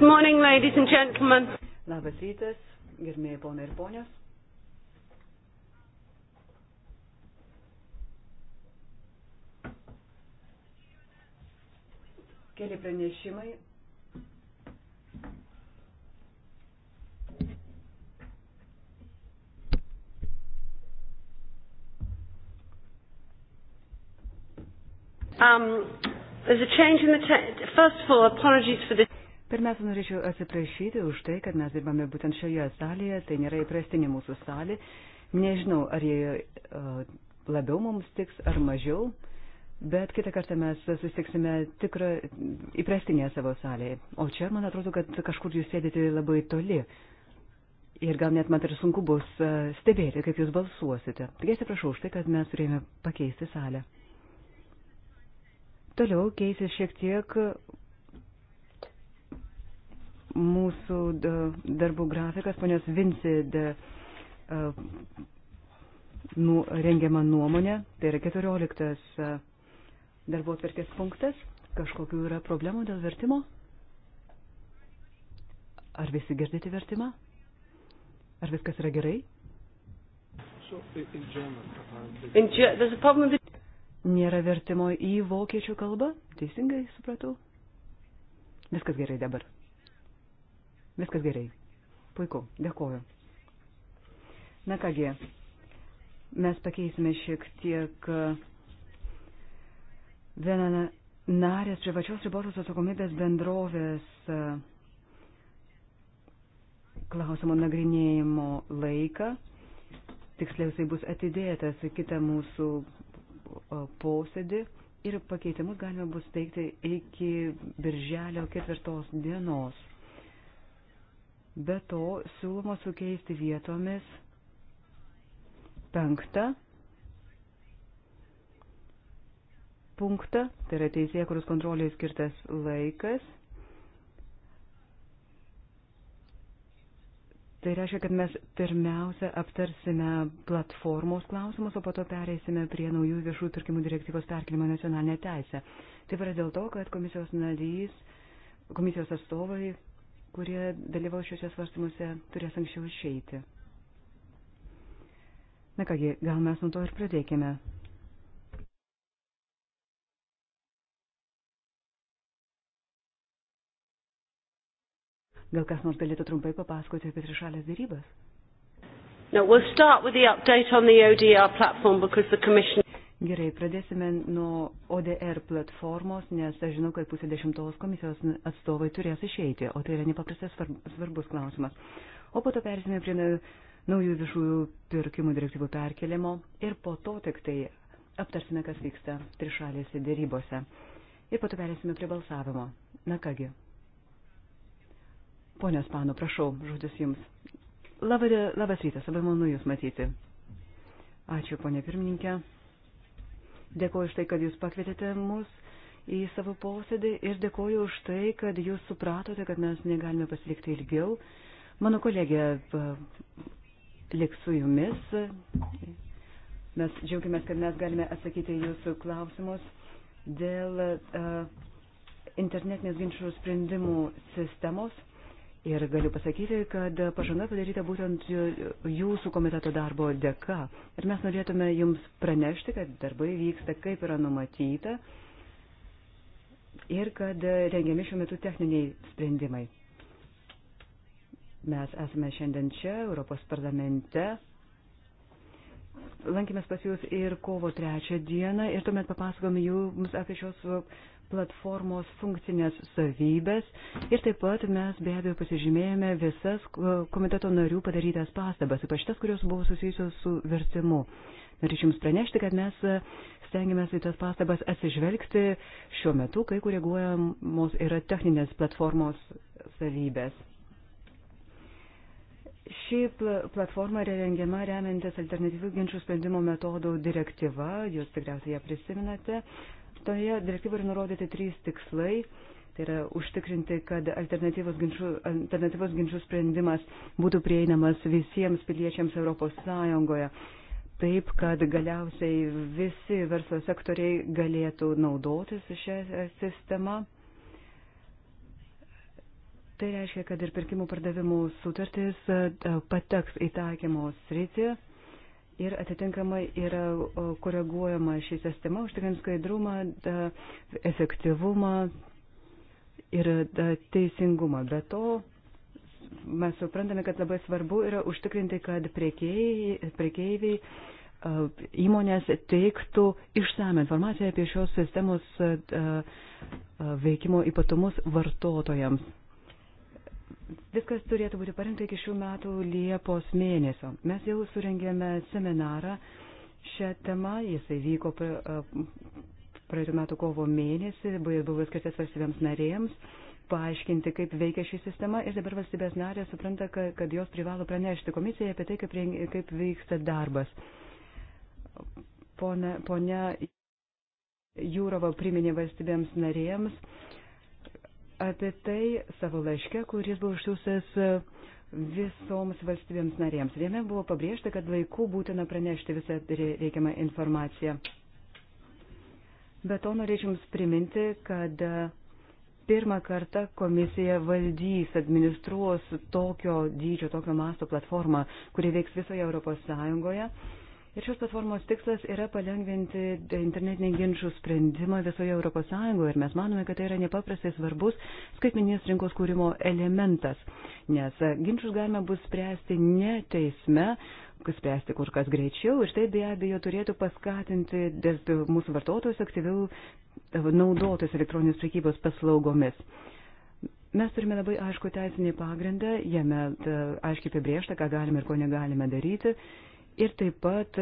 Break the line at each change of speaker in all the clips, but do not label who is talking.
Good morning, ladies and gentlemen.
Labas rytas, gerbėjai ponai ir ponios. Keli pranešimai. Um, there's a change in the text. First of all, apologies for the Pirmiausia, norėčiau atsiprašyti už tai, kad mes dirbame būtent šioje salėje, tai nėra įprastinė mūsų salė. Nežinau, ar jie e, labiau mums tiks ar mažiau, bet kitą kartą mes susitiksime tikrą įprastinėje savo salėje. O čia, man atrodo, kad kažkur jūs sėdite labai toli. Ir gal net man ir sunku bus e, stebėti, kaip jūs balsuosite. Taigi atsiprašau už tai, kad mes turėjome pakeisti salę. Toliau keisis šiek tiek mūsų darbų grafikas, ponios Vinci e, nu, rengiama nuomonė, tai yra 14 e, darbo atverkės punktas, kažkokiu yra problemų dėl vertimo? Ar visi girdite vertimą? Ar viskas yra gerai? Nėra vertimo į vokiečių kalbą, teisingai supratau? Viskas gerai dabar. Viskas gerai. Puiku, dėkoju. Na kągi, mes pakeisime šiek tiek e, vieną narės privačios ribotos atsakomybės bendrovės e, klausimo nagrinėjimo laiką. Tiksliausiai bus atidėtas kitą mūsų posėdį ir pakeitimus galima bus teikti iki birželio ketvirtos dienos. Be to siūloma sukeisti vietomis penktą punktą, tai yra teisėkurus kontrolėje skirtas laikas. Tai reiškia, kad mes pirmiausia aptarsime platformos klausimus, o po to pereisime prie naujų viešųjų pirkimų direktyvos perkelimo nacionalinę teisę. Taip yra dėl to, kad komisijos narys, komisijos atstovai kurie dalyvau šiuose svarstymuose, turės anksčiau išeiti. Na kągi, gal mes nuo to ir pradėkime. Gal kas nors galėtų trumpai papasakoti apie trišalės dėrybas? No, we'll start with the update on the ODR platform because the Commission Gerai, pradėsime nuo ODR platformos, nes aš žinau, kad pusė dešimtos komisijos atstovai turės išeiti, o tai yra nepaprastai svarbus klausimas. O po to persime prie naujų viešųjų pirkimų direktyvų perkelimo ir po to tik tai aptarsime, kas vyksta trišalėse dėrybose. Ir po to persime prie balsavimo. Na kągi. Pone Spano, prašau, žodis jums. Labas, labas rytas, labai malonu Jūs matyti. Ačiū, ponė pirmininkė. Dėkuoju už tai, kad jūs pakvietėte mus į savo posėdį ir dėkuoju už tai, kad jūs supratote, kad mes negalime pasilikti ilgiau. Mano kolegė e, liks su jumis. Mes džiaugiamės, kad mes galime atsakyti jūsų klausimus dėl uh, internetinės ginčių sprendimų sistemos. Ir galiu pasakyti, kad pažanga padaryta būtent jūsų komiteto darbo dėka. Ir mes norėtume jums pranešti, kad darbai vyksta kaip yra numatyta ir kad rengiami šiuo metu techniniai sprendimai. Mes esame šiandien čia, Europos parlamente. Lankėmės pas jūs ir kovo trečią dieną ir tuomet papasakome jums apie šios platformos funkcinės savybės ir taip pat mes be abejo pasižymėjome visas komiteto narių padarytas pastabas, ypač tas, kurios buvo susijusios su vertimu. Norėčiau Jums pranešti, kad mes stengiamės į tas pastabas atsižvelgti šiuo metu, kai koreguojamos yra techninės platformos savybės. Ši pl platforma yra rengiama remiantis alternatyvių ginčių sprendimo metodų direktyva, jūs tikriausiai ją prisiminate. Uh, Toje direktyvoje nurodyti trys tikslai. Tai yra užtikrinti, kad alternatyvos ginčių, alternatyvos ginčių sprendimas būtų prieinamas visiems piliečiams Europos Sąjungoje. Taip, kad galiausiai visi verslo sektoriai galėtų naudotis šią sistemą. Tai reiškia, kad ir pirkimų pardavimų sutartys e, pateks į taikymo sritį ir atitinkamai yra koreguojama ši sistema, užtikrint skaidrumą, da, efektyvumą ir da, teisingumą. Be to, mes suprantame, kad labai svarbu yra užtikrinti, kad priekeiviai įmonės teiktų išsame informaciją apie šios sistemos veikimo ypatumus vartotojams. Viskas turėtų būti parengta iki šių metų Liepos mėnesio. Mes jau surengėme seminarą šią temą, jisai vyko praeitų metų kovo mėnesį, buvo skirtas valstybėms narėjams paaiškinti, kaip veikia ši sistema ir dabar valstybės narė supranta, kad, kad jos privalo pranešti komisijai apie tai, kaip, kaip vyksta darbas. Pone, ponia Jūrova priminė valstybėms narėjams, apie tai savo laiške, kuris buvo išsiųstas e, visoms valstybėms narėms. Jame buvo pabrėžta, kad laiku būtina pranešti visą reikiamą informaciją. Be to norėčiau Jums priminti, kad e, pirmą kartą komisija valdys, administruos tokio dydžio, tokio masto platformą, kuri veiks visoje Europos Sąjungoje Ir šios platformos tikslas yra palengvinti internetinį ginčių sprendimą visoje ES ir mes manome, kad tai yra nepaprastai svarbus skaitmeninės rinkos kūrimo elementas, nes ginčius galima bus spręsti ne teisme, spręsti kur kas greičiau ir tai be abejo turėtų paskatinti mūsų vartotojus aktyviau naudotis elektroninės prekybos paslaugomis. Mes turime labai aišku teisinį pagrindą, jame e, aiškiai apibriešta, ką galime ir ko negalime daryti. Ir taip pat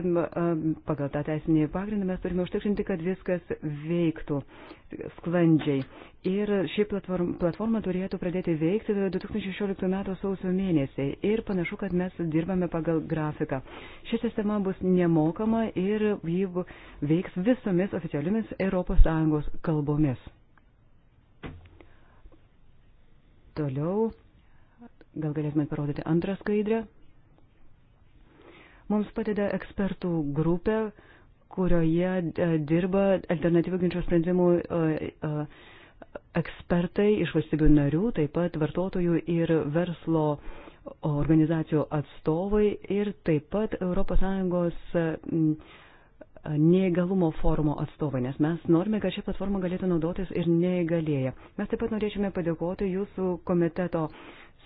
pagal tą teisinį pagrindą mes turime užtikrinti, kad viskas veiktų sklandžiai. Ir ši platforma, platforma turėtų pradėti veikti 2016 m. sausio mėnesį. Ir panašu, kad mes dirbame pagal grafiką. Ši sistema bus nemokama ir ji veiks visomis oficialiomis ES kalbomis. Toliau, gal galėtumėt parodyti antrą skaidrę. Mums padeda ekspertų grupė, kurioje e, dirba alternatyvių ginčių sprendimų e, e, ekspertai iš valstybių narių, taip pat vartotojų ir verslo organizacijų atstovai ir taip pat ES neįgalumo forumo atstovai, nes mes norime, kad šią platformą galėtų naudotis ir neįgalėję. Mes taip pat norėčiame padėkoti jūsų komiteto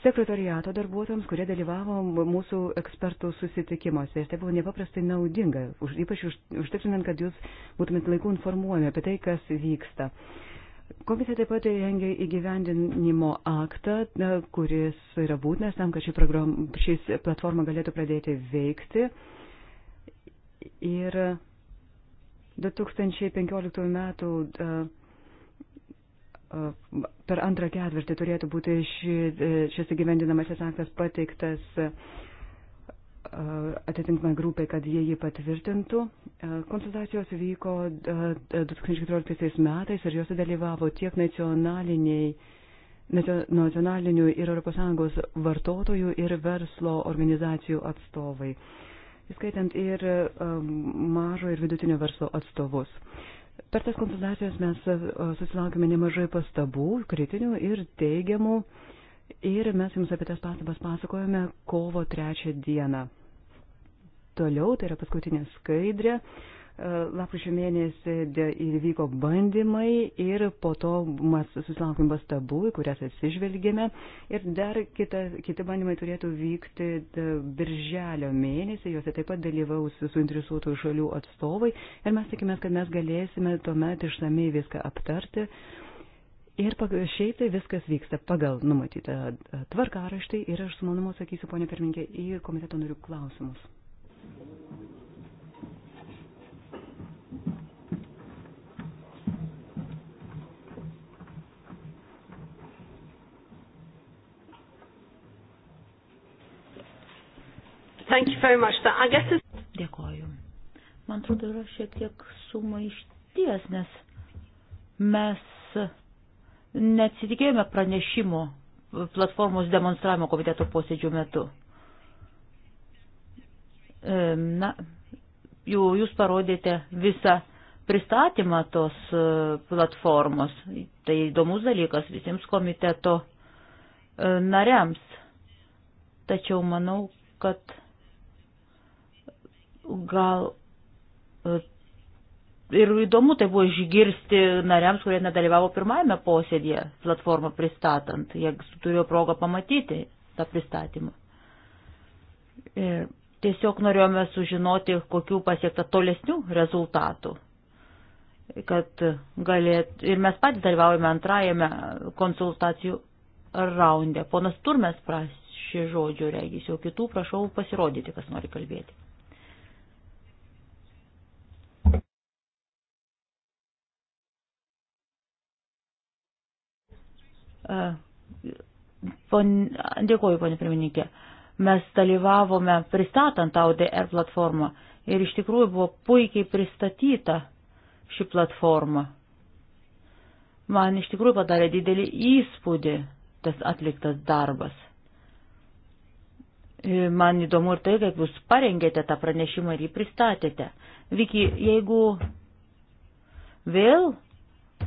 sekretariato darbuotojams, kurie dalyvavo mūsų ekspertų susitikimuose. Ir tai buvo nepaprastai naudinga, už, ypač už, užtikrinant, kad jūs būtumėt laiku informuojami apie tai, kas vyksta. Komisija taip pat rengia įgyvendinimo aktą, na, kuris yra būtinas tam, kad ši, program, ši platforma galėtų pradėti veikti. Ir 2015 metų. Uh, per antrą ketvirtį turėtų būti ši, e, šis įgyvendinamasis aktas pateiktas e, atitinkamai grupė, kad jie jį patvirtintų. E, konsultacijos vyko 2014 metais ir juose dalyvavo tiek nacionaliniai nacionalinių ir ES vartotojų ir verslo organizacijų atstovai, įskaitant ir mažo ir vidutinio verslo atstovus. Per tas konsultacijas mes e, susilaukime nemažai pastabų, kritinių ir teigiamų. Ir mes jums apie tas pastabas pasakojame kovo trečią dieną. Toliau, tai yra paskutinė skaidrė, E, lapkričio mėnesį įvyko bandymai ir po to mes susilaukėm pastabų, į kurias atsižvelgėme. Ir dar kita, kiti bandymai turėtų vykti e, birželio mėnesį, juose taip pat dalyvaus suinteresuotų šalių atstovai. Ir mes tikime, kad mes galėsime tuomet išsamei viską aptarti. Ir šiaip tai viskas vyksta pagal numatytą tvarkaraštį ir aš su manimu atsakysiu, ponė pirmininkė, į komiteto narių klausimus.
Dėkoju.
Man atrodo, yra šiek tiek sumaišties, nes mes neatsitikėjome pranešimo platformos demonstravimo komiteto posėdžių metu. Na, jūs parodėte visą pristatymą tos e, platformos. Tai įdomus dalykas visiems komiteto e, nariams. Tačiau manau, kad Gal e, ir įdomu tai buvo išgirsti nariams, kurie nedalyvavo pirmajame posėdėje platformą pristatant. Jie turėjo progą pamatyti tą pristatymą. Ir e, tiesiog norėjome sužinoti, kokių pasiekta tolesnių rezultatų. Kad galėt, ir mes patys dalyvaujame antrajame konsultacijų raunde. Ponas Turmes prašė žodžio, regis, jau kitų prašau pasirodyti, kas nori kalbėti. Pon, dėkoju, ponė pirmininkė. Mes dalyvavome pristatant AUDR platformą ir iš tikrųjų buvo puikiai pristatyta ši platforma. Man iš tikrųjų padarė didelį įspūdį tas atliktas darbas. E, man įdomu ir tai, kaip jūs parengėte tą pranešimą ir jį pristatėte. Viki, jeigu vėl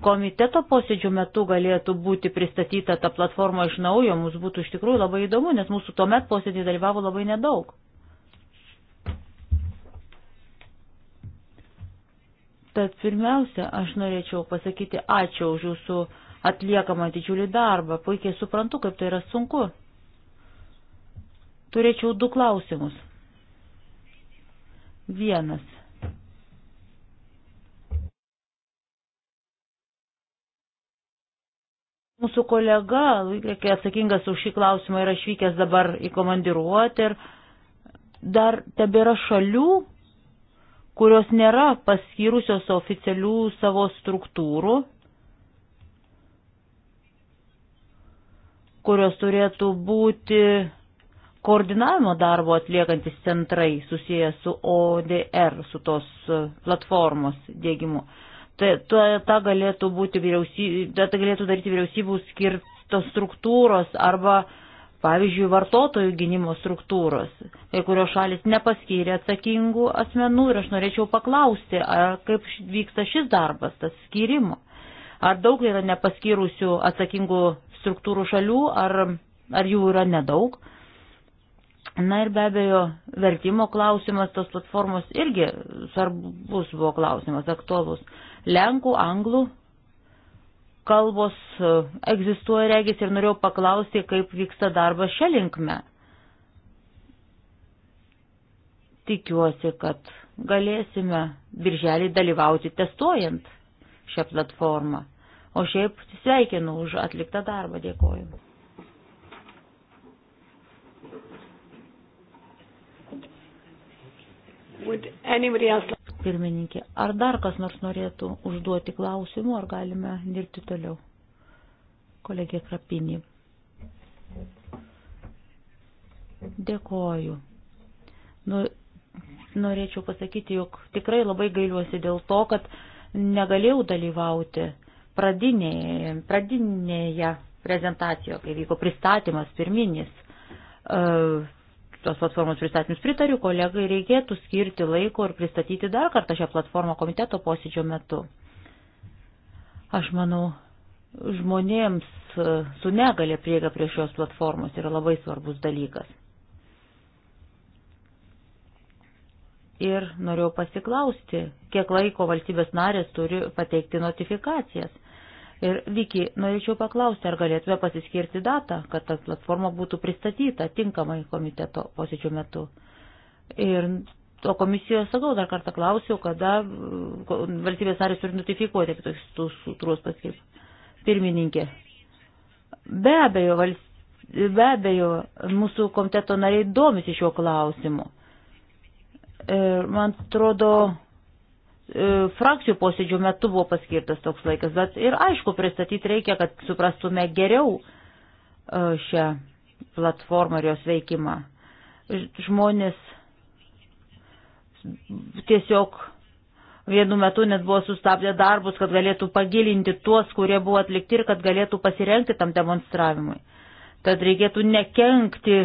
komiteto posėdžių metu galėtų būti pristatyta ta platforma iš naujo, mums būtų iš tikrųjų labai įdomu, nes mūsų tuomet posėdį dalyvavo labai nedaug. Tad pirmiausia, aš norėčiau pasakyti ačiū už jūsų atliekamą didžiulį darbą. Puikiai suprantu, kaip tai yra sunku. Turėčiau du klausimus. Vienas Mūsų kolega, kiek atsakingas už šį klausimą, yra išvykęs dabar į komandiruotę ir dar tebėra šalių, kurios nėra paskyrusios oficialių savo struktūrų, kurios turėtų būti koordinavimo darbo atliekantis centrai susiję su ODR, su tos platformos dėgymu tai tą galėtų, būti tai galėtų daryti vyriausybų skirtos struktūros arba, pavyzdžiui, vartotojų gynimo struktūros, kai kurios šalis nepaskyrė atsakingų asmenų ir aš norėčiau paklausti, ar kaip vyksta šis darbas, tas skirimo. Ar daug yra nepaskyrusių atsakingų struktūrų šalių, ar, ar jų yra nedaug? Na ir be abejo, vertimo klausimas tos platformos irgi svarbus buvo klausimas, aktualus. Lenkų, anglų kalbos e, egzistuoja regis ir norėjau paklausti, kaip vyksta darbas šią linkmę. Tikiuosi, kad galėsime birželį dalyvauti testuojant šią platformą. O šiaip sveikinu už atliktą darbą, dėkoju pirmininkė. Ar dar kas nors norėtų užduoti klausimų, ar galime dirbti toliau? Kolegė Krapinį. Dėkoju. Nu, norėčiau pasakyti, jog tikrai labai gailiuosi dėl to, kad negalėjau dalyvauti pradinėje, pradinėje prezentacijoje, kai vyko pristatymas pirminis. Uh, tos platformos pristatymus pritariu, kolegai reikėtų skirti laiko ir pristatyti dar kartą šią platformą komiteto posėdžio metu. Aš manau, žmonėms su negalė prieiga prie šios platformos yra labai svarbus dalykas. Ir norėjau pasiklausti, kiek laiko valstybės narės turi pateikti notifikacijas. Ir Viki, norėčiau paklausti, ar galėtume pasiskirti datą, kad ta platforma būtų pristatyta tinkamai komiteto posėdžio metu. Ir to komisijos, sakau, dar kartą klausiu, kada valstybės narės turi notifikuoti apie tokius sutruos paskirti. Pirmininkė. Be abejo, valstybės be abejo, mūsų komiteto nariai domisi šiuo klausimu. Ir man atrodo, E, frakcijų posėdžių metu buvo paskirtas toks laikas, bet ir aišku, pristatyti reikia, kad suprastume geriau e, šią platformą ir jos veikimą. Žmonės tiesiog vienu metu net buvo sustabdę darbus, kad galėtų pagilinti tuos, kurie buvo atlikti ir kad galėtų pasirengti tam demonstravimui. Tad reikėtų nekenkti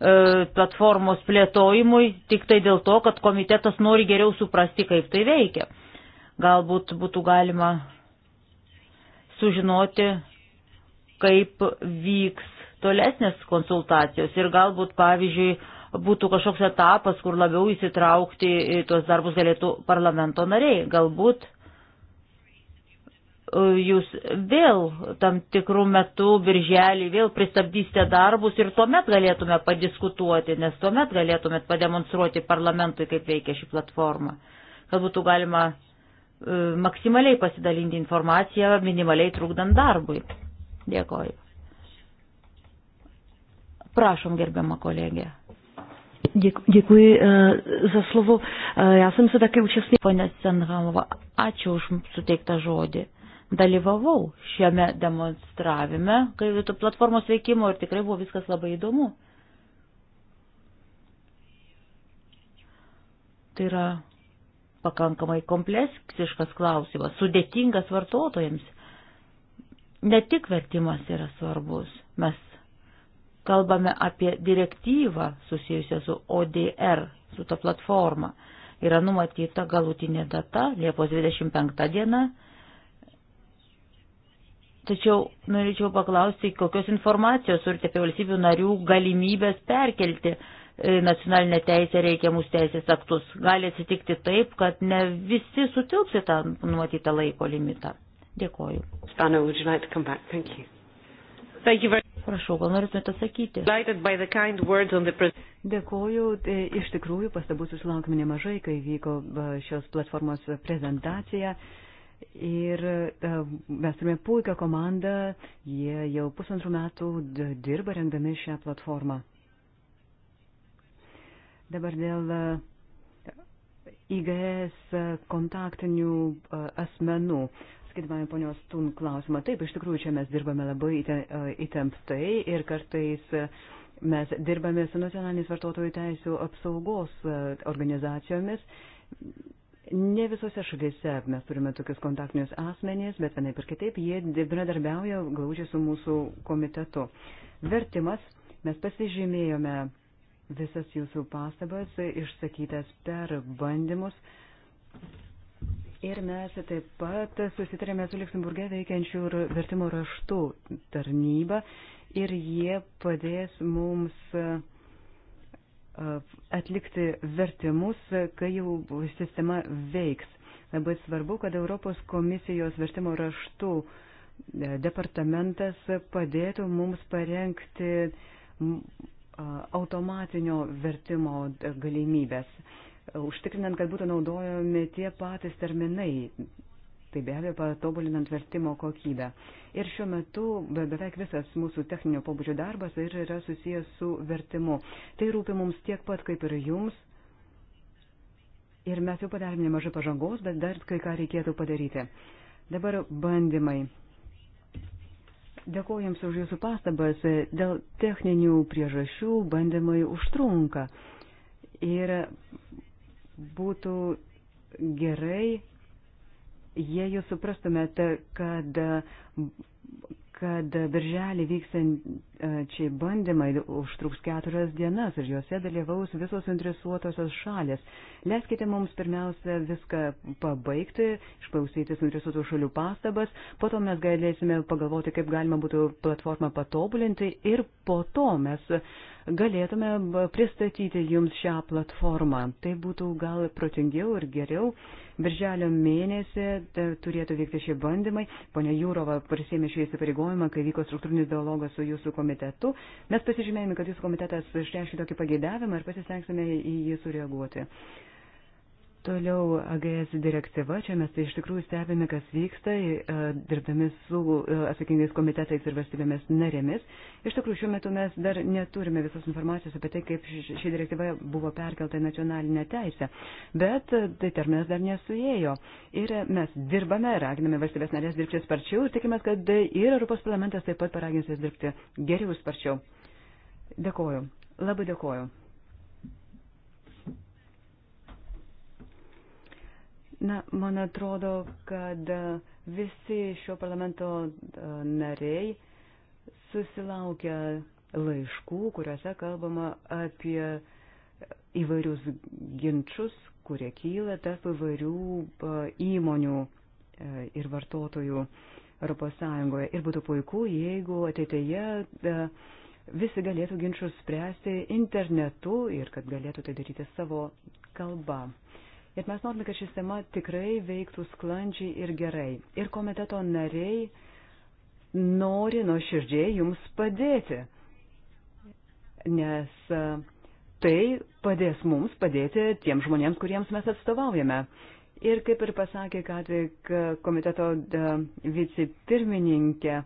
E, platformos plėtojimui tik tai dėl to, kad komitetas nori geriau suprasti, kaip tai veikia. Galbūt būtų galima sužinoti, kaip vyks tolesnės konsultacijos ir galbūt, pavyzdžiui, būtų kažkoks etapas, kur labiau įsitraukti į tuos darbus galėtų parlamento nariai. Galbūt E, jūs vėl tam tikrų metų birželį vėl pristabdysite darbus ir tuomet galėtume padiskutuoti, nes tuomet galėtumėt pademonstruoti parlamentui, kaip veikia ši platforma, kad būtų galima e, maksimaliai pasidalinti informaciją, minimaliai trukdant darbui. Dėkoju. Prašom, gerbiama kolegė. Děkuji e, za slovo. Já jsem se také účastnila. Pane Senhamová, ačiū už suteiktą žodį dalyvavau šiame demonstravime, kai platformos veikimo ir tikrai buvo viskas labai įdomu. Tai yra pakankamai kompleksiškas klausimas, sudėtingas vartotojams. Ne tik vertimas yra svarbus, mes kalbame apie direktyvą susijusią su ODR, su ta platforma. Yra numatyta galutinė data, Liepos 25 diena, Tačiau norėčiau paklausti, kokios informacijos turite apie valstybių narių galimybės perkelti e, nacionalinę teisę reikiamus teisės aktus. Gali atsitikti taip, kad ne visi sutilps į tą numatytą laiko limitą. Dėkoju.
Spano, would you like to come back? Thank you. Thank you very Prašau, gal norėtumėte atsakyti? Dėkoju, e, iš tikrųjų pastabų susilaukime nemažai, kai vyko e, šios platformos prezentacija. Uh, Ir e, mes turime puikią komandą, jie jau pusantrų metų dirba rengdami šią platformą. Dabar dėl e, IGS kontaktinių e, asmenų. Skaitame ponios Tun klausimą. Taip, iš tikrųjų, čia mes dirbame labai įtemptai ir kartais mes dirbame su nacionaliniais vartotojų teisų apsaugos organizacijomis Ne visose šalyse mes turime tokius kontaktinius asmenys, bet vienaip ir kitaip jie bendradarbiauja glaudžiai su mūsų komitetu. Vertimas, mes pasižymėjome visas jūsų pastabas išsakytas per bandymus. Ir mes taip pat susitarėme su Luxemburgė veikiančių ir vertimo raštų tarnybą ir jie padės mums uh, atlikti vertimus, kai jau sistema veiks. Labai svarbu, kad Europos komisijos vertimo raštų e, departamentas padėtų mums parengti automatinio vertimo e, galimybės, e, užtikrinant, kad būtų naudojami tie patys terminai tai be abejo patobulinant vertimo kokybę. Ir šiuo metu be, beveik visas mūsų techninio pobūdžio darbas ir yra susijęs su vertimu. Tai rūpi mums tiek pat kaip ir jums. Ir mes jau padarėme nemažai pažangos, bet dar kai ką reikėtų padaryti. Dabar bandymai. Dėkuoju Jums už Jūsų pastabas. Dėl techninių priežasčių bandymai užtrunka. Ir būtų gerai, jei jūs suprastumėte, kad, kad birželį vyksančiai bandymai užtruks keturias dienas ir juose dalyvaus visos interesuotosios šalės, leiskite mums pirmiausia viską pabaigti, išklausyti suinteresuotų šalių pastabas, po to mes galėsime pagalvoti, kaip galima būtų platformą patobulinti ir po to mes galėtume pristatyti jums šią platformą. Tai būtų gal protingiau ir geriau Birželio mėnesį turėtų vykti šie bandymai. Pone Jūrova prisėmė šį įsipareigojimą, kai vyko struktūrinis dialogas su jūsų komitetu. Mes pasižymėjome, kad jūsų komitetas išreiškė tokį pageidavimą ir pasistengsime į jį sureaguoti. Uh, Toliau AGS direktyva, čia mes iš tikrųjų stebime, kas vyksta, e, dirbdami su e, atsakingais komitetais ir valstybėmis narėmis. Iš tikrųjų, šiuo metu mes dar neturime visos informacijos apie tai, kaip ši direktyva buvo perkelta į nacionalinę teisę, bet e, tai terminas dar nesuėjo. Ir mes dirbame, raginame valstybės narės dirbti sparčiau ir tikimės, kad ir Europos parlamentas taip pat paragins jas dirbti geriau sparčiau. Dėkoju. Labai dėkoju. Na, man atrodo, kad visi šio parlamento e, nariai susilaukia laiškų, kuriuose kalbama apie įvairius ginčius, kurie kyla tarp įvairių e, įmonių e, ir vartotojų ES. Ir būtų puiku, jeigu ateityje visi galėtų ginčius spręsti internetu ir kad galėtų tai daryti savo kalbą. Bet mes norime, kad šis tema tikrai veiktų sklandžiai ir gerai. Ir komiteto nariai nori nuoširdžiai jums padėti, nes e, tai padės mums padėti tiem žmonėms, kuriems mes atstovaujame. Ir kaip ir pasakė ką tik komiteto e, vicepirmininkė,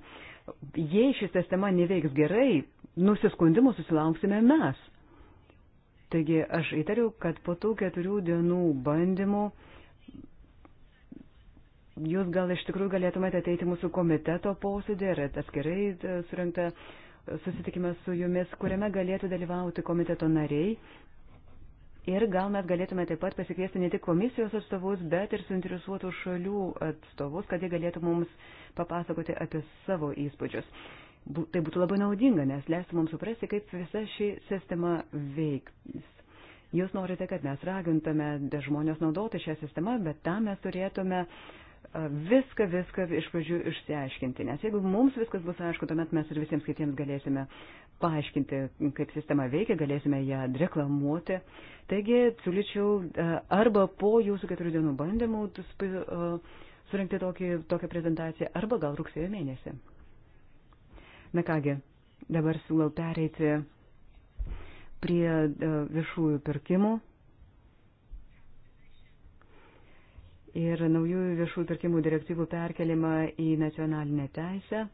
jei šis sistema neveiks gerai, nusiskundimų susilauksime mes. Taigi aš įtariu, kad po tų keturių dienų bandymų jūs gal iš tikrųjų galėtumėte ateiti mūsų komiteto posėdį ir atskirai e, surinktą susitikimą su jumis, kuriame galėtų dalyvauti komiteto nariai. Ir gal mes galėtume taip pat pasikviesti ne tik komisijos atstovus, bet ir suinteresuotų šalių atstovus, kad jie galėtų mums papasakoti apie savo įspūdžius. Tai būtų labai naudinga, nes leistų mums suprasti, kaip visa ši sistema veiks. Jūs norite, kad mes ragintume žmonės naudoti šią sistemą, bet tam mes turėtume viską, viską iš pradžių išsiaiškinti. Nes jeigu mums viskas bus aišku, tuomet mes ir visiems kitiems galėsime paaiškinti, kaip sistema veikia, galėsime ją reklamuoti. Taigi, siūlyčiau arba po jūsų keturių dienų bandymų surinkti tokį, tokią prezentaciją, arba gal rugsėjo mėnesį. Na kągi, dabar siūlau pereiti prie e, viešųjų pirkimų. ir naujųjų viešų pirkimų direktyvų perkelimą į nacionalinę teisę.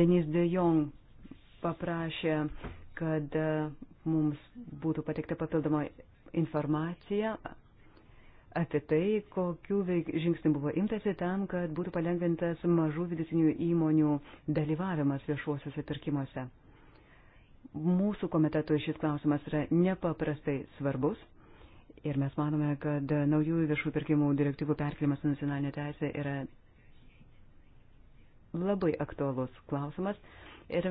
Denis de Jong paprašė, kad e, mums būtų pateikta papildoma informacija apie tai, kokiu žingsniu buvo imtasi tam, kad būtų palengvintas mažų vidutinių įmonių dalyvavimas viešuosiuose pirkimuose. Mūsų komitetui šis klausimas yra nepaprastai svarbus. Ir mes manome, kad naujųjų viešų pirkimų direktyvų perkelimas į nacionalinę teisę yra labai aktuolus klausimas Ir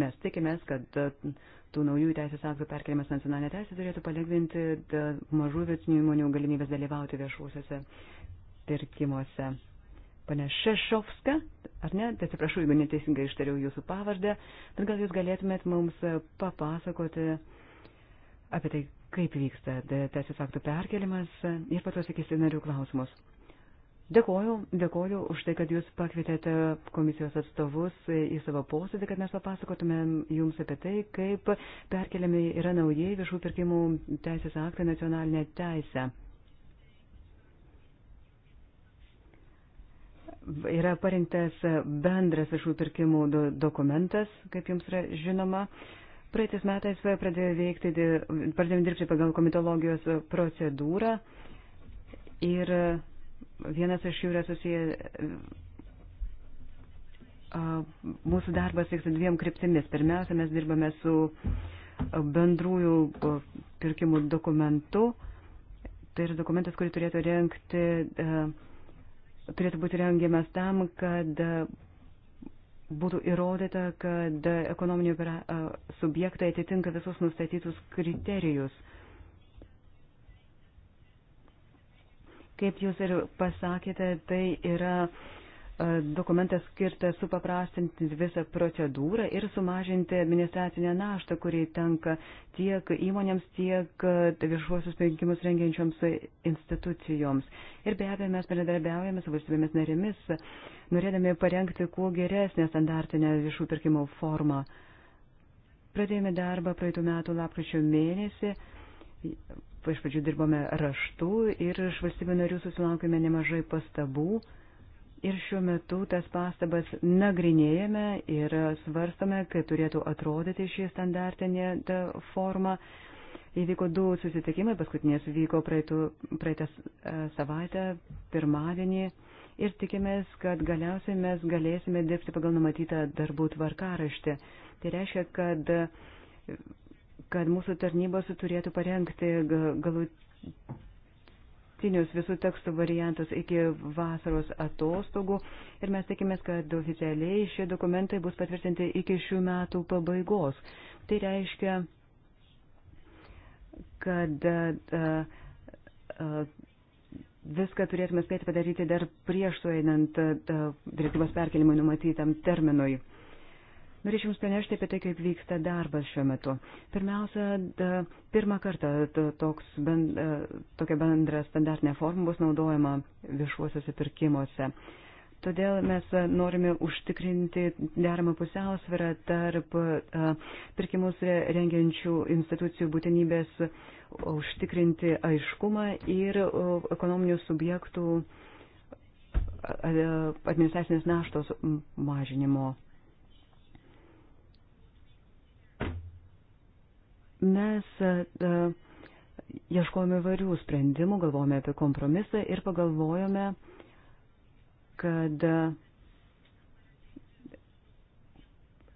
mes tikimės, kad e, tų naujų teisės aktų perkelimas nacionalinė teisė turėtų palengvinti e, mažų vietinių įmonių galimybės dalyvauti viešuosiuose pirkimuose. Pane Šešovska, ar ne? Tai atsiprašau, jeigu neteisingai ištariau jūsų pavardę, bet gal jūs galėtumėt mums e, papasakoti apie tai, kaip vyksta teisės aktų perkelimas ir patos iki scenarių klausimus. Dėkoju, dėkoju už tai, kad jūs pakvietėte komisijos atstovus į savo posėdį, kad mes papasakotumėm jums apie tai, kaip perkeliami yra naujai viešų pirkimų teisės aktai nacionalinė teisė. yra parinktas bendras viešųjų pirkimų do, dokumentas, kaip jums yra žinoma. Praeitais metais pradėjome veikti, pradėjome dirbti pagal komitologijos procedūrą ir Vienas iš jų yra susiję. Mūsų darbas vyksta dviem kryptimis. Pirmiausia, mes dirbame su bendrųjų pirkimų dokumentu. Tai yra dokumentas, kurį turėtų renkti, turėtų būti rengiamas tam, kad būtų įrodyta, kad ekonominiai subjektai atitinka visus nustatytus kriterijus. Kaip jūs ir pasakėte, tai yra e, dokumentas skirtas supaprastinti visą procedūrą ir sumažinti administracinę naštą, kuri tenka tiek įmonėms, tiek e, viešuosius pirkimus rengiančioms institucijoms. Ir be abejo, mes bendradarbiaujame su valstybėmis narėmis, norėdami parengti kuo geresnę standartinę viešų pirkimų formą. Pradėjome darbą praeitų metų lapkričio mėnesį Iš pradžių dirbome raštu ir iš valstybių narių susilaukime nemažai pastabų. Ir šiuo metu tas pastabas nagrinėjame ir svarstame, kaip turėtų atrodyti šį standartinę formą. Įvyko du susitikimai, paskutinės vyko praeitų, praeitą e, savaitę, pirmadienį. Ir tikimės, kad galiausiai mes galėsime dirbti pagal numatytą darbų tvarkaraštį. Tai reiškia, kad kad mūsų tarnybos turėtų parengti galutinius visų tekstų variantus iki vasaros atostogų ir mes tikimės, kad oficialiai šie dokumentai bus patvirtinti iki šių metų pabaigos. Tai reiškia, kad a, a, viską turėtume spėti padaryti dar prieš sueinant direktyvos perkelimui numatytam terminui. Norėčiau Jums pranešti apie tai, kaip vyksta darbas šiuo metu. Pirmiausia, da, pirmą kartą toks ben, e, tokia bendra standartinė forma bus naudojama viešuosiuose pirkimuose. Todėl mes e, norime užtikrinti deramą pusiausvyrą tarp e, pirkimus rengiančių institucijų būtinybės užtikrinti aiškumą ir ekonominių subjektų administracinės naštos mažinimo Mes e, e, ieškojome varių sprendimų, galvojome apie kompromisą ir pagalvojome, kad e,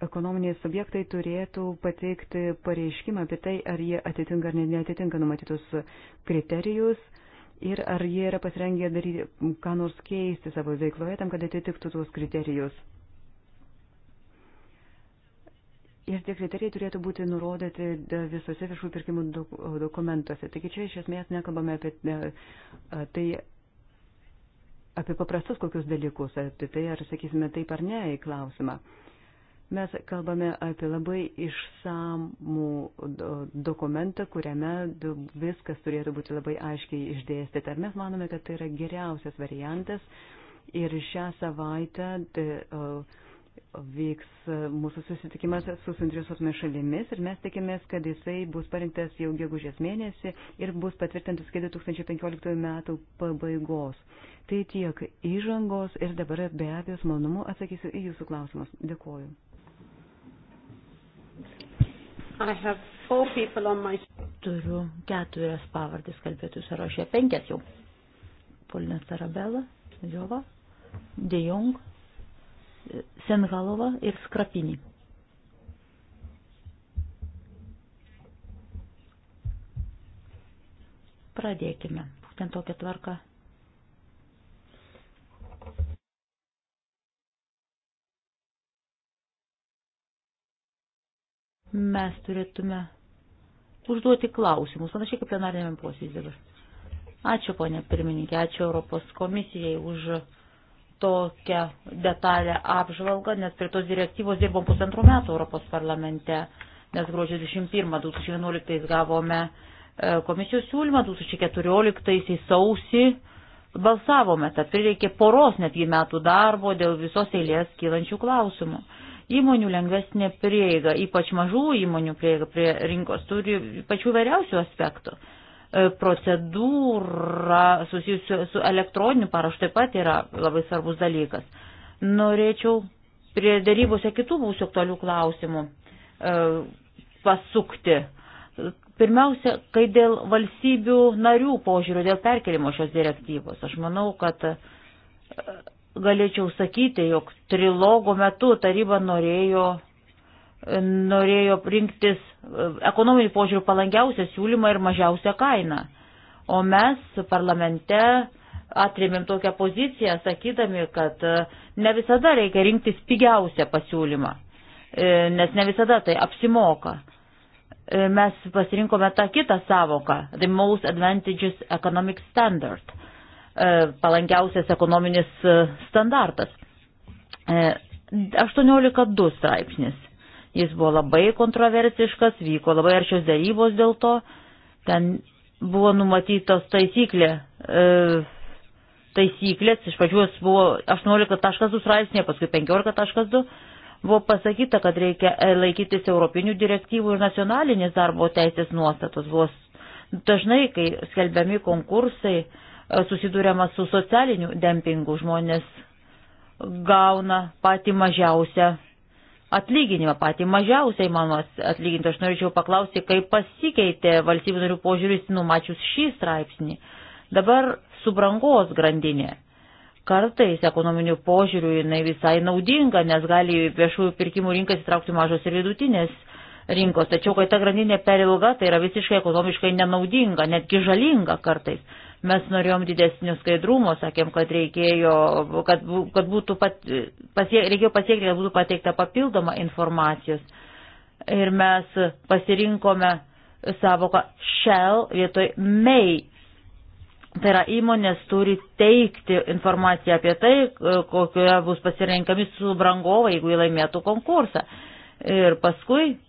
ekonominiai subjektai turėtų pateikti pareiškimą apie tai, ar jie atitinka ar netitinka numatytus kriterijus ir ar jie yra pasirengę daryti, ką nors keisti savo veikloje tam, kad atitiktų tuos kriterijus. Ir tie kriterijai turėtų būti nurodyti visose viešų pirkimų dokumentuose. Taigi čia iš esmės nekalbame apie tai, apie paprastus kokius dalykus, apie tai, tai, ar sakysime taip ar ne į klausimą. Mes kalbame apie labai išsamų dokumentą, kuriame viskas turėtų būti labai aiškiai išdėstyta. Ar mes manome, kad tai yra geriausias variantas ir šią savaitę. De, uh, vyks mūsų susitikimas su suinteresuotomis šalimis ir mes tikimės, kad jisai bus parinktas jau gegužės mėnesį ir bus patvirtintas iki 2015 metų pabaigos. Tai tiek įžangos ir dabar be abejo su malonumu atsakysiu į jūsų klausimus. Dėkuoju.
My...
Turiu keturias pavardės kalbėtų sąraše,
penkias jau. Polina Sarabela, Jova, De Jong, Sengalova ir Skrapinį. Pradėkime. Būtent tokią tvarką. Mes turėtume užduoti klausimus, panašiai kaip plenarinėme posėdžiu dabar. Ačiū, ponė pirmininkė, ačiū Europos komisijai už tokią detalę apžvalgą, nes prie tos direktyvos dirbom pusantrų metų Europos parlamente, nes gruodžio 21-2011 gavome e, komisijos siūlymą, 2014 sausį balsavome, tad prireikė poros netgi metų darbo dėl visos eilės kylančių klausimų. Įmonių lengvesnė prieiga, ypač mažų įmonių prieiga prie rinkos, turi pačių vairiausių aspektų. E, procedūra susijusiu su elektroniniu parašu taip pat yra labai svarbus dalykas. Norėčiau prie darybose kitų mūsų aktualių klausimų e, pasukti. Pirmiausia, kai dėl valstybių narių požiūrių, dėl perkelimo šios direktyvos, aš manau, kad e, galėčiau sakyti, jog trilogo metu taryba norėjo norėjo rinktis e, ekonominių požiūrių palankiausią siūlymą ir mažiausią kainą. O mes parlamente atrėmėm tokią poziciją, sakydami, kad e, ne visada reikia rinktis pigiausią pasiūlymą, e, nes ne visada tai apsimoka. Mes pasirinkome tą kitą savoką - The Most Advantageous Economic Standard - palankiausias ekonominis standartas. 18.2 straipsnis Jis buvo labai kontroversiškas, vyko labai aršios darybos dėl to. Ten buvo numatytos taisyklė, e, taisyklės, iš pačios buvo 18.2 straipsnė, paskui 15.2 buvo pasakyta, kad reikia e, laikytis europinių direktyvų ir nacionalinės darbo teisės nuostatos. Buvo dažnai, kai skelbiami konkursai, e, susidūrėma su socialiniu dempingu, žmonės gauna patį mažiausią atlyginimą, patį mažiausiai mano atlygintą. Aš norėčiau paklausti, kaip pasikeitė valstybių narių požiūris numačius šį straipsnį. Dabar subrangos grandinė. Kartais ekonominių požiūrių jinai visai naudinga, nes gali viešųjų pirkimų rinkas įtraukti mažos ir vidutinės rinkos. Tačiau, kai ta grandinė per ilga, tai yra visiškai ekonomiškai nenaudinga, netgi žalinga kartais. Mes norėjom didesnių skaidrumo, sakėm, kad reikėjo, kad, kad būtų pat, pasie, reikėjo pasiekti, kad būtų pateikta papildoma informacijos. Ir mes pasirinkome savoką shell vietoj may. Tai yra įmonės turi teikti informaciją apie tai, kokioje bus pasirinkami subrangovai, jeigu jie laimėtų konkursą. Ir paskui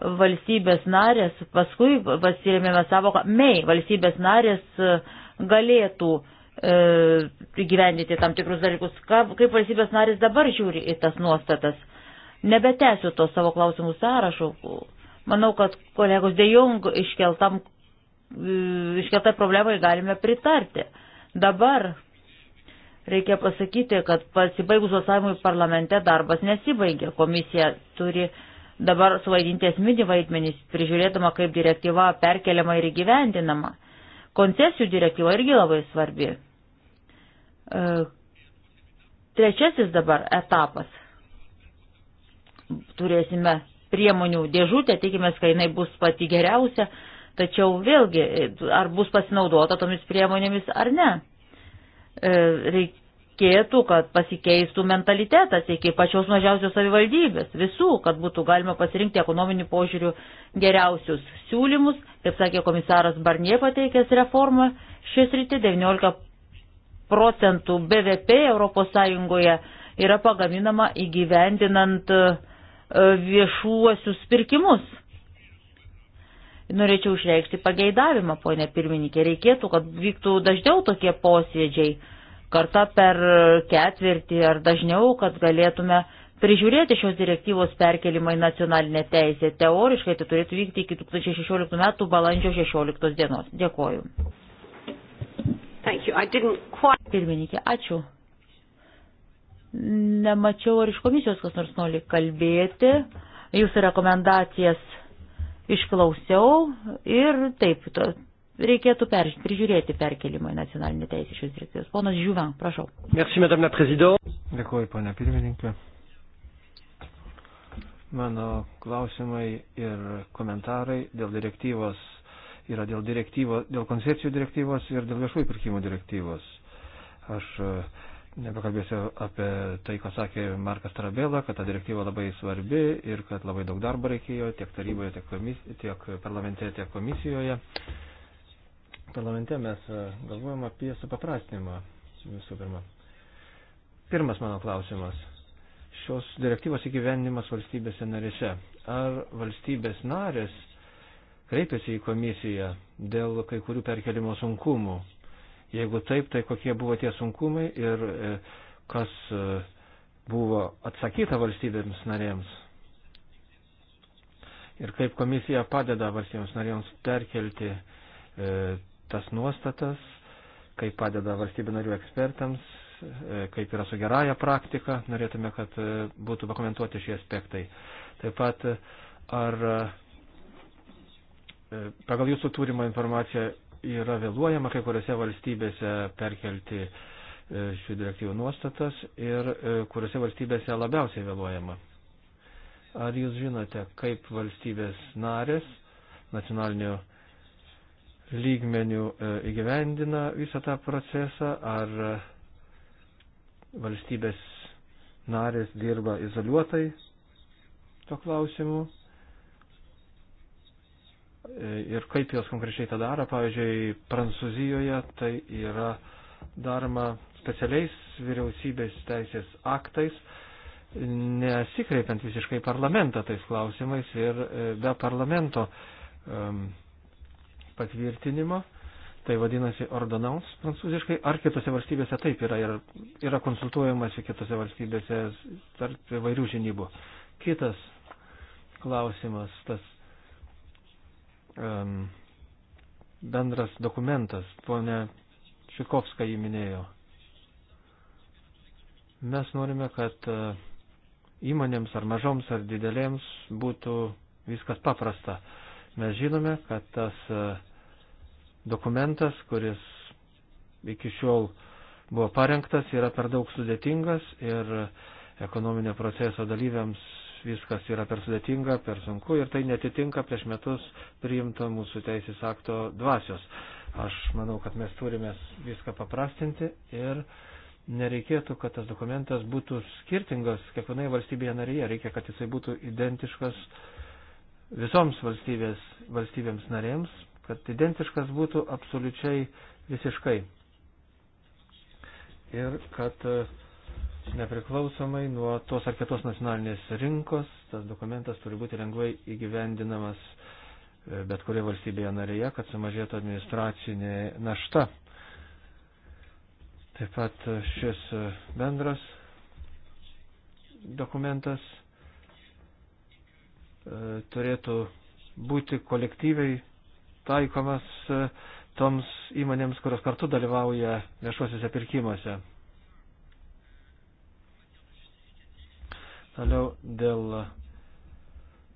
valstybės narės, paskui pasirėmėme savoką mei, valstybės narės uh, galėtų e, įgyvendyti tam tikrus dalykus. Kaip valstybės narės dabar žiūri į tas nuostatas? Nebetęsiu to savo klausimų sąrašo. Manau, kad kolegos Dejong iškeltam, e, iškeltai problemai galime pritarti. Dabar reikia pasakyti, kad pasibaigus balsavimui parlamente darbas nesibaigė. Komisija turi dabar suvaidinti esminį vaidmenį, prižiūrėdama, kaip direktyva perkeliama ir įgyvendinama. Koncesijų direktyva irgi labai svarbi. E, trečiasis dabar etapas. Turėsime priemonių dėžutę, tikimės, kad jinai bus pati geriausia, tačiau vėlgi, e, ar bus pasinaudota tomis priemonėmis ar ne. E, reik, reikėtų, kad pasikeistų mentalitetas iki pačios mažiausios savivaldybės, visų, kad būtų galima pasirinkti ekonominių požiūrių geriausius siūlymus, kaip sakė komisaras Barnie pateikęs reformą, šis rytį 19 procentų BVP ES yra pagaminama įgyvendinant e, viešuosius pirkimus. Norėčiau išreikšti pageidavimą, ponė pirmininkė, reikėtų, kad vyktų dažniau tokie posėdžiai kartą per ketvirtį ar dažniau, kad galėtume prižiūrėti šios direktyvos perkelimą į nacionalinę teisę. Teoriškai tai turėtų vykti iki 2016 metų balandžio 16 dienos. Dėkoju. Quite... Pirmininkė, ačiū. Nemačiau, ar iš komisijos kas nors nori kalbėti. Jūsų rekomendacijas išklausiau ir taip, to, reikėtų per, prižiūrėti perkelimą į nacionalinę teisę šios direktyvos. Ponas Žiūvan, prašau.
Merci, madame la présidente. Dėkuoju, ponia pirmininkė. Mano klausimai ir komentarai dėl direktyvos yra dėl, direktyvo, dėl koncepcijų direktyvos ir dėl viešųjų pirkimų direktyvos. Aš e, nepakalbėsiu apie tai, ką sakė Markas Tarabela, kad ta direktyva labai svarbi ir kad labai daug darbo reikėjo tiek taryboje, tiek, komis, tiek parlamente, tiek komisijoje. Uh, parlamente mes e, galvojam apie supaprastinimą visų pirma. Pirmas mano klausimas. Šios direktyvos įgyvendimas valstybėse narėse. Ar valstybės narės kreipėsi į komisiją dėl kai kurių perkelimo sunkumų? Jeigu taip, tai kokie buvo tie sunkumai ir e, kas e, buvo atsakyta valstybėms narėms? Ir kaip komisija padeda valstybėms narėms perkelti e, tas nuostatas, kaip padeda valstybė narių ekspertams, e, kaip yra su gerąją praktiką, norėtume, kad e, būtų pakomentuoti šie aspektai. Taip pat, e, ar pagal jūsų turimą informaciją yra vėluojama kai kuriuose valstybėse perkelti šių direktyvų nuostatas ir kuriuose valstybėse labiausiai vėluojama. Ar jūs žinote, kaip valstybės narės nacionaliniu lygmenių e, įgyvendina visą tą procesą, ar e, valstybės narės dirba izoliuotai to klausimu e, ir kaip jos konkrečiai tą daro. Pavyzdžiui, Prancūzijoje tai yra daroma specialiais vyriausybės teisės aktais, nesikreipiant visiškai parlamentą tais klausimais ir be parlamento um, patvirtinimo, tai vadinasi ordonance prancūziškai, ar kitose valstybėse taip yra ir yra konsultuojamasi kitose valstybėse tarp vairių žinybų. Kitas klausimas, tas um, bendras dokumentas, ponė Šikovska jį minėjo. Mes norime, kad e, įmonėms ar mažoms ar didelėms būtų viskas paprasta. Uh, Mes žinome, kad tas e, dokumentas, kuris iki šiol buvo parengtas, yra per daug sudėtingas ir ekonominio proceso dalyviams viskas yra per sudėtinga, per sunku ir tai netitinka prieš metus priimto mūsų teisės akto dvasios. Aš manau, kad mes turime viską paprastinti ir nereikėtų, kad tas dokumentas būtų skirtingas kiekvienai valstybėje narėje, reikia, kad jisai būtų identiškas visoms valstybės, valstybėms narėms, kad identiškas būtų absoliučiai visiškai. Ir kad e, nepriklausomai nuo tos ar kitos nacionalinės rinkos, tas dokumentas turi būti lengvai įgyvendinamas e, bet kurioje valstybėje narėje, kad sumažėtų administracinė našta. Taip pat e, šis bendras dokumentas E, turėtų būti kolektyviai taikomas e, toms įmonėms, kurios kartu dalyvauja viešuosiuose pirkimuose. Toliau dėl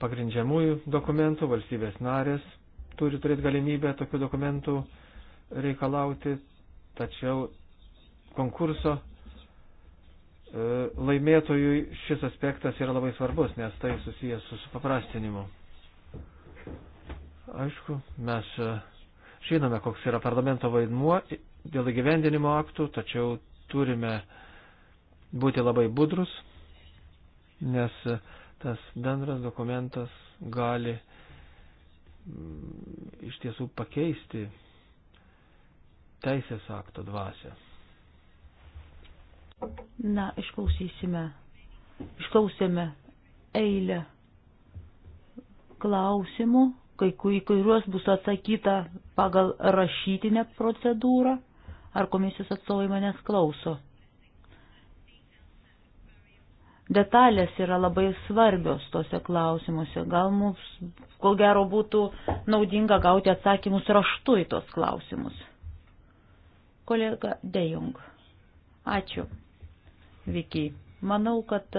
pagrindžiamųjų dokumentų valstybės narės turi turėti galimybę tokių dokumentų reikalauti, tačiau konkurso E, laimėtojui šis aspektas yra labai svarbus, nes tai susijęs su supaprastinimu. Aišku, mes e, žinome, koks yra parlamento vaidmuo dėl įgyvendinimo aktų, tačiau turime būti labai budrus, nes e, tas bendras dokumentas gali iš tiesų pakeisti teisės akto dvasę.
Na, išklausysime. Išklausėme eilę klausimų, kai kuriuos bus atsakyta pagal rašytinę procedūrą. Ar komisijos atstovai manęs klauso? Detalės yra labai svarbios tose klausimuose. Gal mums, kol gero būtų naudinga gauti atsakymus raštu į tos klausimus. Kolega Dejung. Ačiū. Vikiai. Manau, kad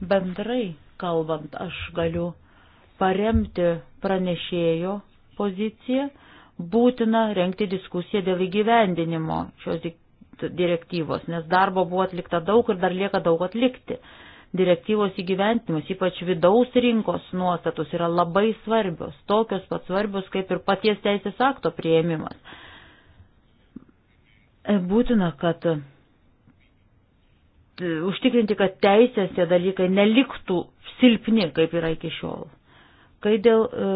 bendrai kalbant aš galiu paremti pranešėjo poziciją, būtina renkti diskusiją dėl įgyvendinimo šios direktyvos, nes darbo buvo atlikta daug ir dar lieka daug atlikti. Direktyvos įgyventinimas, ypač vidaus rinkos nuostatus, yra labai svarbios, tokios pat svarbios kaip ir paties teisės akto prieimimas. Būtina, kad E, užtikrinti, kad teisės tie dalykai neliktų silpni, kaip yra iki šiol. Kai dėl e,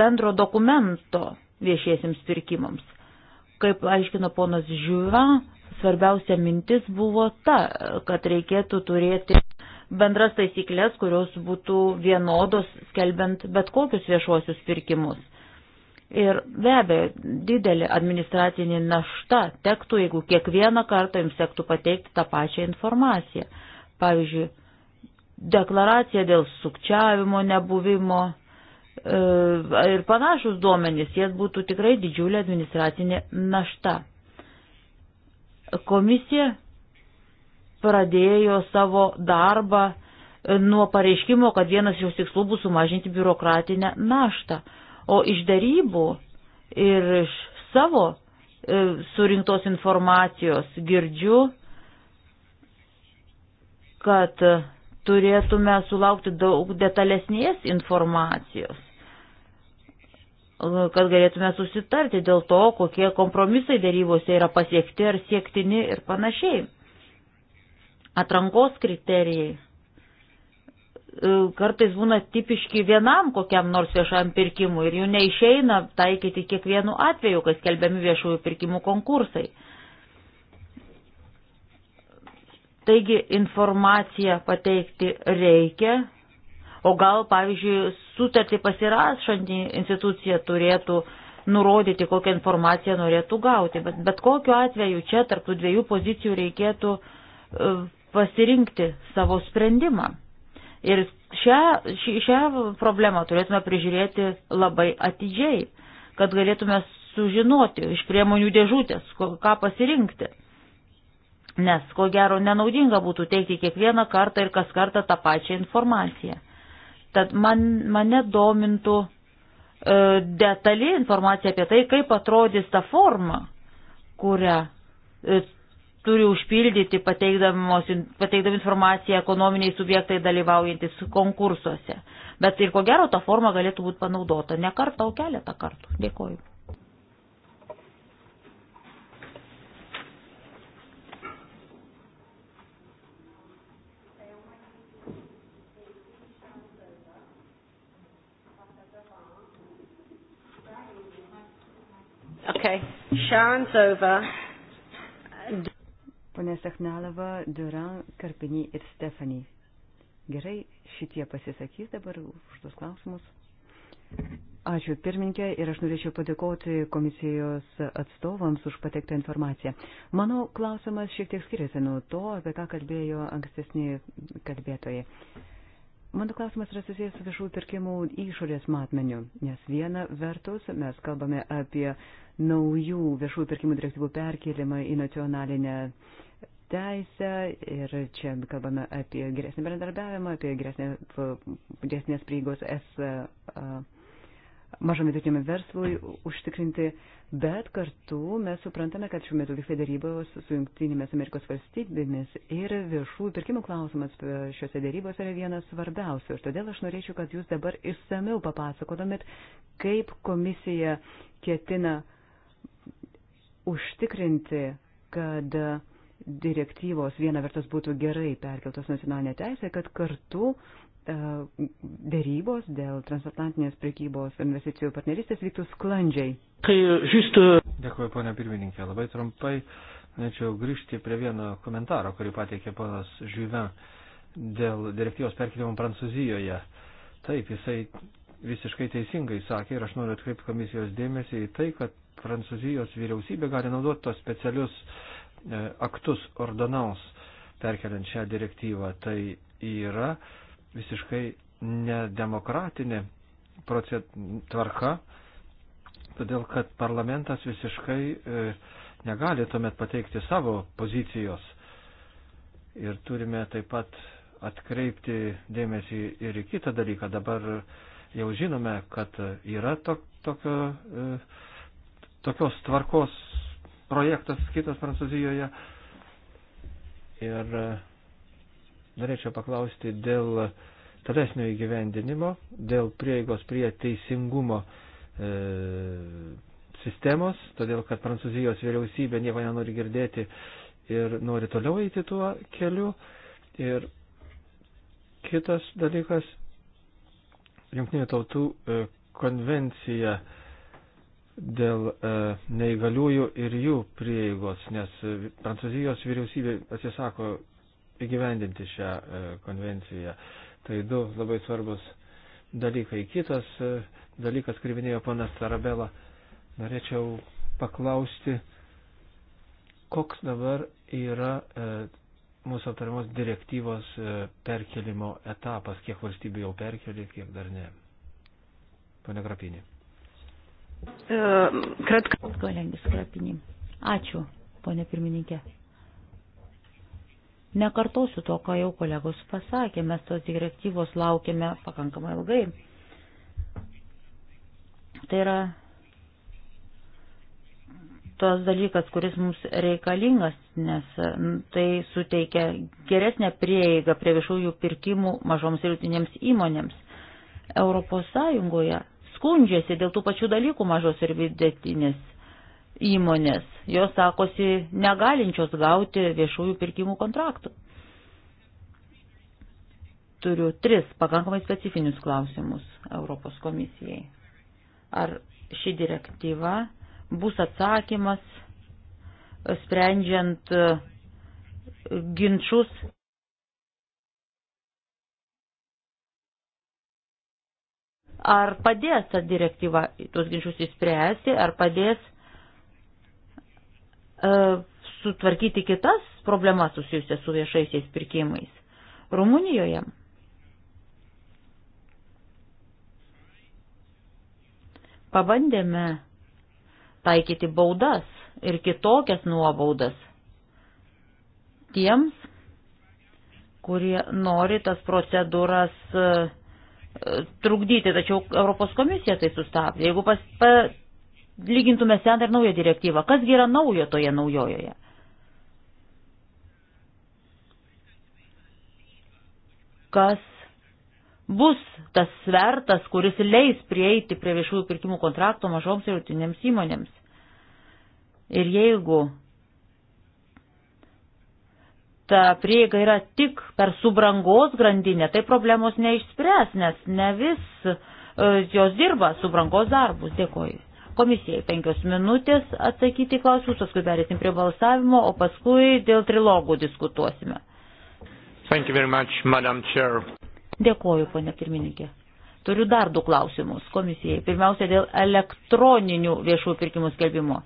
bendro dokumento viešiesiems pirkimams, kaip aiškino ponas Žiūra, svarbiausia mintis buvo ta, kad reikėtų turėti bendras taisyklės, kurios būtų vienodos skelbiant bet kokius viešuosius pirkimus. Ir be abejo, didelė administracinė našta tektų, jeigu kiekvieną kartą jums tektų pateikti tą pačią informaciją. Pavyzdžiui, deklaracija dėl sukčiavimo nebuvimo e, ir panašus duomenys, jie būtų tikrai didžiulė administracinė našta. Komisija pradėjo savo darbą e, nuo pareiškimo, kad vienas jos tikslų bus sumažinti biurokratinę naštą O iš darybų ir iš savo e, surinktos informacijos girdžiu, kad turėtume sulaukti daug detalesnės informacijos, kad galėtume susitarti dėl to, kokie kompromisai darybose yra pasiekti ar siektini ir panašiai. Atrankos kriterijai E, kartais būna tipiški vienam kokiam nors viešam pirkimui ir jų neišeina taikyti kiekvienu atveju, kai skelbiami viešųjų pirkimų konkursai. Taigi informaciją pateikti reikia, o gal, pavyzdžiui, sutartį pasirašantį instituciją turėtų nurodyti, kokią informaciją norėtų gauti. Bet, bet kokiu atveju čia tarptų dviejų pozicijų reikėtų e, pasirinkti savo sprendimą. Ir šią, šį, šią problemą turėtume prižiūrėti labai atidžiai, kad galėtume sužinoti iš priemonių dėžutės, ką pasirinkti. Nes, ko gero, nenaudinga būtų teikti kiekvieną kartą ir kas kartą tą pačią informaciją. Tad man, mane domintų e, detali informacija apie tai, kaip atrodys ta forma, kurią e, turi užpildyti pateikdami informaciją ekonominiai subjektai dalyvaujantis konkursuose. Bet ir ko gero ta forma galėtų būti panaudota ne kartą, o keletą kartų. Dėkoju.
Okay, Sharon's over ponė Sechnalova, Duran, Karpinį ir Stefanį. Gerai, šitie pasisakys dabar už tos klausimus. Ačiū pirmininkė ir aš norėčiau padėkoti komisijos atstovams už pateiktą informaciją. Mano klausimas šiek tiek skiriasi nuo to, apie ką kalbėjo ankstesni kalbėtojai. Mano klausimas yra susijęs su viešųjų pirkimų išorės matmeniu, nes viena vertus mes kalbame apie naujų viešųjų pirkimų direktyvų perkelimą į nacionalinę teisę ir čia kalbame apie geresnį bendradarbiavimą, apie geresnės prieigos S. Uh, mažam vidutiniam verslui užtikrinti, bet kartu mes suprantame, kad šiuo metu vyksta dėrybos su Junktinėmis Amerikos valstybėmis ir viešųjų pirkimų klausimas šiuose dėrybose yra vienas svarbiausių. Ir todėl aš norėčiau, kad jūs dabar išsameu papasakotumėt, kaip komisija ketina užtikrinti, kad direktyvos viena vertus būtų gerai perkeltos nacionalinė teisė, kad kartu E, dėrybos dėl transatlantinės prekybos investicijų partnerystės vyktų sklandžiai.
Tai, e, e, Dėkuoju, ponia pirmininkė. Labai trumpai norėčiau grįžti prie vieno komentaro, kurį pateikė ponas Žyven dėl direktyvos perkelimo Prancūzijoje. Taip, jisai visiškai teisingai sakė ir aš noriu atkreipti komisijos dėmesį į tai, kad Prancūzijos vyriausybė gali naudoti tos specialius e, aktus ordonans perkeliant šią direktyvą. Tai yra visiškai nedemokratinė tvarka, todėl kad parlamentas visiškai e, negali tuomet pateikti savo pozicijos. Ir turime taip pat atkreipti dėmesį ir į kitą dalyką. Dabar jau žinome, kad yra to, tokio, e, tokios tvarkos projektas kitas Prancūzijoje. Ir e, norėčiau paklausti dėl tolesnio įgyvendinimo, dėl prieigos prie teisingumo e, sistemos, todėl kad Prancūzijos vyriausybė nieko nenori girdėti ir nori toliau eiti tuo keliu. Ir kitas dalykas, Junktinių tautų e, konvencija dėl e, neįgaliųjų ir jų prieigos, nes Prancūzijos vyriausybė atsisako įgyvendinti šią e, konvenciją. Tai du labai svarbus dalykai. Kitas e, dalykas, kurį minėjo ponas Tarabela, norėčiau paklausti, koks dabar yra e, mūsų aptariamos direktyvos perkelimo etapas, kiek valstybių jau perkelė, kiek dar ne. Pane Grapinė.
Kratkas kolegis Grapinė. Ačiū, ponė pirmininkė. Nekartosiu to, ką jau kolegos pasakė, mes tos direktyvos laukėme pakankamai ilgai. Tai yra tos dalykas, kuris mums reikalingas, nes tai suteikia geresnę prieigą prie viešųjų pirkimų mažoms ir rytinėms įmonėms. Europos Sąjungoje skundžiasi dėl tų pačių dalykų mažos ir vidutinės įmonės. Jos sakosi negalinčios gauti viešųjų pirkimų kontraktų. Turiu tris pakankamai specifinius klausimus Europos komisijai. Ar ši direktyva bus atsakymas e, sprendžiant e, ginčius ar padės ta direktyva tuos ginčius įspręsti, ar padės E, sutvarkyti kitas problemas susijusias su viešaisiais pirkimais. Rumunijoje pabandėme taikyti baudas ir kitokias nuobaudas tiems, kurie nori tas procedūras e, trukdyti, tačiau Europos komisija tai sustabdė. Jeigu pas, pa, lygintume seną ir naują direktyvą. Kasgi yra naujo toje naujojoje? Kas bus tas svertas, kuris leis prieiti prie viešųjų pirkimų kontrakto mažoms ir rutinėms įmonėms? Ir jeigu ta prieiga yra tik per subrangos grandinę, tai problemos neišspręs, nes ne vis e, jos dirba subrangos darbus. Dėkoju. Komisijai penkios minutės atsakyti klausimus, paskui perėsim prie balsavimo, o paskui dėl trilogų diskutuosime.
Much,
Dėkoju, ponė pirmininkė. Turiu dar du klausimus komisijai. Pirmiausia, dėl elektroninių viešųjų pirkimų skelbimo.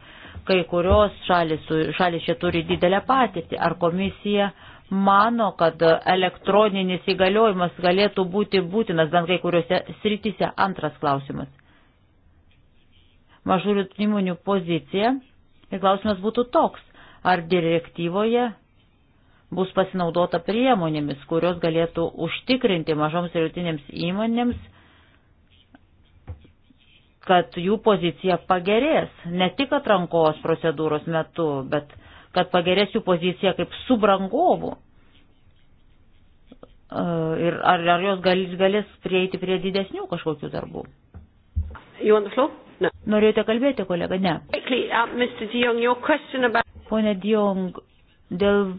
Kai kurios šalis, šalis čia turi didelę patirtį. Ar komisija mano, kad elektroninis įgaliojimas galėtų būti būtinas bent kai kuriuose srityse? Antras klausimas mažų ir įmonių poziciją. Ir klausimas būtų toks, ar direktyvoje bus pasinaudota priemonėmis, kurios galėtų užtikrinti mažoms ir rytinėms įmonėms, kad jų pozicija pagerės ne tik atrankos procedūros metu, bet kad pagerės jų pozicija kaip subrangovų. Ir ar, ar jos galės, galės prieiti prie didesnių kažkokių darbų? Juan Flau? Norėjote kalbėti, kolega? Ne.
Uh,
Pone Diong, dėl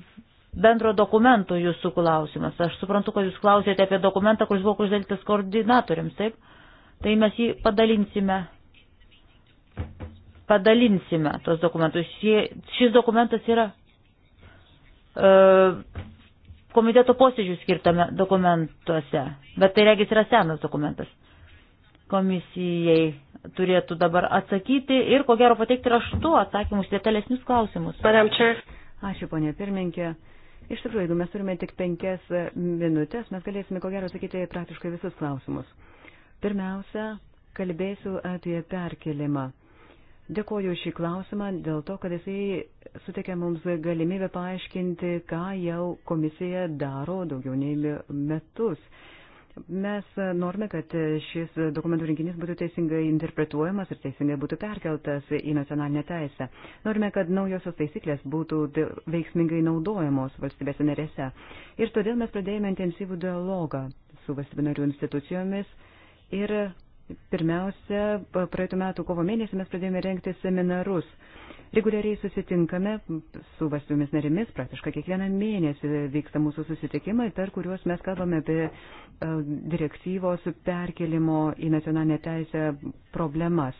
bendro dokumento jūsų klausimas. Aš suprantu, kad jūs klausėte apie dokumentą, kuris buvo uždarytas koordinatoriams, taip? Tai mes jį padalinsime. Padalinsime tos dokumentus. Šis dokumentas yra e, komiteto posėdžių skirtame dokumentuose, bet tai regis yra senas dokumentas. Komisijai turėtų dabar atsakyti ir ko gero pateikti raštu atsakymus detalesnius
klausimus. Ačiū, ponė pirmininkė. Iš tikrųjų, jeigu mes turime tik penkias minutės, mes galėsime ko gero sakyti praktiškai visus klausimus. Pirmiausia, kalbėsiu apie perkelimą. Dėkoju šį klausimą dėl to, kad jisai suteikia mums galimybę paaiškinti, ką jau komisija daro daugiau nei metus. Mes norime, kad šis dokumentų rinkinys būtų teisingai interpretuojamas ir teisingai būtų perkeltas į nacionalinę teisę. Norime, kad naujosios taisyklės būtų veiksmingai naudojamos valstybėse narėse. Ir todėl mes pradėjome intensyvų dialogą su valstybinarių institucijomis ir pirmiausia, praeitų metų kovo mėnesį mes pradėjome renkti seminarus Reguliariai susitinkame su valstybėmis narimis, praktiškai kiekvieną mėnesį vyksta mūsų susitikimai, per kuriuos mes kalbame apie e, direktyvos perkelimo į nacionalinę teisę problemas.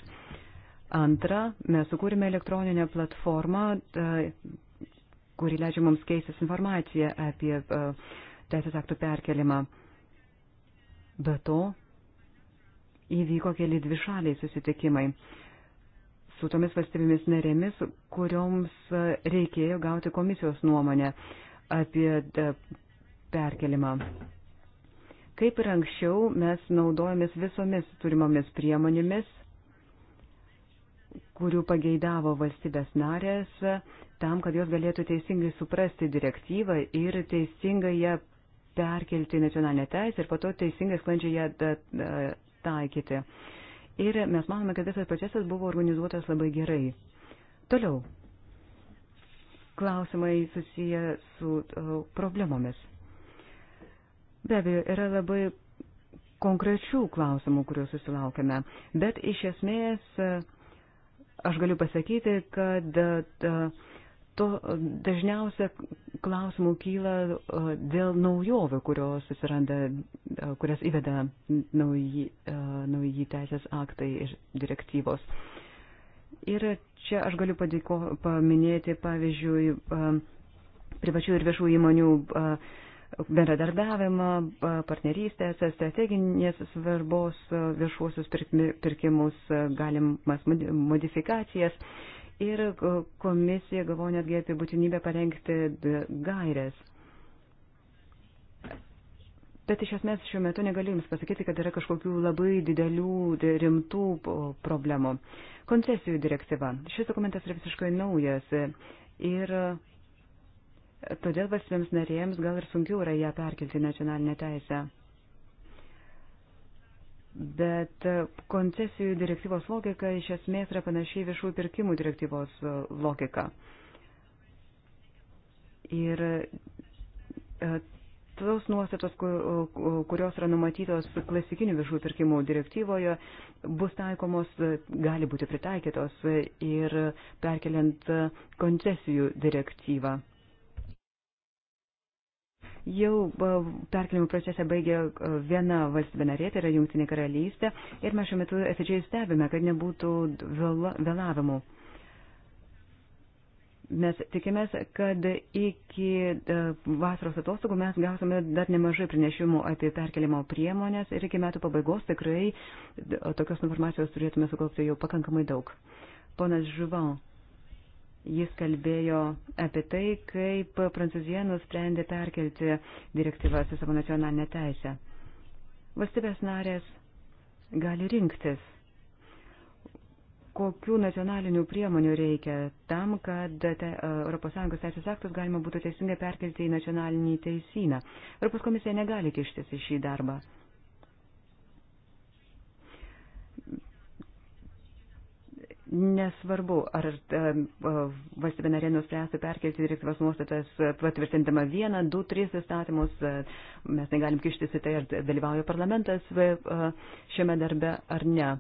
Antra, mes sukūrėme elektroninę platformą, e, kuri leidžia mums keistis informaciją apie e, teisės aktų perkelimą. Be to, įvyko keli dvišaliai susitikimai su tomis valstybėmis narėmis, kurioms reikėjo gauti komisijos nuomonę apie e, perkelimą. Kaip ir anksčiau, mes naudojomės visomis turimomis priemonėmis, kurių pageidavo valstybės narės, tam, kad jos galėtų teisingai suprasti direktyvą ir teisingai ją perkelti nacionalinę teisę ir po to teisingai sklandžiai ją taikyti. Da, ir mes manome, kad visas procesas buvo organizuotas labai gerai. Toliau. Klausimai susiję su uh, problemomis. Be abejo, yra labai konkrečių klausimų, kuriuos susilaukime, bet iš esmės aš galiu pasakyti, kad uh, to dažniausia klausimų kyla e, dėl naujovių, kurios susiranda, e, kurias įveda nauji, nauji teisės aktai ir direktyvos. Ir čia aš galiu padėko, paminėti, pavyzdžiui, privačių ir viešų įmonių bendradarbiavimą, partnerystės, strateginės svarbos viešuosius pirkimus, galimas modifikacijas. Ir komisija galvo netgi apie būtinybę parengti gairės Bet iš esmės šiuo metu negaliu Jums pasakyti, kad yra kažkokių labai didelių, rimtų problemų. Koncesijų direktyva. Šis dokumentas yra visiškai naujas ir todėl valstybėms narėjams gal ir sunkiau yra ją perkelti į nacionalinę teisę. Bet koncesijų direktyvos logika iš esmės yra panašiai viešųjų pirkimų direktyvos logika. Ir e, tos nuostatos, kurios yra numatytos klasikinių viešųjų pirkimų direktyvoje, bus taikomos, gali būti pritaikytos ir perkeliant koncesijų direktyvą. Jau perkelimų procesą baigė viena valstybė narė, tai yra Jungtinė karalystė, ir mes šiuo metu atidžiai stebime, kad nebūtų vėlavimų. Vėla, Mes tikimės, kad iki e, vasaros atostogų mes gausime dar nemažai pranešimų apie perkelimo priemonės ir iki metų pabaigos tikrai e, tokios informacijos turėtume sukaupti jau pakankamai daug. Ponas Žuvan, jis kalbėjo apie tai, kaip Prancūzija nusprendė perkelti direktyvas į savo nacionalinę teisę. Valstybės narės gali rinktis kokių nacionalinių priemonių reikia tam, kad te, ES teisės aktus galima būtų teisingai perkelti į nacionalinį teisyną. Europos komisija negali kištis į šį darbą. Nesvarbu, ar e, e, valstybė narė nuspręstų perkelti direktyvos nuostatas, e, patvirtindama vieną, du, tris įstatymus, mes negalim kištis į tai, ar dalyvauja parlamentas šiame darbe ar ne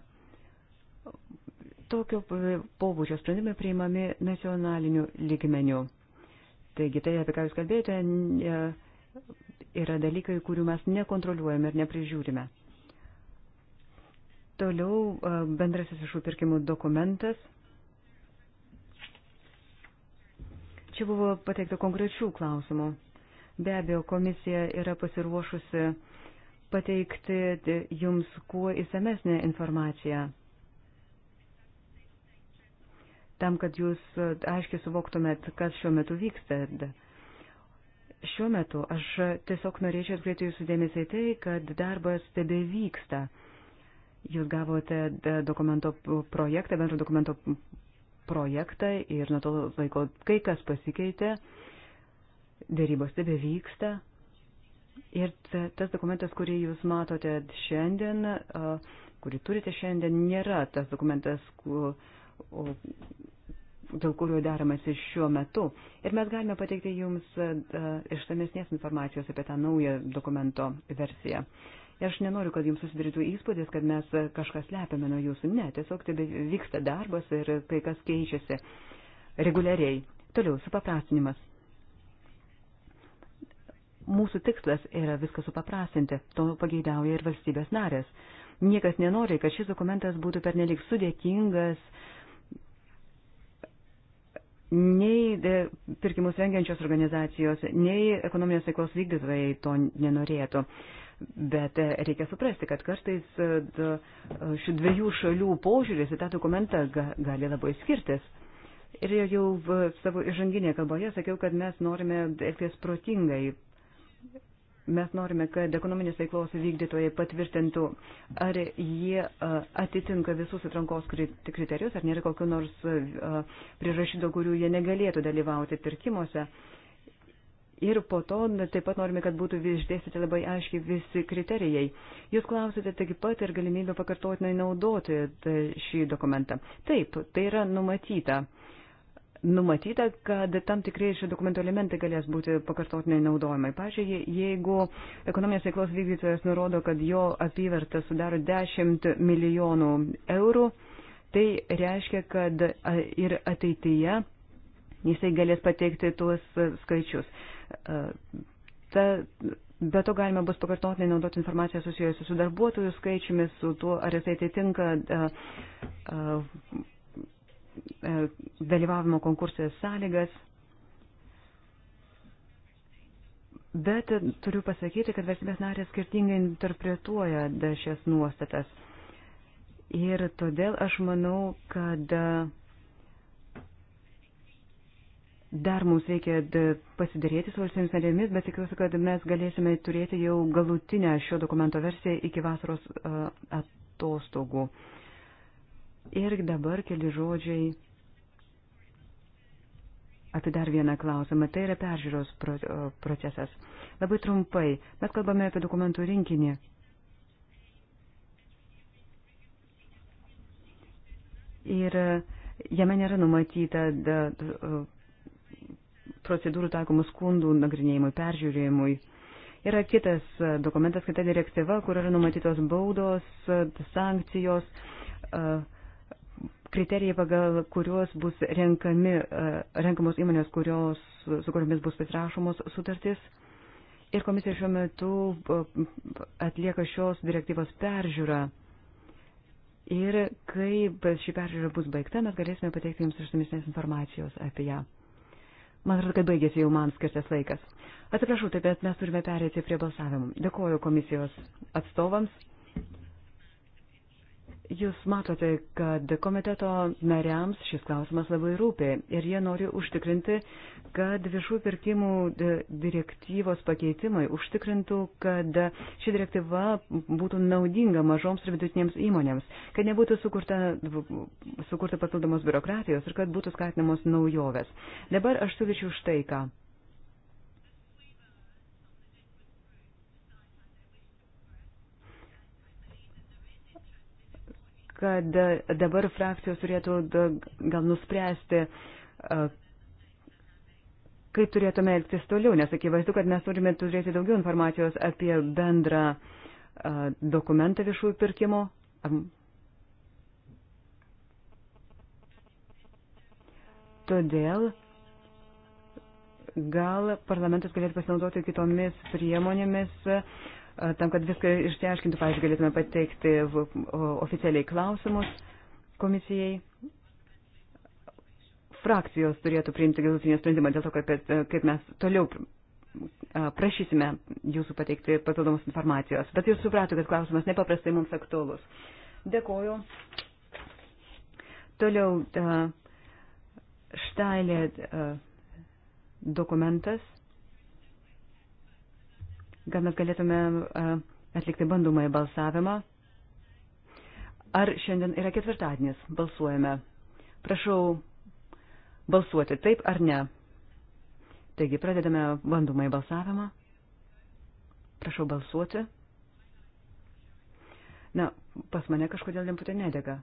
Tokio pobūdžio sprendimai priimami nacionaliniu lygmeniu. Taigi tai, apie ką Jūs kalbėjote, yra dalykai, kurių mes nekontroliuojame ir neprižiūrime. Toliau bendrasis viešų pirkimų dokumentas. Čia buvo pateikta konkrečių klausimų. Be abejo, komisija yra pasiruošusi pateikti jums kuo įsamesnę informaciją tam, kad jūs e, aiškiai suvoktumėt, kas šiuo metu vyksta. Šiuo metu aš tiesiog norėčiau atkreipti jūsų dėmesį į tai, kad darbas tebe vyksta. Jūs gavote e, dokumento projektą, bendro dokumento projektą ir nuo to laiko kai kas pasikeitė, dėrybos tebe vyksta. Ir tas dokumentas, kurį jūs matote šiandien, e, kurį turite šiandien, nėra tas dokumentas, kur dėl kurio deramasi šiuo metu. Ir mes galime pateikti Jums e, e, išsamesnės informacijos apie tą naują dokumento versiją. Ir aš nenoriu, kad Jums susidarytų įspūdis, kad mes kažkas slepiame nuo Jūsų. Ne, tiesiog tai vyksta darbas ir kai kas keičiasi reguliariai. Toliau, supaprastinimas. Mūsų tikslas yra viską supaprastinti, to pageidauja ir valstybės narės. Niekas nenori, kad šis dokumentas būtų pernelik sudėtingas, uh, Nei e, pirkimus rengiančios organizacijos, nei ekonominės veiklos vykdytojai to nenorėtų. Bet e, reikia suprasti, kad kartais e, šių dviejų šalių požiūris į tą dokumentą gali labai skirtis. Ir jau savo įžanginėje kalboje sakiau, kad mes norime elgtis protingai mes norime, kad ekonominės veiklos vykdytojai patvirtintų, ar jie atitinka visus atrankos kriterijus, ar nėra kokiu nors priežasčių, dėl kurių jie negalėtų dalyvauti pirkimuose. Ir po to taip pat norime, kad būtų išdėstyti labai aiškiai visi kriterijai. Jūs klausite taip pat ir galimybę pakartotinai naudoti tai, šį dokumentą. Taip, tai yra numatyta numatyta, kad tam tikrai šio dokumento elementai galės būti pakartotiniai naudojimai. Pavyzdžiui, jeigu ekonominės veiklos vykdytojas nurodo, kad jo apyvarta sudaro 10 milijonų eurų, tai reiškia, kad ir ateityje jisai galės pateikti tuos skaičius. Ta, Be to galima bus pakartotinai naudoti informaciją susijusiu su darbuotojų skaičiumi, su tuo, ar jisai atitinka uh, uh, E, dalyvavimo konkursės sąlygas. Bet turiu pasakyti, kad valstybės narės skirtingai interpretuoja šias nuostatas. Ir todėl aš manau, kad e, dar mums reikia pasidarėti su valstybėmis narėmis, bet tikiuosi, kad mes galėsime turėti jau galutinę šio dokumento versiją iki vasaros e, atostogų. Uh, Ir dabar keli žodžiai apie dar vieną klausimą. Tai yra peržiūros procesas. Labai trumpai, mes kalbame apie dokumentų rinkinį. Ir jame nėra numatyta da, procedūrų taikomų skundų nagrinėjimui, peržiūrėjimui. Yra kitas dokumentas, kita direktyva, kur yra numatytos baudos, sankcijos. Uh, kriterijai, pagal kuriuos bus renkami, e, renkamos įmonės, kurios, su kuriomis bus pasirašomos sutartys. Ir komisija šiuo metu e, atlieka šios direktyvos peržiūrą. Ir kai ši peržiūra bus baigta, mes galėsime pateikti jums išsamesnės informacijos apie ją. Man atrodo, kad baigėsi jau man skirtas laikas. Atsiprašau, taip, bet mes turime perėti prie balsavimų. Dėkoju komisijos atstovams. Jūs matote, kad komiteto nariams šis klausimas labai rūpė ir jie nori užtikrinti, kad viešų pirkimų e, direktyvos pakeitimai užtikrintų, kad ši direktyva būtų naudinga mažoms ir vidutinėms įmonėms, kad nebūtų sukurta, sukurta papildomos biurokratijos ir kad būtų skatinamos naujovės. Dabar aš siūlyčiau štai ką. kad dabar frakcijos turėtų gal nuspręsti, kaip turėtume elgtis toliau, nes akivaizdu, kad mes turime turėti daugiau informacijos apie bendrą dokumentą viešųjų pirkimo. Todėl gal parlamentas galėtų pasinaudoti kitomis priemonėmis, uh, tam, kad viską išsiaiškintų, pavyzdžiui, galėtume pateikti oficialiai klausimus komisijai. Frakcijos turėtų priimti galutinį sprendimą dėl to, kad, e, kaip mes toliau prašysime jūsų pateikti papildomus informacijos. Bet jūs supratote, kad klausimas nepaprastai mums aktuolus. Dėkoju. Toliau štailė dokumentas Gal mes galėtume atlikti bandomąjį balsavimą? Ar šiandien yra ketvirtadienis? Balsuojame. Prašau balsuoti taip ar ne. Taigi pradedame bandomąjį balsavimą. Prašau balsuoti. Na, pas mane kažkodėl lemputė nedega.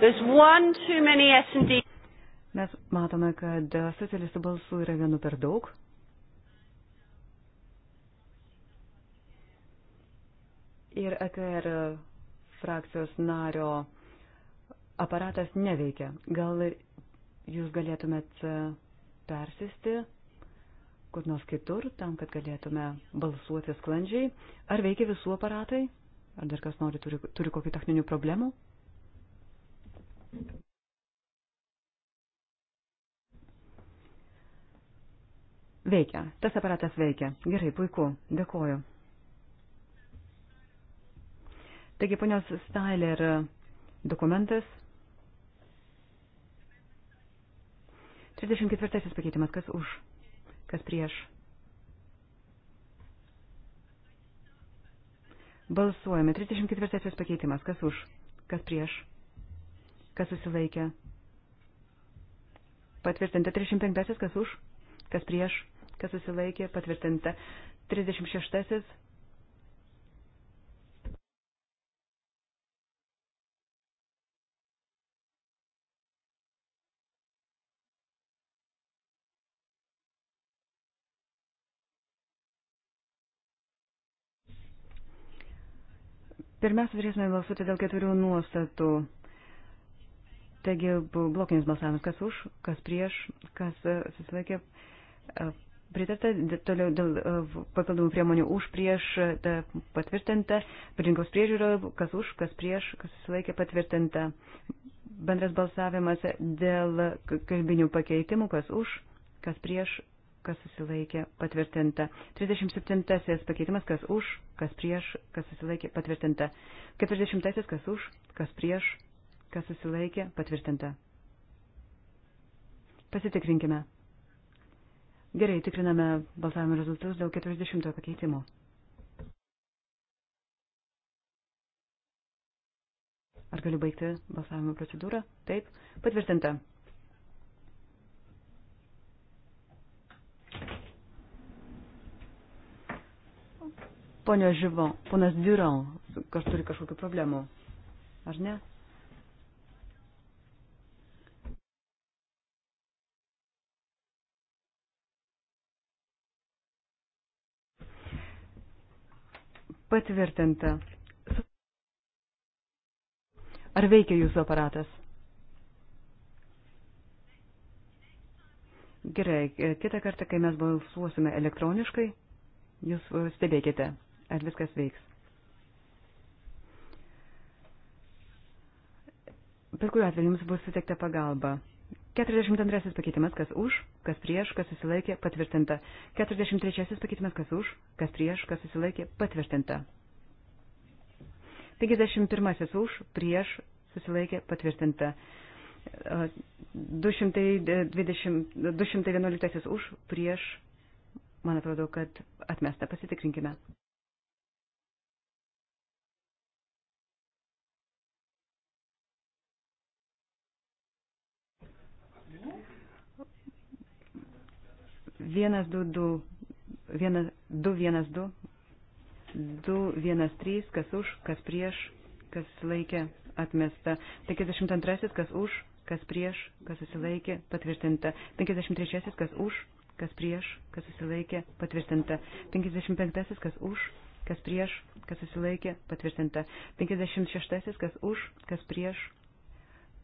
There's one too many S&D
Mes matome, kad socialistų balsų yra vienu per daug. Ir EKR frakcijos nario aparatas neveikia. Gal jūs galėtumėt persisti kur nors kitur, tam, kad galėtume balsuoti sklandžiai? Ar veikia visų aparatai? Ar dar kas nori, turi, turi kokių techninių problemų? Veikia. Tas aparatas veikia. Gerai, puiku. Dėkoju. Taigi, ponios Styler dokumentas. 34 pakeitimas. Kas už? Kas prieš? Balsuojame. 34 pakeitimas. Kas už? Kas prieš? Kas susilaikė? Patvirtinta. 35. Kas už? Kas prieš? kas susilaikė, patvirtinta. 36. Pirmiausia, turėsime balsuoti dėl keturių nuostatų. Taigi, blokinis balsavimas, kas už, kas prieš, kas susilaikė, pritarta, toliau dėl e, papildomų priemonių už, prieš, e, ta, patvirtinta, rinkos priežiūra, kas už, kas prieš, kas susilaikė patvirtinta, bendras balsavimas dėl kalbinių pakeitimų, kas už, kas prieš, kas susilaikė patvirtinta, 37 pakeitimas, kas už, kas prieš, kas susilaikė patvirtinta, 40 kas už, kas prieš, kas susilaikė patvirtinta. Pasitikrinkime. Gerai, tikriname balsavimo rezultatus dėl 40 pakeitimo. Ar galiu baigti balsavimo procedūrą? Taip, patvirtinta. Pone Živo, ponas Diuran, kas turi kažkokių problemų, ar ne? Patvirtinta. Ar veikia jūsų aparatas? Gerai, e, kitą kartą, kai mes balsuosime elektroniškai, jūs e, stebėkite, ar viskas veiks. Per kuriuo atveju jums bus suteikta pagalba. 42 pakeitimas, kas už, kas prieš, kas susilaikė, patvirtinta. 43 pakeitimas, kas už, kas prieš, kas susilaikė, patvirtinta. 51 už, prieš, susilaikė, patvirtinta. 220, 211 už, prieš, man atrodo, kad atmesta, pasitikrinkime. 1-2-1-2, 2-1-3, kas už, kas prieš, kas laikė atmesta. 52, kas už, kas prieš, kas susilaikė, patvirtinta. 53, kas už, kas prieš, kas susilaikė, patvirtinta. 55, kas už, kas prieš, kas susilaikė, patvirtinta. 56, kas už, kas prieš,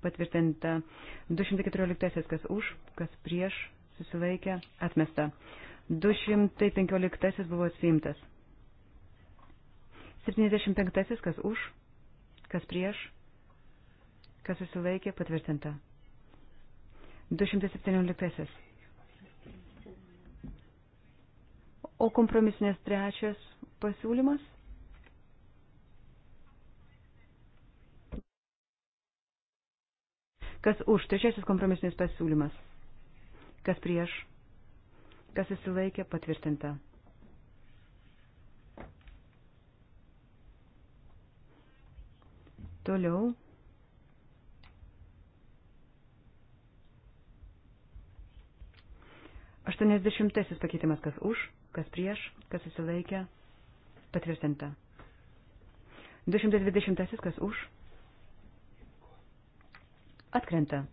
patvirtinta. 214, kas už, kas prieš, susilaikė, atmesta. 215 buvo atsiimtas. 75 kas už, kas prieš, kas susilaikė, patvirtinta. 217. O kompromisinės trečias pasiūlymas? Kas už? Trečiasis kompromisinis pasiūlymas kas prieš, kas susilaikė patvirtinta. Toliau. Aštuoniasdešimtasis pakeitimas, kas už, kas prieš, kas susilaikė, patvirtinta. 220 kas už? Atkrenta.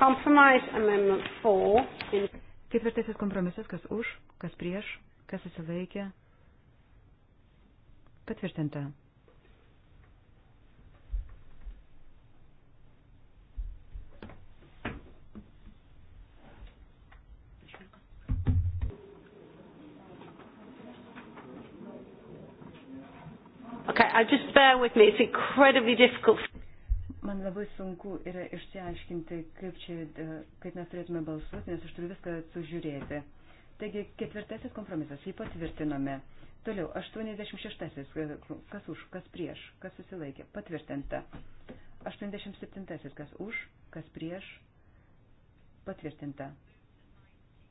Compromise Amendment 4. Ketvirtasis kompromisas, kas už, kas prieš, kas susilaikė. Patvirtinta.
Okay, I just bear with me. It's incredibly difficult.
Man labai sunku yra išsiaiškinti, kaip, čia, e, kaip mes turėtume balsuoti, nes aš turiu viską sužiūrėti. Taigi ketvirtasis kompromisas, jį patvirtinome. Toliau, 86. E, kas už, kas prieš, kas susilaikė, patvirtinta. 87. Kas už, kas prieš, patvirtinta.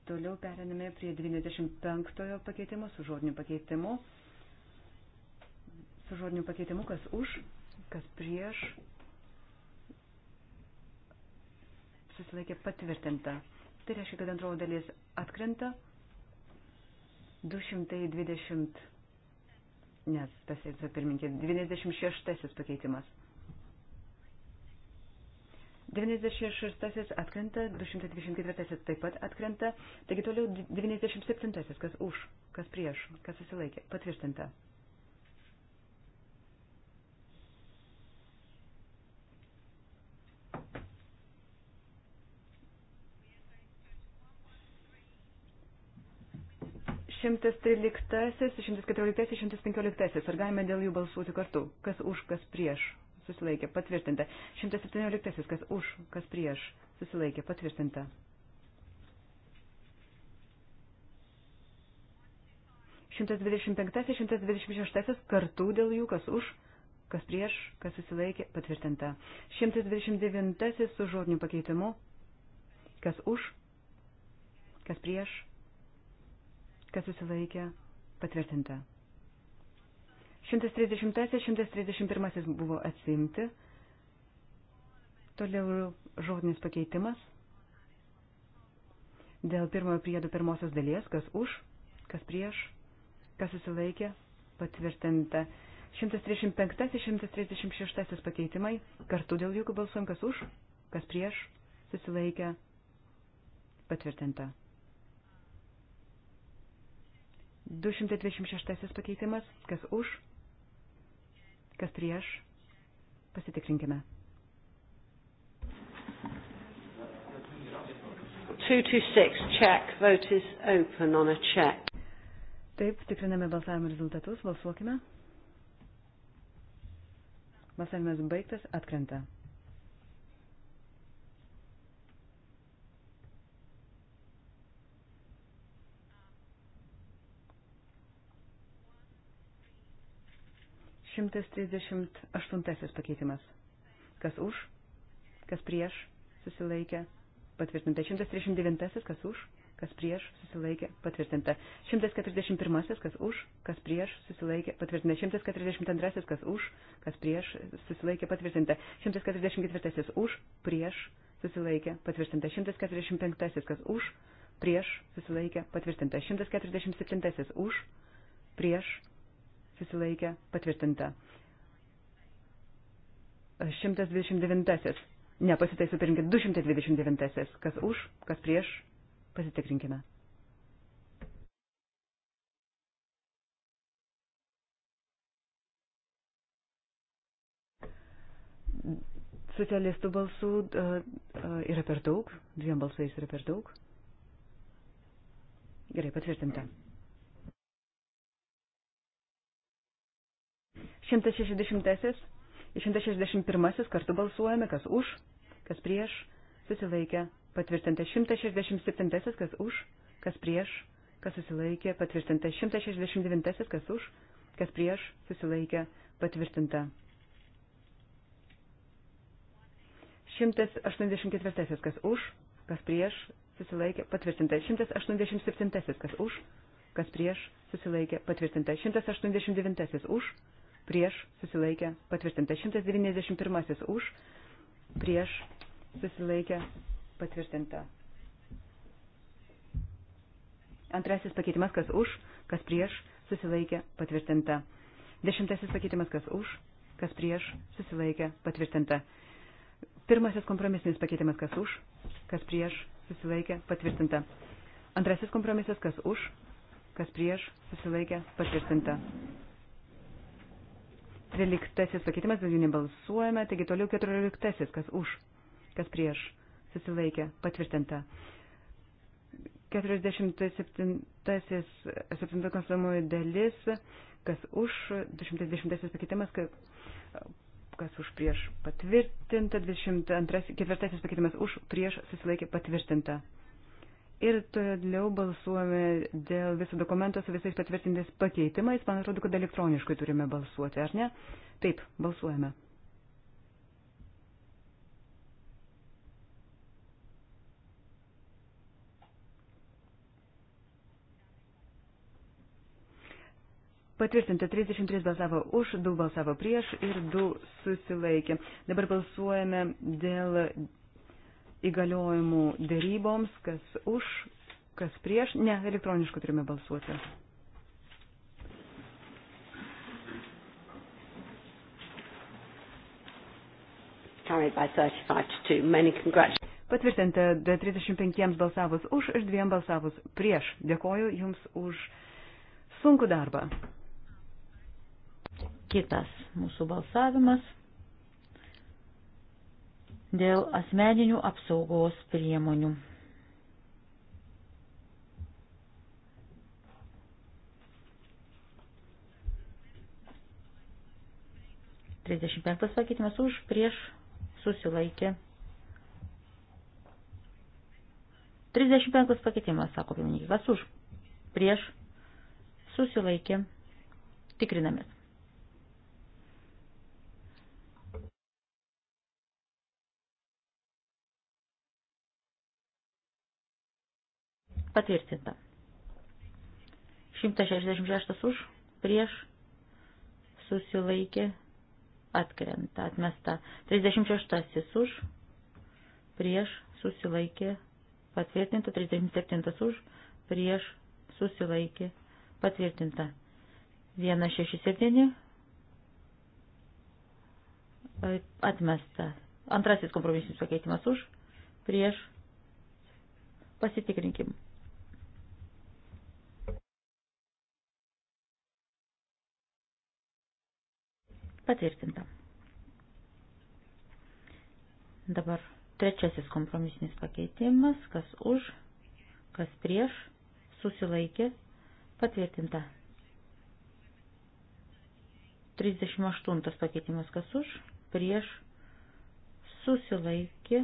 Toliau periname prie 95 pakeitimo su žodiniu pakeitimu. Su žodiniu pakeitimu, kas už, kas prieš, susilaikė patvirtinta. Tai reiškia, kad antroji dalis atkrenta 220, nes pasėdė pirminkė, 96 pakeitimas. 96 atkrenta, 224 taip pat atkrenta, taigi toliau 97, kas už, kas prieš, kas susilaikė, patvirtinta. 113, 114, 115. Ar galime dėl jų balsuoti kartu? Kas už, kas prieš? Susilaikė. Patvirtinta. 117. Kas už, kas prieš? Susilaikė. Patvirtinta. 125, 126. Kartu dėl jų. Kas už, kas prieš, kas susilaikė. Patvirtinta. 129. Su žodiniu pakeitimu. Kas už, kas prieš, kas susilaikė, patvirtinta. 130-131 buvo atsimti. Toliau žodinis pakeitimas. Dėl pirmojo priedo pirmosios dalies, kas už, kas prieš, kas susilaikė, patvirtinta. 135-136 pakeitimai, kartu dėl jų balsuojam, kas už, kas prieš, susilaikė, patvirtinta. 226 pakeitimas, kas už, kas prieš, pasitikrinkime. 226
check, vote is open on a check.
Taip, tikriname balsavimo rezultatus, balsuokime. Balsavimas baigtas, atkrenta. 138 pakeitimas. Kas už, kas prieš, susilaikė, patvirtinta. 139, kas už, kas prieš, susilaikė, patvirtinta. 141, kas už, kas prieš, susilaikė, patvirtinta. 142, kas už, kas prieš, susilaikė, patvirtinta. 144, už, prieš, susilaikė, patvirtinta. 145, kas už, prieš, susilaikė, patvirtinta. 147, už, prieš, susilaikė, patvirtinta. 129. Ne, pasitaisiu pirinkit 229. Kas už, kas prieš, pasitikrinkime. Socialistų balsų uh, uh, yra per daug, dviem balsais yra per daug. Gerai, patvirtinta. Mm. 160 ir 161 kartu balsuojame, kas už, kas prieš, susilaikė, patvirtinta 167, kas už, kas prieš, kas susilaikė, patvirtinta 169, kas už, kas prieš, susilaikė, patvirtinta. 184, kas už, kas prieš, susilaikė, patvirtinta. 187, kas už, kas prieš, susilaikė, patvirtinta. 189, už, prieš susilaikę patvirtinta. 191 už, prieš susilaikę patvirtinta. Antrasis pakeitimas, kas už, kas prieš susilaikė patvirtinta. Dešimtasis pakeitimas, kas už, kas prieš susilaikė patvirtinta. Pirmasis kompromisinis pakeitimas, kas už, kas prieš susilaikė patvirtinta. Antrasis kompromisas, kas už, kas prieš susilaikė patvirtinta. 13 pakeitimas, dėl jų nebalsuojame, taigi toliau 14, kas už, kas prieš, susilaikė, patvirtinta. 47 konstitucijų dalis, kas už, 210 pakeitimas, kas už prieš patvirtinta, 22 pakeitimas už prieš susilaikė patvirtinta. Ir toliau balsuojame dėl viso dokumento su visais patvirtintais pakeitimais. Man atrodo, kad elektroniškai turime balsuoti, ar ne? Taip, balsuojame. Patvirtinta 33 balsavo už, 2 balsavo prieš ir 2 susilaikė. Dabar balsuojame dėl įgaliojimų dėryboms, kas už, kas prieš. Ne, elektroniškai turime balsuoti. Patvirtinta 35 balsavus už ir 2 balsavus prieš. Dėkoju Jums už sunku darbą. Kitas mūsų balsavimas
dėl asmeninių apsaugos priemonių. Trisdešimt penktas pakeitimas už prieš susilaikė. Trisdešimt penktas pakeitimas, sako pirmininkas, už prieš susilaikė. Tikrinamės. Patvirtinta. 166 už, prieš, susilaikė, atkrenta, atmesta. 36 už, prieš, susilaikė, patvirtinta. 37 už, prieš, susilaikė, patvirtinta. 167 atmesta. Antrasis kompromisinis pakeitimas už, prieš, pasitikrinkim. Patvirtinta. Dabar trečiasis kompromisinis pakeitimas, kas už, kas prieš, susilaikė, patvirtinta. 38 pakeitimas, kas už, prieš, susilaikė,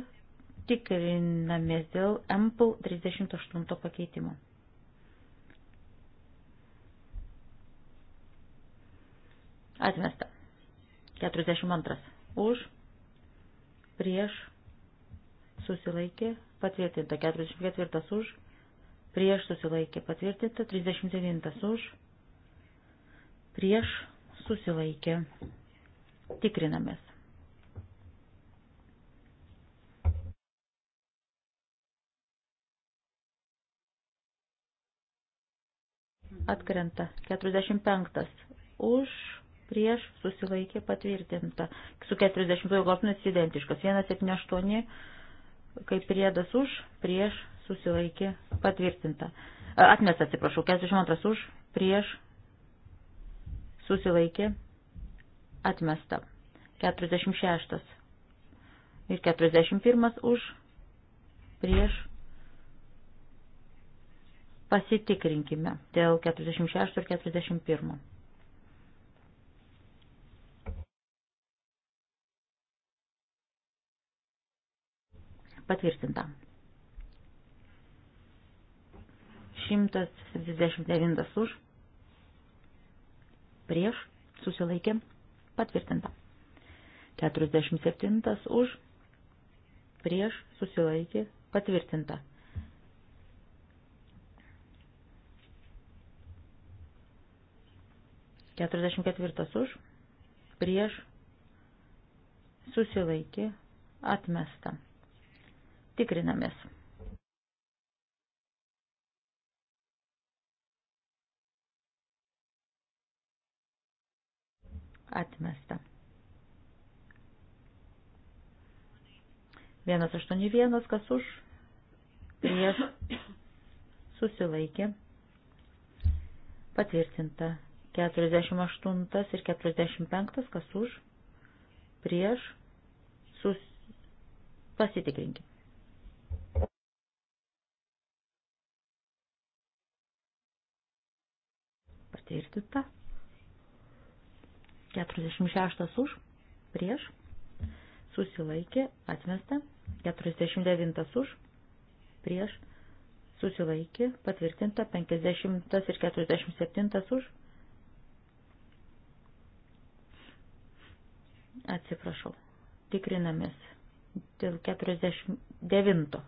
tikrinamės dėl MPL 38 pakeitimo. Atmesta. 42. Už, prieš, susilaikė, patvirtinta. 44. Už, prieš, susilaikė, patvirtinta. 39. Už, prieš, susilaikė. Tikrinamės. Atkrenta. 45. Už prieš susilaikė patvirtinta. Su 40 glopinis identiškas. 178 kaip priedas už, prieš susilaikė patvirtinta. Atmest atsiprašau, 42 už, prieš susilaikė atmesta. 46 ir 41 už, prieš pasitikrinkime dėl 46 ir 41. Patvirtinta. 179 už. Prieš. Susilaikė. Patvirtinta. 47 už. Prieš. Susilaikė. Patvirtinta. Keturiasdešimt ketvirtas už, prieš, susilaikė, atmesta tikrinamės. Atmesta. 181, kas už, prieš, susilaikė, patvirtinta. 48 ir 45, kas už, prieš, sus... pasitikrinkim. patvirtinta. 46 už, prieš, susilaikė, atmesta. 49 už, prieš, susilaikė, patvirtinta. 50 ir 47 už. Atsiprašau, tikrinamės dėl 49.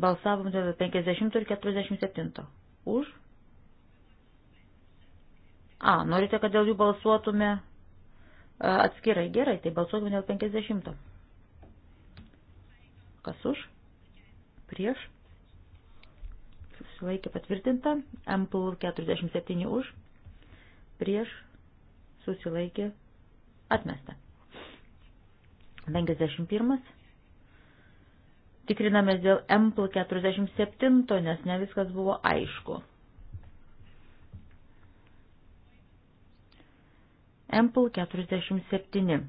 Balsavom dėl 50 ir 47. Už? A, norite, kad dėl jų balsuotume e, atskirai. Gerai, tai balsuotume dėl 50. Kas už? Prieš? Susilaikė patvirtinta. MPL 47 už. Prieš? Susilaikė atmesta. 51 tikrinamės dėl MPL 47, nes ne viskas buvo aišku. MPL 47.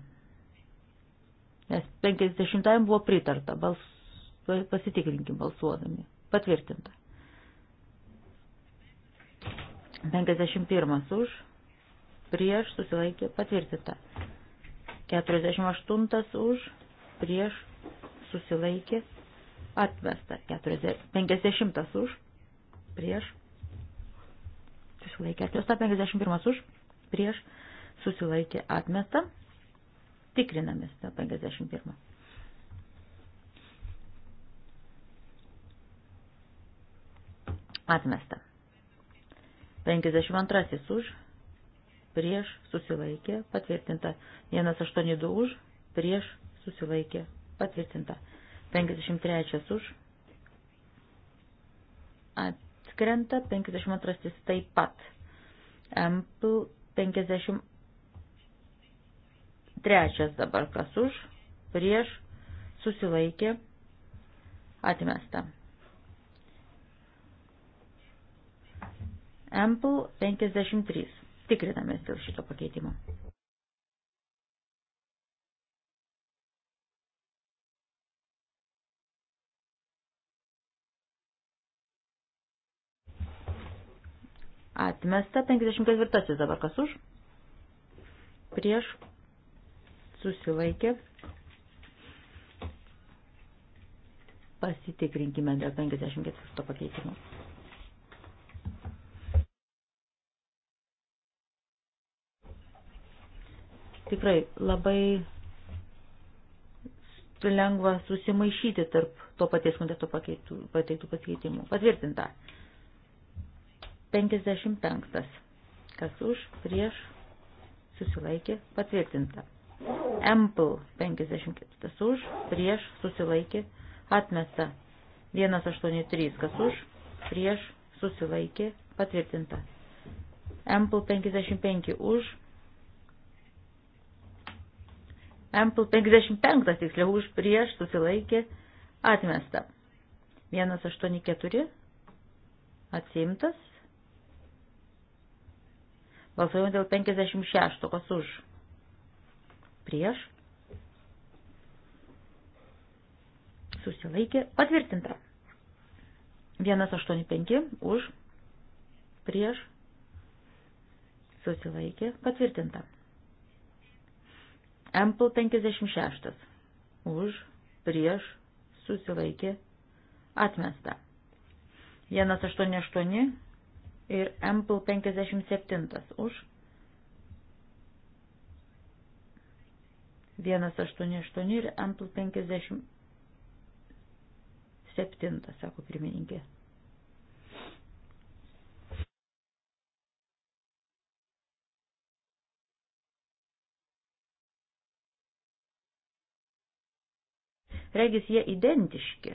Nes 50 buvo pritarta, bals, pasitikrinkim balsuodami. Patvirtinta. 51 už, prieš susilaikė patvirtinta. 48 už, prieš susilaikė Atmesta. 40, 50 už. Prieš. Susilaikė. Atmesta. 51 už. Prieš. Susilaikė. Atmesta. Tikrinamės. 51. Atmesta. 52 už, prieš susilaikė, patvirtinta. 182 už, prieš susilaikė, patvirtinta. 53 už. Atskrenta 52 taip pat. Ampl 53 dabar kas už. Prieš susilaikė atmesta. Ampl 53. Tikrinamės dėl šito pakeitimo. Atmesta 54 dabar kas už? Prieš susilaikė. Pasitikrinkime dėl 54 pakeitimo. Tikrai labai lengva susimaišyti tarp to paties komiteto pateiktų pakeitimų. Patvirtinta. 55. Kas už, prieš, susilaikė, patvirtinta. Ample 54 už, prieš, susilaikė, atmesta. 183 kas už, prieš, susilaikė, patvirtinta. Ample 55 už. Ample 55 tiksliau už, prieš, susilaikė, atmesta. 184 atsimtas. Balsuojame dėl 56. Kas už? Prieš. Susilaikė. Patvirtinta. 185 už. Prieš. Susilaikė. Patvirtinta. Ample 56. Už, prieš, susilaikė, atmesta. 188 ir MPL 57 už 188 ir MPL 57, sako pirmininkė. Regis jie identiški.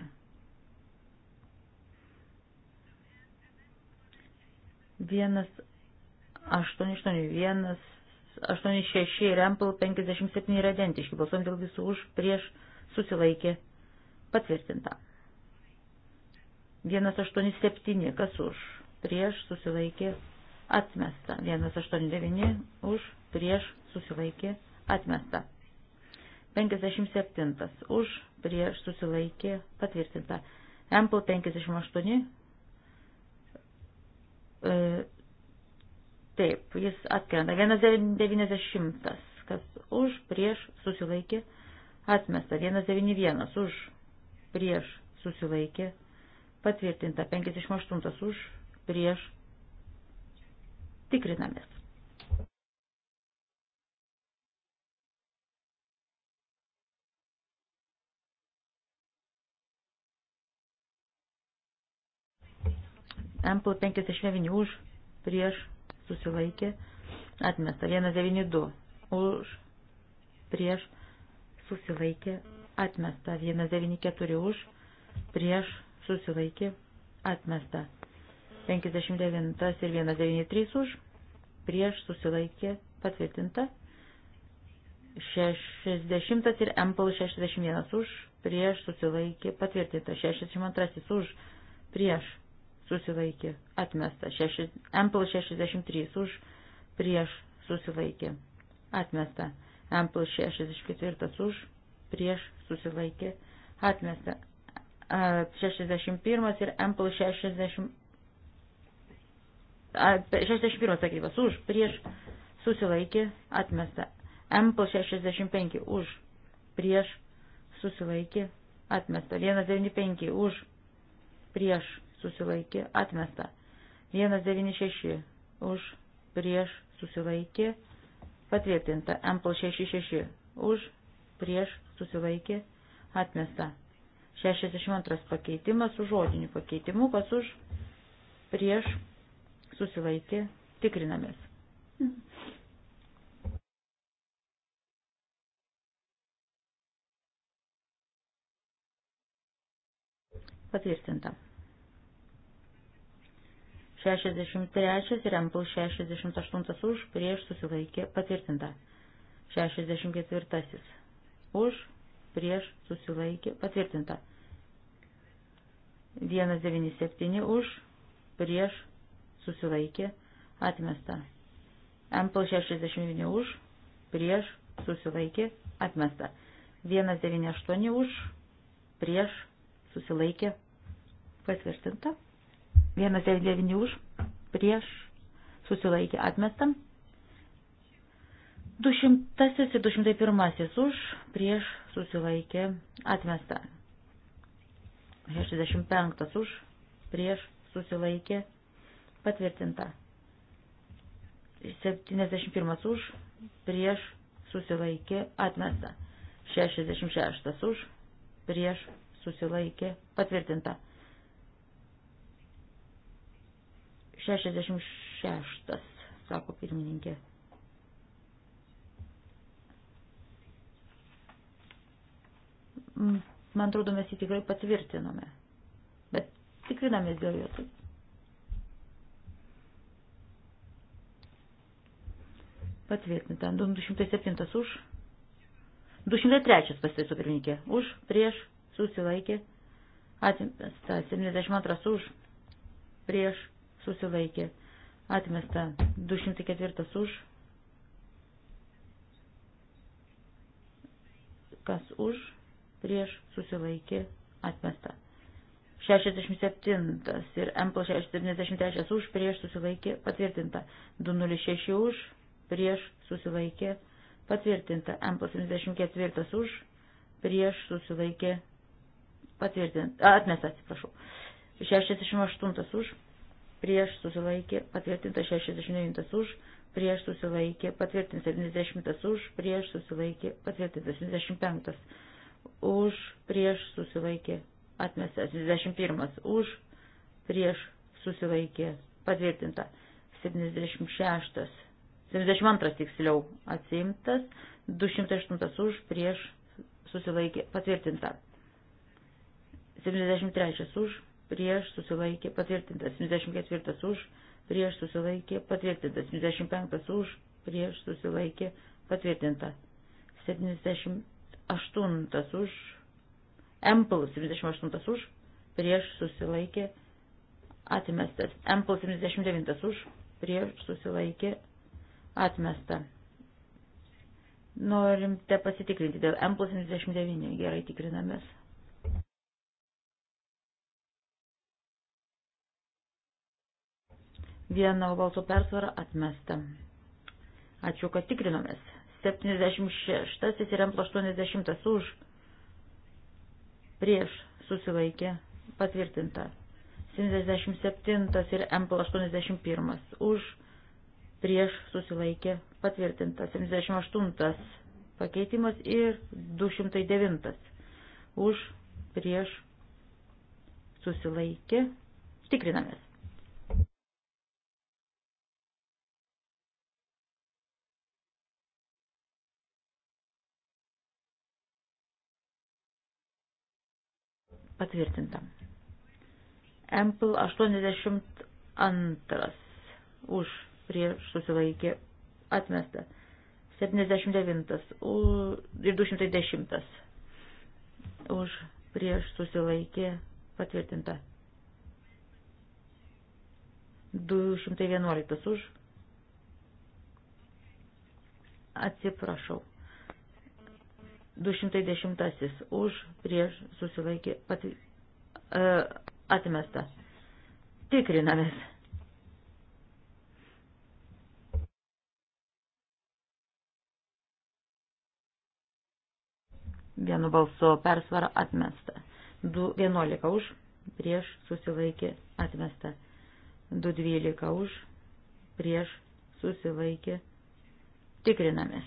Vienas 881, 86 ir Ample 57 yra identiški. Balsuojam dėl visų už, prieš, susilaikė, patvirtinta. 187, kas už, prieš, susilaikė, atmesta. 189, už, prieš, susilaikė, atmesta. 57, už, prieš, susilaikė, patvirtinta. Ample 58, E, taip, jis atkrenta. 1,90. Kas už, prieš, susilaikė, atmesta. 1,91. Už, prieš, susilaikė, patvirtinta. 58. Už, prieš,
tikrinamės.
MPL 59 už, prieš, susilaikė, atmesta. 192 už, prieš, susilaikė, atmesta. 194 už, prieš, susilaikė, atmesta. 59 ir 193 už, prieš, susilaikė, patvirtinta. 60 ir MPL 61 už, prieš, susilaikė, patvirtinta. 62 už, prieš, susilaikė, atmesta. Ampl 63 už, prieš, susilaikė, atmesta. Ampl 64 už, prieš, susilaikė, atmesta. 61 ir Ampl 60. 61 sakybas už, prieš, susilaikė, atmesta. Ampl 65 už, prieš, susilaikė, atmesta. 195 už, prieš, susilaikė, atmesta. 196 už, prieš, susilaikė, patvirtinta. Ample 66 už, prieš, susilaikė, atmesta. 62 pakeitimas su žodiniu pakeitimu, kas už, prieš, susilaikė, tikrinamės. Patvirtinta. 63 ir MPL 68 už, prieš susilaikė patvirtinta. 64 už, prieš susilaikė patvirtinta. 197 už, prieš susilaikė atmesta. MPL 69 už, prieš susilaikė atmesta. 198 už, prieš susilaikė patvirtinta. 199 už, prieš, susilaikė atmestą. 200 ir 201 už, prieš, susilaikė atmestą. 65 už, prieš, susilaikė patvirtinta. 71 už, prieš, susilaikė atmestą. 66 už, prieš, susilaikė patvirtinta. 66, sako pirmininkė. Man atrodo, mes jį tikrai patvirtinome, bet tikrinamės dėl jo. Patvirtinta. 207 už. 203 pasitaiso pirmininkė. Už, prieš, susilaikė. Atimtas. 72 už, prieš, susilaikė, atmesta 204 už, kas už, prieš susilaikė, atmesta. 67 ir M plus 73 už, prieš susilaikė, patvirtinta. 206 už, prieš susilaikė, patvirtinta. M plus 74 už, prieš susilaikė, patvirtinta. Atmesta, atsiprašau. 68 už, prieš susilaikė, patvirtinta 69 už, prieš susilaikė, patvirtinta 70 už, prieš susilaikė, patvirtinta 75 už, prieš susilaikė, atmestas 71 už, prieš susilaikė, patvirtinta 76, 72 tiksliau atsimtas, 208 už, prieš susilaikė, patvirtinta 73 už prieš susilaikė patvirtintas, 74 už, prieš susilaikė patvirtintas, 75 už, prieš susilaikė patvirtinta, 78 už, Ample 78 už, prieš susilaikė atmestas, Ample 79 už, prieš susilaikė atmesta. Norimte pasitikrinti dėl M plus 79, gerai tikrinamės. Vieno balso persvara atmesta. Ačiū, kad tikrinomės. 76 ir M80 už prieš susilaikė patvirtinta. 77 ir M81 už prieš susilaikė patvirtinta. 78 pakeitimas ir 209 už prieš susilaikė tikrinamės. Patvirtinta. Ample 82 už prieš susilaikė atmesta. 79 ir 210 už prieš susilaikė patvirtinta. 211 už. Atsiprašau. 210 už prieš susilaikė pat, e, atmesta. Tikrinamės. Vienu balsu persvara atmesta. 211 už prieš susilaikė atmesta. 212 už prieš susilaikė. Tikrinamės.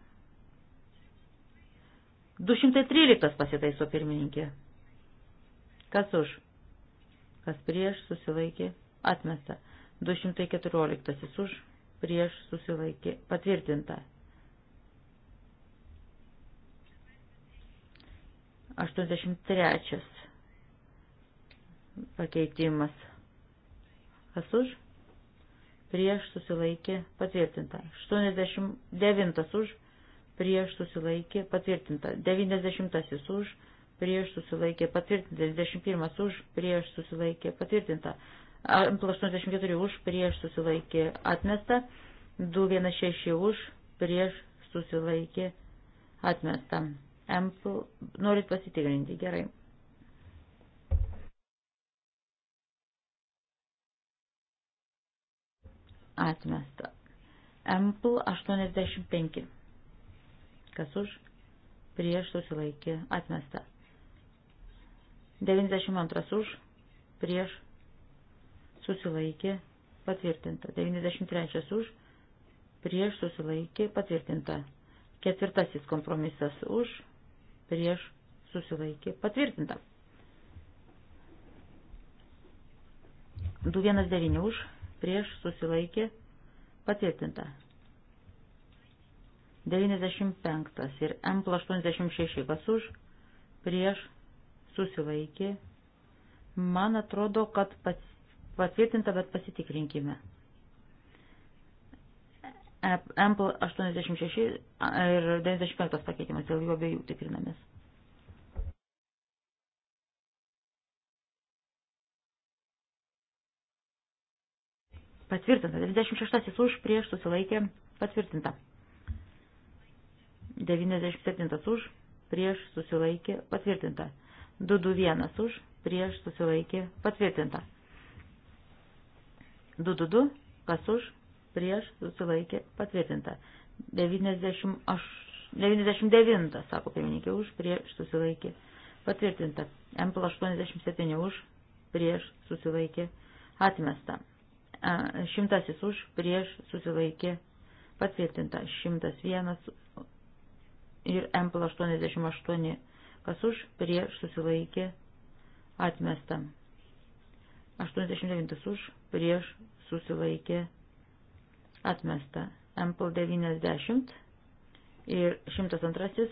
213 pasitaiso pirmininkė. Kas už? Kas prieš susilaikė? Atmesta. 214 už, prieš susilaikė. Patvirtinta. 83 pakeitimas. Kas už? Prieš susilaikė. Patvirtinta. 89 už, prieš susilaikė patvirtinta. 90 už, prieš susilaikė patvirtinta. 91 už, prieš susilaikė patvirtinta. 84 už, prieš susilaikė atmesta. 216 už, prieš susilaikė atmesta. Ample, norit pasitikrinti, gerai. Atmesta. Ample 85 Kas už? Prieš susilaikė atmesta. 92 už. Prieš susilaikė patvirtinta. 93 už. Prieš susilaikė patvirtinta. Ketvirtasis kompromisas už. Prieš susilaikė patvirtinta. 219 už. Prieš susilaikė patvirtinta. 95 ir M86, kas už, prieš, susilaikė. Man atrodo, kad patvirtinta, bet pasitikrinkime. E, M86 ir 95 pakeitimas, dėl jų abiejų tikrinamės. Patvirtinta. 96 už prieš susilaikė patvirtinta. 97 už, prieš susilaikė patvirtinta. 221 už, prieš susilaikė patvirtinta. 222 kas už, prieš susilaikė patvirtinta. 98, 99, sako pirmininkė, už, prieš susilaikė patvirtinta. MPL 87 už, prieš susilaikė atmesta. Šimtasis už, prieš susilaikė patvirtinta. Šimtas vienas ir MPL 88, kas už prieš susilaikė atmesta. 89 už prieš susilaikė atmesta. MPL 90 ir 102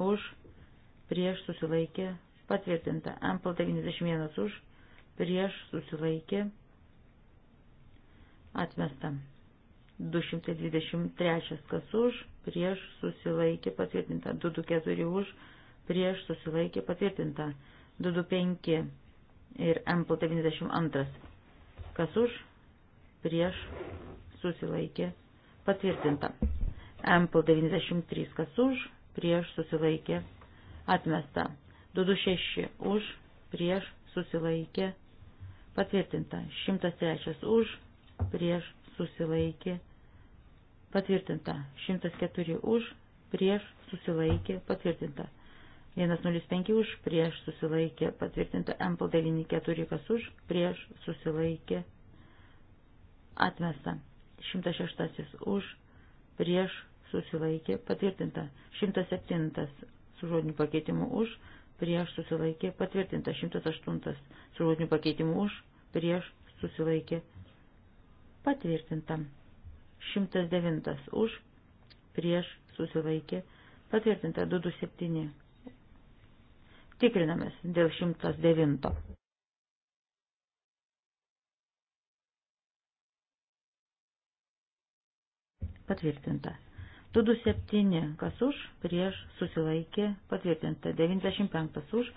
už prieš susilaikė patvirtinta. MPL 91 už prieš susilaikė atmesta. 223 kas už prieš susilaikė patvirtinta, 224 už, prieš susilaikė patvirtinta, 225 ir MP92. Kas už, prieš susilaikė patvirtinta. MP93 kas už, prieš susilaikė atmesta. 226 už, prieš susilaikė patvirtinta. 103 už, prieš susilaikė patvirtinta. 104 už, prieš, susilaikė, patvirtinta. 105 už, prieš, susilaikė, patvirtinta. MPL dalinį 4 kas už, prieš, susilaikė, atmesta. 106 už, prieš, susilaikė, patvirtinta. 107 su žodiniu pakeitimu už, prieš, susilaikė, patvirtinta. 108 su žodiniu pakeitimu už, prieš, susilaikė, patvirtinta. 109 už, prieš susilaikė, patvirtinta 227. Tikrinamės dėl 109. Patvirtinta. 227 kas už, prieš susilaikė, patvirtinta 95 už,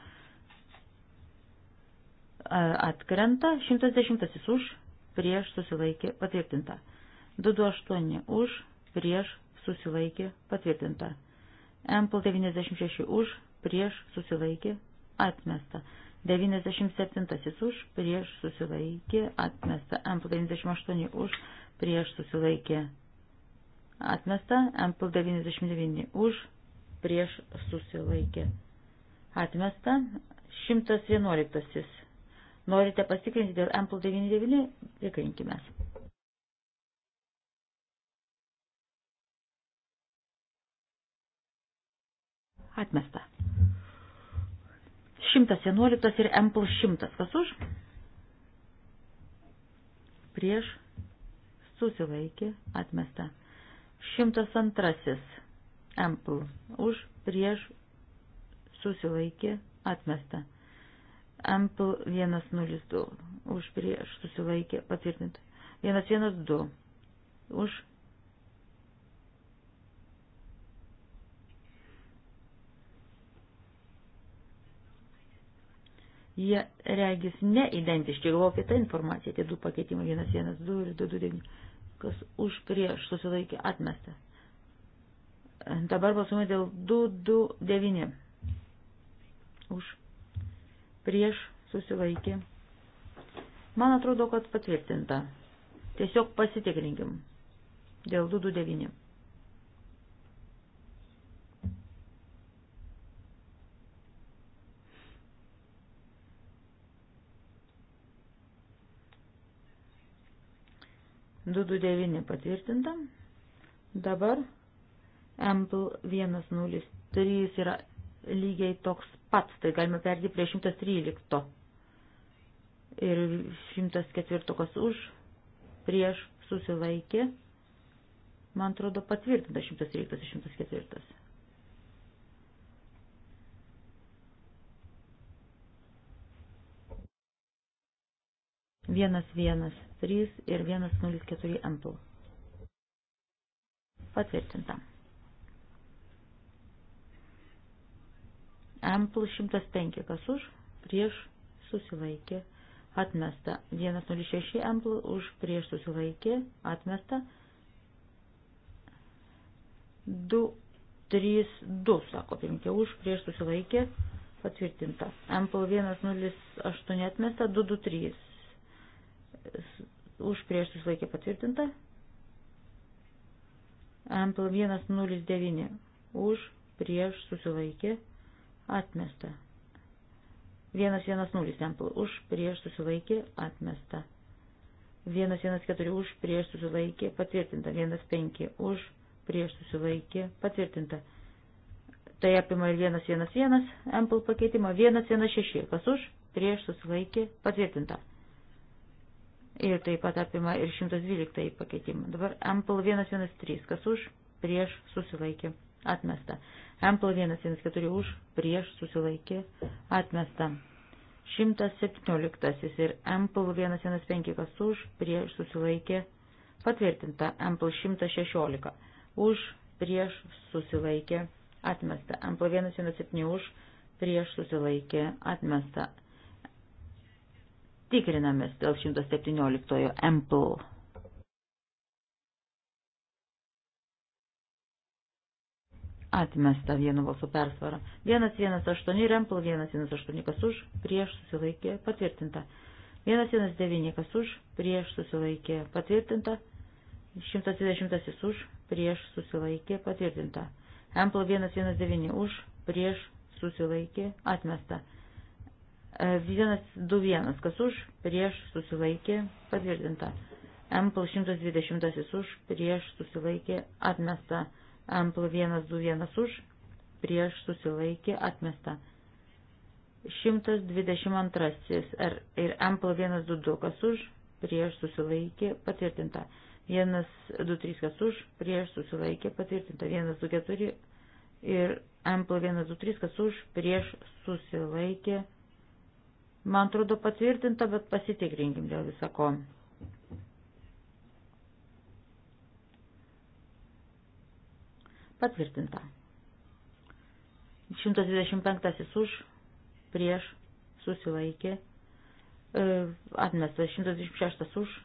atkrenta 110 už, prieš susilaikė, patvirtinta 228 už, prieš, susilaikė, patvirtinta. MPL 96 už, prieš, susilaikė, atmesta. 97 už, prieš, susilaikė, atmesta. MPL 98 už, prieš, susilaikė, atmesta. MPL 99 už, prieš, susilaikė, atmesta. 111. Norite pasikrinti dėl MPL 99? Tikrinkime. Atmesta. 111 ir M plus 100. Kas už? Prieš susilaikė atmesta. 102 M plus už prieš susilaikė atmesta. M plus 102 už prieš susilaikė patvirtinta. 112 už jie regis neidentiški, galvoju apie tą informaciją, tie du pakeitimai 112 ir 229, kas už prieš susilaikė atmestą. Dabar balsuojame dėl 229. Už prieš susilaikė. Man atrodo, kad patvirtinta. Tiesiog pasitikrinkim. Dėl 229. 229 patvirtinta. Dabar Ample 103 yra lygiai toks pats, tai galime perdi prie 113. Ir 104 kas už, prieš susilaikė. Man atrodo patvirtinta 113 ir 104. 113 ir 104 ampl. Patvirtinta. Ampl 105 kas už, prieš susilaikė, atmesta. 106 ampl už, prieš susilaikė, atmesta. 2, 3, 2, sako pirmkė, už, prieš susilaikė, patvirtinta. Ampl 108 atmesta, 223 už prieš susilaikė patvirtinta. Ampl 109 už prieš susilaikė atmesta. 110 Ampl už prieš susilaikė atmesta. 114 už prieš susilaikė patvirtinta. 15 už prieš susilaikė patvirtinta. Tai apima ir 111 Ampl pakeitimą. 116 kas už prieš susilaikė patvirtinta. 111 ir taip pat apima ir 112 pakeitimą. Dabar MPL 113, kas už, prieš susilaikė, atmesta. MPL 114 už, prieš susilaikė, atmesta. 117 ir MPL 115, kas už, prieš susilaikė, patvirtinta. MPL 116 už, prieš susilaikė, atmesta. MPL 117 už, prieš susilaikė, atmesta. Tikrinamės dėl 117 ample. Atmesta vienu balsu persvara. 118 rempl, 118 kas už, prieš susilaikė, patvirtinta. 119 kas už, prieš susilaikė, patvirtinta. 120 už, prieš susilaikė, patvirtinta. Ample 119 už, prieš susilaikė, atmesta. 121, kas už, prieš susilaikė, patvirtinta. MPL 120 už, prieš susilaikė, atmesta. MPL 121 už, prieš susilaikė, atmesta. 122 ir MPL 122 kas už, prieš susilaikė, patvirtinta. 123 kas už, prieš susilaikė, patvirtinta. 124 ir MPL 123 kas už, prieš susilaikė, patvirtinta Man atrodo patvirtinta, bet pasitikrinkim dėl visako. Patvirtinta. 125 už, prieš, susilaikė. E, Atmestas 126 už,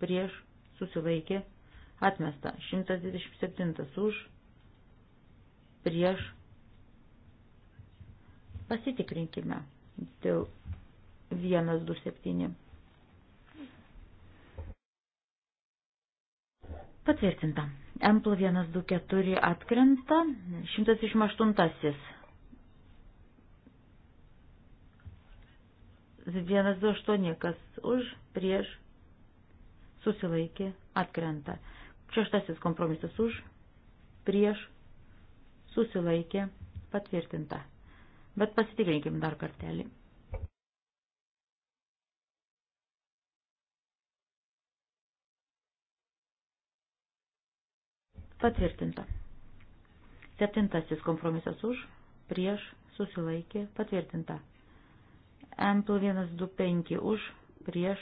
prieš, susilaikė. Atmesta 127 už, prieš. Pasitikrinkime dėl 127. Patvirtinta. Empl 124 atkrenta. 128. 128 kas už, prieš, susilaikė, atkrenta. Šeštasis kompromisas už, prieš, susilaikė, patvirtinta. Bet pasitikrinkim dar kartelį. Patvirtinta. Septintasis kompromisas už, prieš, susilaikė, patvirtinta. M125 už, prieš,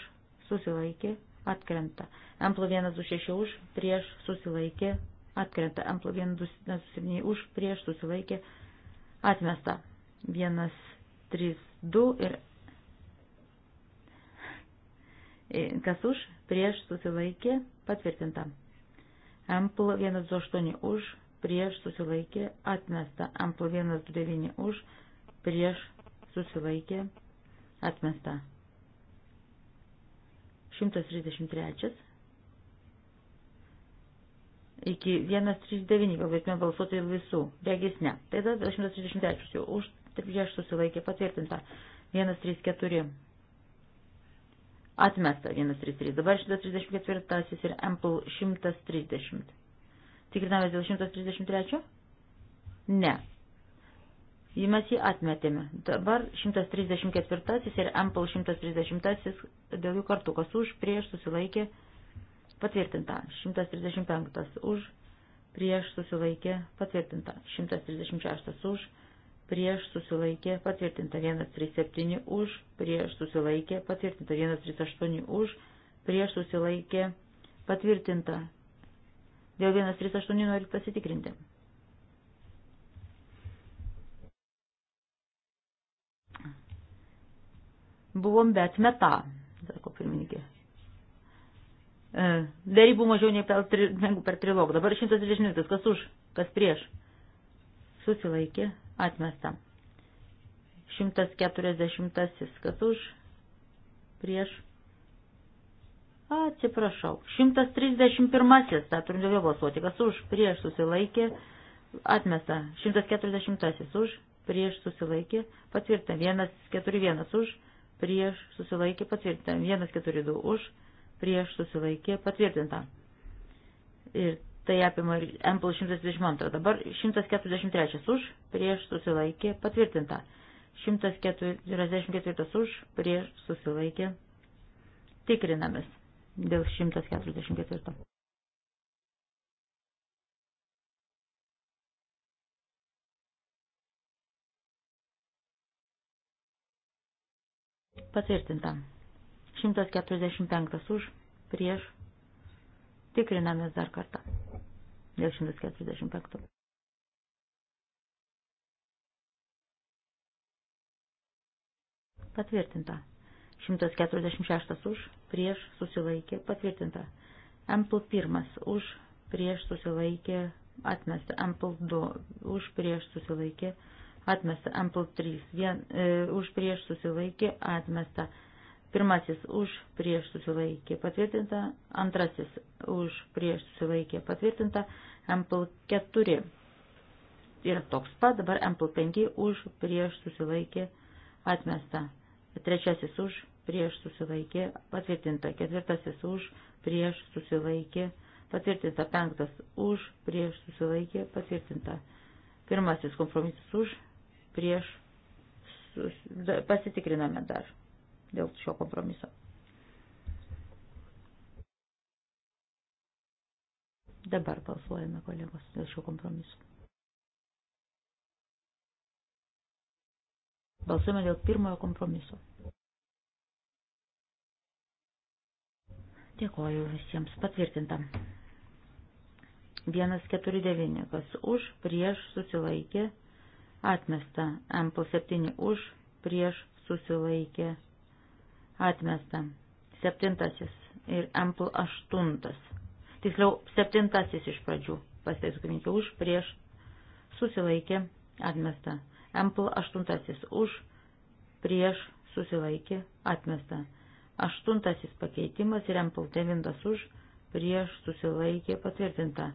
susilaikė, atkrenta. M126 už, prieš, susilaikė, atkrenta. M127 už, prieš, susilaikė, atmesta. 1, 3, 2 ir e, kas už, prieš, susilaikė, patvirtinta. Ampl 128 už, prieš susilaikė, atmesta. Ampl 129 už, prieš susilaikė, atmesta. 133 iki 139, galėtume balsuoti dėl visų. Regis ne. Tai tada 133 jau už, prieš susilaikė patvirtinta. 134 Atmesta 133. Dabar 134 ir Ample 130. Tikrinamės dėl 133? Ne. Jį mes jį atmetėme. Dabar 134 ir Ample 130 dėl jų kartų, kas už, prieš, susilaikė, patvirtinta. 135 už, prieš, susilaikė, patvirtinta. 136 už, prieš susilaikė patvirtinta 137 už, prieš susilaikė patvirtinta 138 už, prieš susilaikė patvirtinta. Dėl 138 noriu pasitikrinti. Buvom bet meta, sako pirmininkė. E, darybų mažiau nei per, negu per trilog. Dabar 120, kas už, kas prieš. Susilaikė, Atmesta. 140. Kas už? Prieš. Atsiprašau. 131. Ta turim daugiau balsuoti. Kas už? Prieš susilaikė. Atmesta. 140. Už. Prieš susilaikė. Patvirta. 141. Už. Prieš susilaikė. Patvirta. 142. Už. Prieš susilaikė. Patvirtinta. Ir Tai apima MPL 122. Dabar 143 už, prieš susilaikė, patvirtinta. 144 už, prieš susilaikė. Tikrinamės dėl 144. Patvirtinta. 145 už, prieš Tikrinamės dar kartą. 145. Patvirtinta. 146 už, prieš susilaikė, patvirtinta. Ample 1 už, prieš susilaikė, atmesta. Ample 2 už, prieš susilaikė, atmesta. Ample 3 vien, e, už, prieš susilaikė, atmesta. Pirmasis už prieš susilaikė patvirtinta, antrasis už prieš susilaikė patvirtinta, MPL 4 yra toks pat, dabar MPL 5 už prieš susilaikė atmesta, trečiasis už prieš susilaikė patvirtinta, ketvirtasis už prieš susilaikė patvirtinta, penktas už prieš susilaikė patvirtinta, pirmasis kompromisas už prieš susilaikė, pasitikriname dar dėl šio kompromiso. Dabar balsuojame, kolegos, dėl šio kompromiso. Balsuojame dėl pirmojo kompromiso. Dėkoju visiems patvirtintam. 149, kas už, prieš, susilaikė, atmesta. M plus 7 už, prieš, susilaikė, atmesta. Septintasis ir ampl aštuntas. Tiksliau, septintasis iš pradžių. Pasitaisukiminkė už, prieš, susilaikė, atmesta. Ampl aštuntasis už, prieš, susilaikė, atmesta. Aštuntasis pakeitimas ir ampl devintas už, prieš, susilaikė, patvirtinta.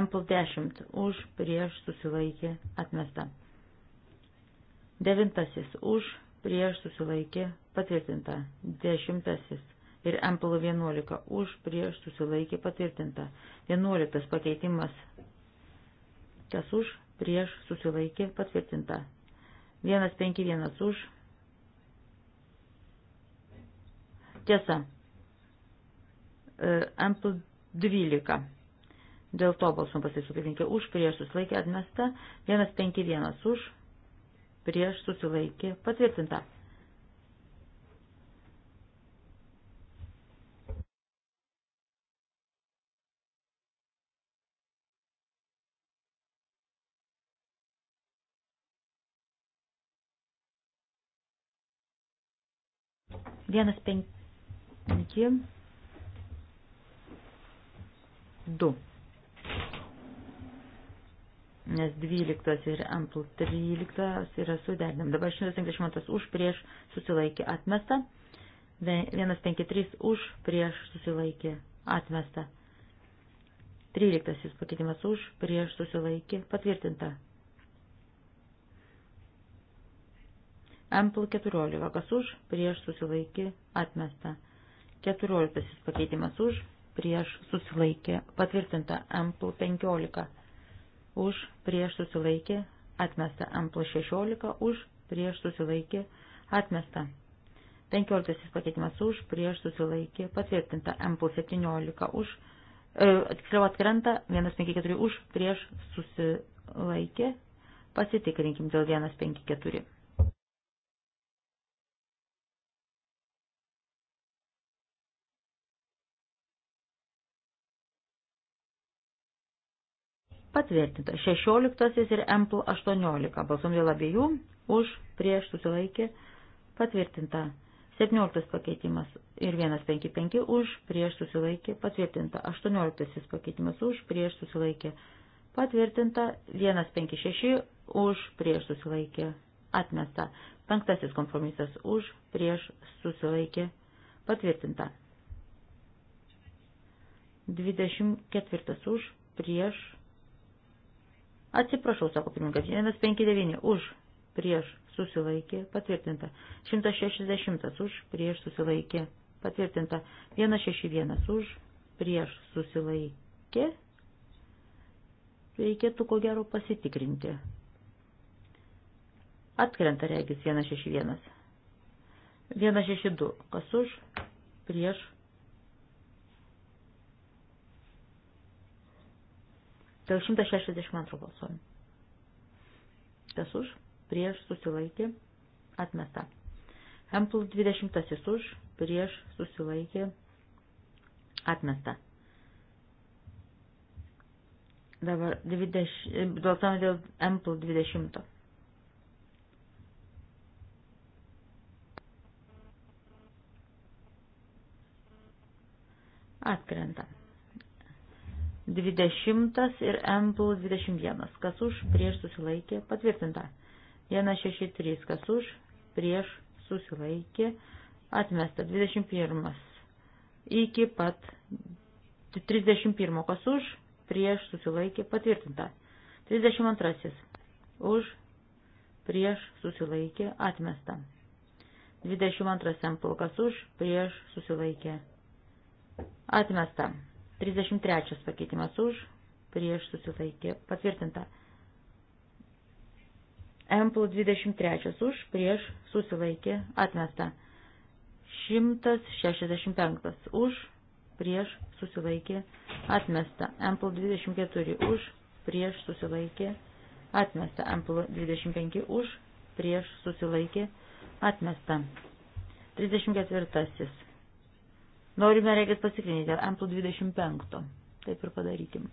Ampl dešimt už, prieš, susilaikė, atmesta. Devintasis už, prieš, susilaikė, patvirtinta. Dešimtasis ir MPL 11 už prieš susilaikė patvirtinta. Vienuoliktas pakeitimas. Kas už prieš susilaikė patvirtinta. 151 už. Tiesa. E, MPL 12. Dėl to balsum pasisupirinkė už prieš susilaikė atmesta. 151 už prieš susilaikė patvirtinta. Vienas penki. Du. Nes 12 ir ampl 13 yra suderinam. Dabar 152 už prieš susilaikė atmesta. 153 už prieš susilaikė atmesta. 13 pakeitimas už prieš susilaikė patvirtinta. Ample 14, kas už, prieš susilaikė atmesta. 14 pakeitimas už, prieš susilaikė patvirtinta. Ample 15, už, prieš susilaikė atmesta. Ample 16, už, prieš susilaikė atmesta. 15 pakeitimas už, prieš susilaikė patvirtinta. Ample 17 už, e, tiksliau atkrenta, 154 už, prieš susilaikė. Pasitikrinkim dėl 154. Patvirtinta. 16 ir MPL 18. Balsom dėl abiejų. Už, prieš, susilaikė. Patvirtinta. 17 pakeitimas ir 155 už, prieš, susilaikė. Patvirtinta. 18 pakeitimas už, prieš, susilaikė. Patvirtinta. 156 už, prieš, susilaikė. Atmesta. Penktasis kompromisas už, prieš, susilaikė. Patvirtinta. 24 už, prieš, Atsiprašau, sako pirmininkas, 159 už, prieš, susilaikė, patvirtinta. 160 už, prieš, susilaikė, patvirtinta. 161 už, prieš, susilaikė. Reikėtų ko gero pasitikrinti. Atkrenta regis 161. 162. Kas už, prieš, Dėl 162 balsuojam. Kas už? Prieš susilaikė. Atmesta. Hempel 20 už. Prieš susilaikė. Atmesta. Dabar 20, balsuojame dėl Hempel 20. Atkrenta. 20 ir M plus 21. Kas už, prieš susilaikė, patvirtinta. 163. Kas už, prieš susilaikė, atmesta. 21. Iki pat 31. Kas už, prieš susilaikė, patvirtinta. 32. Už, prieš susilaikė, atmesta. 22. M plus kas už, prieš susilaikė, atmesta. 33 pakeitimas už, prieš susilaikė patvirtinta. Empl 23 už, prieš susilaikė atmesta. 165 už, prieš susilaikė atmesta. Empl 24 už, prieš susilaikė atmesta. Empl 25 už, prieš susilaikė atmesta. 34 Norime, reikės pasikrinti dėl M25. Taip ir padarykim.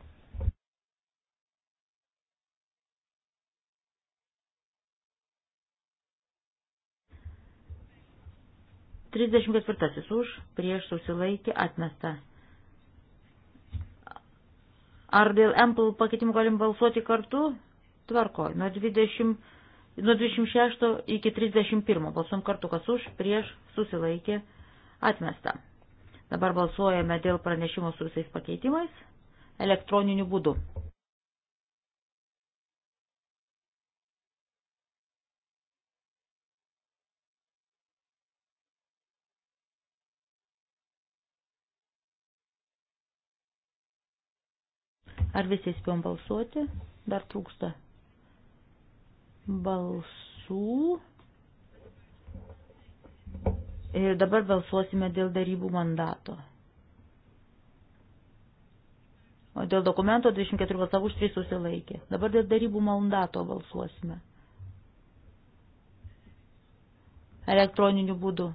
Trisdešimt ketvirtasis už, prieš susilaikė, atmesta. Ar dėl Ample pakeitimų galim balsuoti kartu? Tvarkoj, nuo 20 nuo 26 iki 31 balsuom kartu, kas už, prieš, susilaikė, atmesta. Dabar balsuojame dėl pranešimo su visais pakeitimais elektroniniu būdu. Ar visi spėjom balsuoti? Dar trūksta balsų. Ir dabar balsuosime dėl darybų mandato. O dėl dokumento 24 balsavų už 3 susilaikė. Dabar dėl darybų mandato balsuosime. Elektroniniu būdu.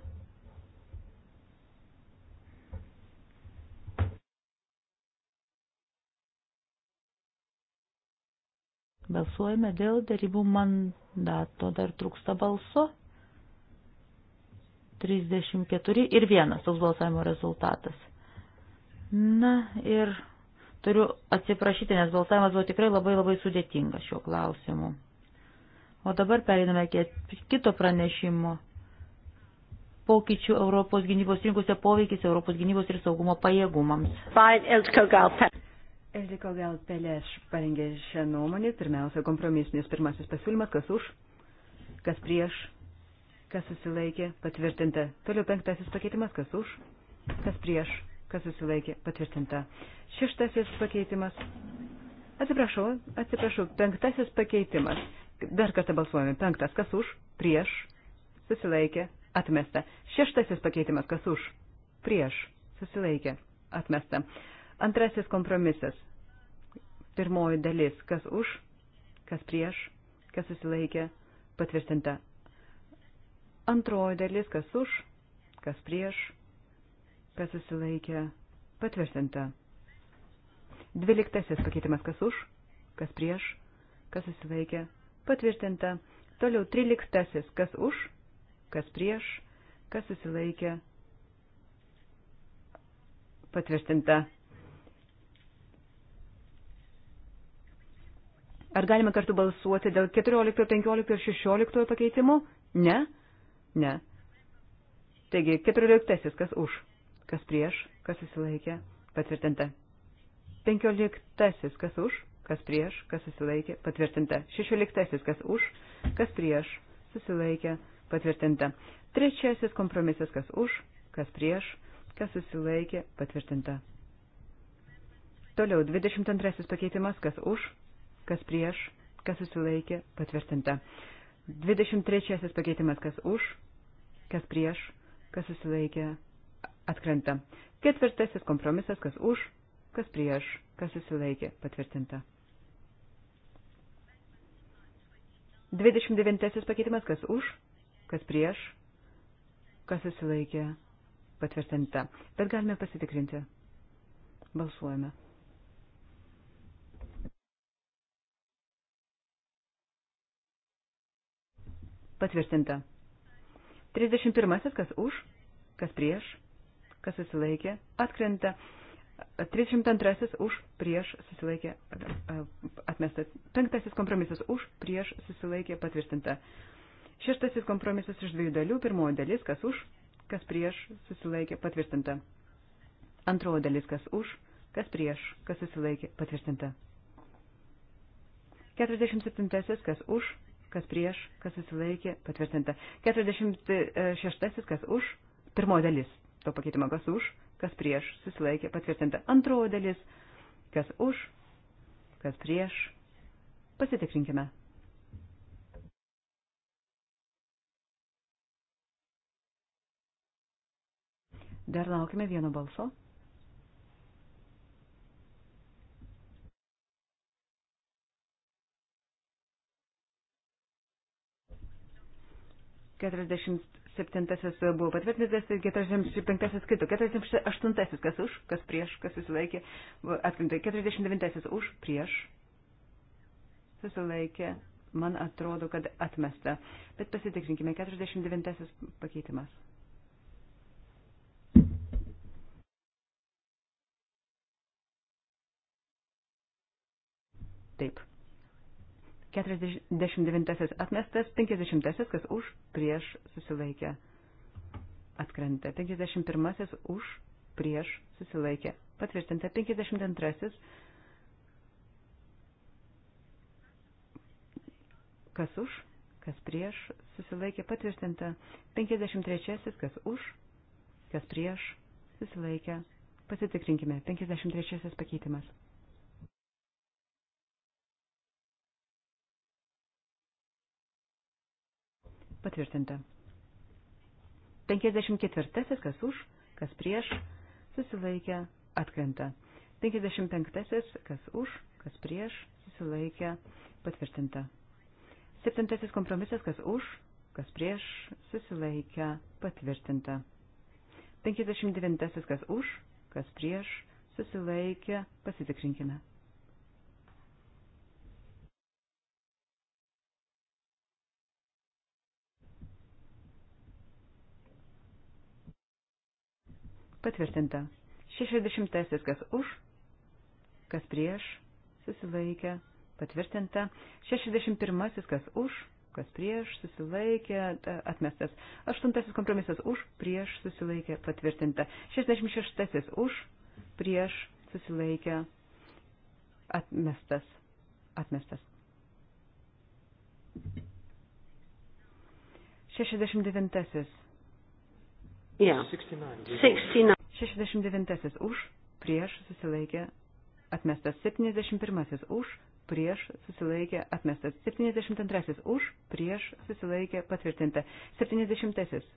Balsuojame dėl darybų mandato. Dar trūksta balso. 34 ir 1 toks balsavimo rezultatas. Na ir turiu atsiprašyti, nes balsavimas buvo tikrai labai labai sudėtingas šiuo klausimu. O dabar periname kito pranešimo. Pokyčių Europos gynybos rinkose poveikis Europos
gynybos ir saugumo pajėgumams. Eldiko gal pelėš parengė šią nuomonę. Pirmiausia, kompromisinis pirmasis pasiūlymas, kas už, kas prieš, kas susilaikė, patvirtinta. Toliau penktasis pakeitimas, kas už, kas prieš, kas susilaikė, patvirtinta. Šeštasis pakeitimas. Atsiprašau, atsiprašau, penktasis pakeitimas. Dar kartą balsuojame. Penktas, kas už, prieš, susilaikė, atmesta. Šeštasis pakeitimas, kas už, prieš, susilaikė, atmesta. Antrasis kompromisas. Pirmoji dalis, kas už, kas prieš, kas susilaikė, patvirtinta. Antroji dalis, kas už, kas prieš, kas susilaikė, patvirtinta. Dvyliktasis pakeitimas, kas už, kas prieš, kas susilaikė, patvirtinta. Toliau tryliktasis, kas už, kas prieš, kas susilaikė, patvirtinta. Ar galime kartu balsuoti dėl 14, 15 ir 16 pakeitimų? Ne. Ne. Taigi, keturioliktasis, kas už, kas prieš, kas susilaikė, patvirtinta. Penkioliktasis, kas už, kas prieš, kas susilaikė, patvirtinta. Šešioliktasis, kas už, kas prieš, susilaikė, patvirtinta. Trečiasis kompromisas, kas už, kas prieš, kas susilaikė, patvirtinta. Toliau, 22 pakeitimas, kas už, kas prieš, kas susilaikė, patvirtinta. 23 pakeitimas, kas už, kas prieš, kas susilaikė, atkrenta. Ketvirtasis kompromisas, kas už, kas prieš, kas susilaikė, patvirtinta. 29 pakeitimas, kas už, kas prieš, kas susilaikė, patvirtinta. Bet galime pasitikrinti. Balsuojame. Patvirtinta. 31. Kas už, kas prieš, kas susilaikė, atkrenta. 32 už prieš susilaikė atmestas. Penktasis kompromisas už prieš susilaikė patvirtinta. Šeštasis kompromisas iš dviejų dalių. Pirmoji dalis, kas už, kas prieš susilaikė patvirtinta. Antroji dalis, kas už, kas prieš, kas susilaikė patvirtinta. 47 kas už, kas prieš, kas susilaikė, patvirtinta. 46, kas už, pirmoji dalis to pakeitimo, kas už, kas prieš, susilaikė, patvirtinta. Antroji dalis, kas už, kas prieš, pasitikrinkime. Dar laukime vieno balso. 47 buvo patvirtintas, 45 tai krito, 48 kas už, kas prieš, kas susilaikė, atkrinta, 49 už, prieš, susilaikė, man atrodo, kad atmesta. Bet pasitikrinkime, 49 pakeitimas. Taip. 49 atmestas, 50 kas už, prieš susilaikė. Atkrenta. 51 už, prieš susilaikė. Patvirtinta. 52 kas už, kas prieš susilaikė. Patvirtinta. 53 kas už, kas prieš susilaikė. Pasitikrinkime. 53 pakeitimas. Patvirtinta. 54. Kas už, kas prieš, susilaikė, atkrenta. 55. Kas už, kas prieš, susilaikė, patvirtinta. 7. Kompromisas. Kas už, kas prieš, susilaikė, patvirtinta. 59. Kas už, kas prieš, susilaikė, pasitikrinkime. Patvirtinta. 60. Kas už, kas prieš, susilaikė. Patvirtinta. 61. Kas už, kas prieš, susilaikė. Atmestas. 8. Kompromisas už, prieš, susilaikė. Patvirtinta. 66. Už, prieš, susilaikė. Atmestas. Atmestas. 69.
Yeah. 69.
69 už, prieš susilaikė atmestas 71 už, prieš susilaikė atmestas 72 už, prieš susilaikė patvirtinta 70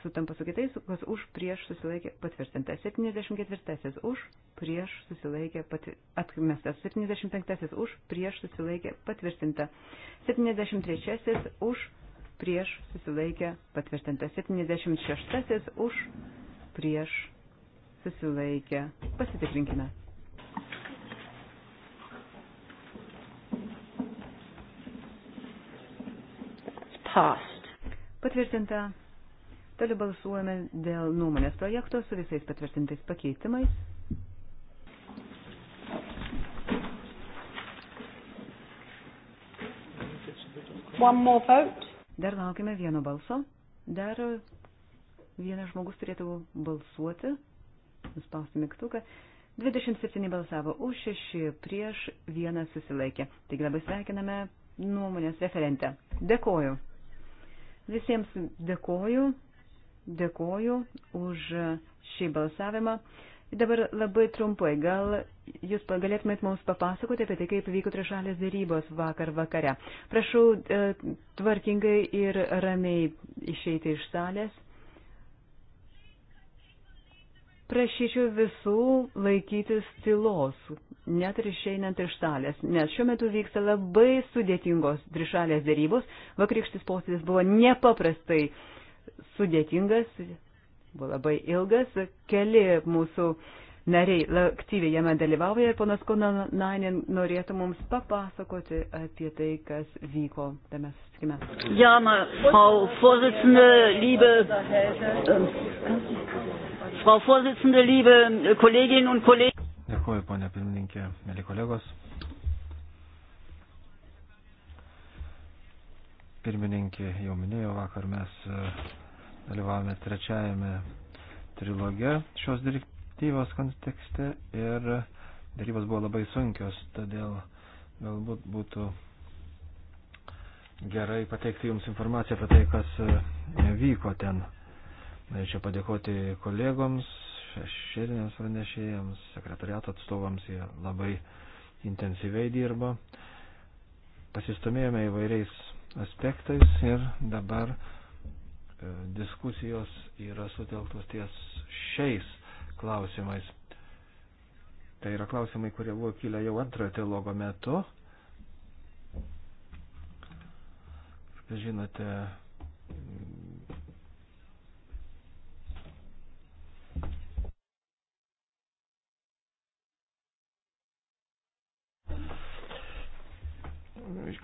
sutampa su kitais, kas už prieš susilaikė patvirtinta. 74 už prieš susilaikė pat, atmestas. 75 už prieš susilaikė patvirtinta. 73 už prieš susilaikė patvirtinta. 76 už prieš susilaikė. Pasitikrinkime. Past. Patvirtinta. Toliau balsuojame dėl nuomonės projekto su visais patvirtintais pakeitimais.
One more vote.
Dar laukime vieno balso. Dar vienas žmogus turėtų balsuoti. Nuspausti mygtuką. 27 balsavo už 6, prieš 1 susilaikė. Taigi labai sveikiname nuomonės referentę. Dėkoju. Visiems dėkoju. Dėkoju už šį balsavimą. Dabar labai trumpai, gal jūs galėtumėt mums papasakoti apie tai, kaip vyko trišalės dėrybos vakar vakare. Prašau e, tvarkingai ir ramiai išeiti iš salės. Prašyčiau visų laikytis tylos, net ir išeinant iš salės, nes šiuo metu vyksta labai sudėtingos trišalės dėrybos. Vakarykštis posėdis buvo nepaprastai sudėtingas, buvo labai ilgas, keli mūsų nariai aktyviai jame dalyvauja ir ponas Konanainen norėtų mums papasakoti apie tai, kas vyko tame susitikime. Jana, Frau Vorsitzende, liebe,
ähm,
Frau Vorsitzende, liebe äh, Kolleginnen und Kollegen.
Dėkuoju, ponia pirmininkė, mėly kolegos. Pirmininkė jau minėjo vakar mes äh, dalyvavome trečiajame triloge šios direktyvos kontekste ir darybos buvo labai sunkios, todėl galbūt būtų gerai pateikti Jums informaciją apie tai, kas e, vyko ten. Norėčiau padėkoti kolegoms, šešėliniams pranešėjams, sekretariato atstovams, jie labai intensyviai dirba. Pasistumėjome įvairiais aspektais ir dabar E, diskusijos yra sutelktos ties šiais klausimais. Tai yra klausimai, kurie buvo kilę jau antrojo dialogo metu. Kaip žinote,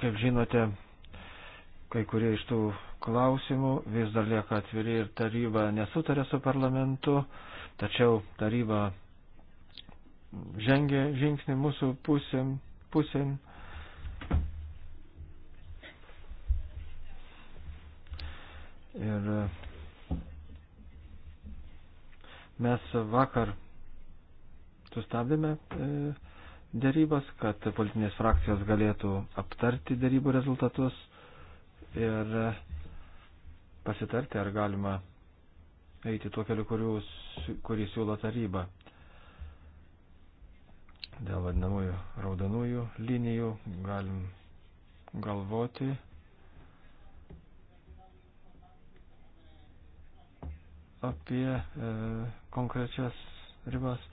kaip žinote, kai kurie iš tų klausimų, vis dar lieka atviri ir taryba nesutarė su parlamentu, tačiau taryba žengė žingsnį mūsų pusėm. pusėm. Ir e, mes vakar sustabdėme e, dėrybas, kad politinės frakcijos galėtų aptarti dėrybų rezultatus ir e, pasitarti, ar galima eiti tuo keliu, kurius, kurį siūlo taryba. Dėl vadinamųjų raudonųjų linijų galim galvoti. apie e, konkrečias ribas.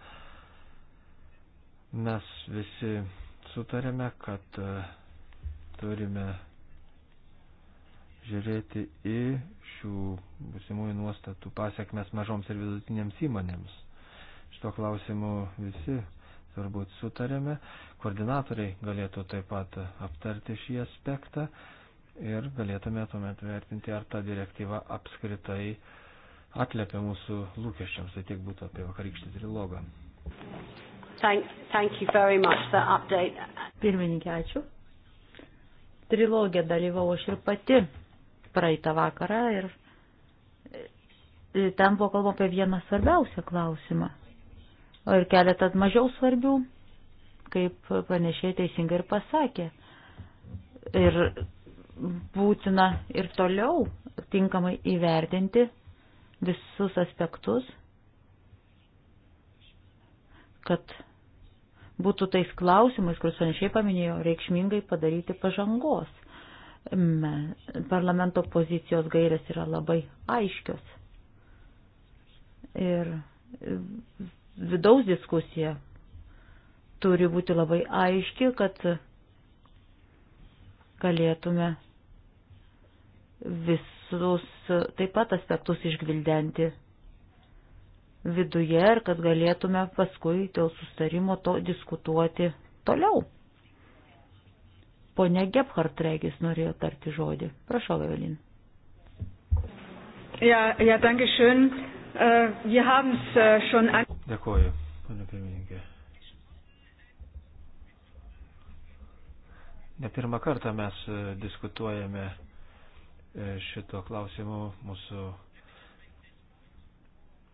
Mes visi sutarėme, kad e, turime žiūrėti į šių busimųjų nuostatų pasiekmes mažoms ir vidutinėms įmonėms. Šito klausimu visi turbūt sutarėme. Koordinatoriai galėtų taip pat aptarti šį aspektą ir galėtume tuomet vertinti, ar ta direktyva apskritai atliepia mūsų lūkesčiams. Tai tiek būtų apie vakarykštį trilogą.
Thank, thank you very much for update. Pirmininkė, ačiū. Trilogė dalyvau aš ir
pati praeitą vakarą ir e, ten buvo kalbama apie vieną svarbiausią klausimą ir keletą mažiau svarbių, kaip pranešėjai teisingai ir pasakė. Ir būtina ir toliau tinkamai įvertinti visus aspektus, kad būtų tais klausimais, kuriuos panašiai paminėjo, reikšmingai padaryti pažangos. Parlamento pozicijos gairės yra labai aiškios. Ir vidaus diskusija turi būti labai aiški, kad galėtume visus taip pat aspektus išgvildenti viduje ir kad galėtume paskui dėl sustarimo to diskutuoti toliau. Pone Gebhardt Regis norėjo tarti žodį.
Prašau, Evelin. Ja, ja, danke schön. Uh, wir haben es uh, äh, schon an.
Dėkuoju, pane pirmininkė. Ne pirmą kartą mes e, diskutuojame e, šito klausimu mūsų,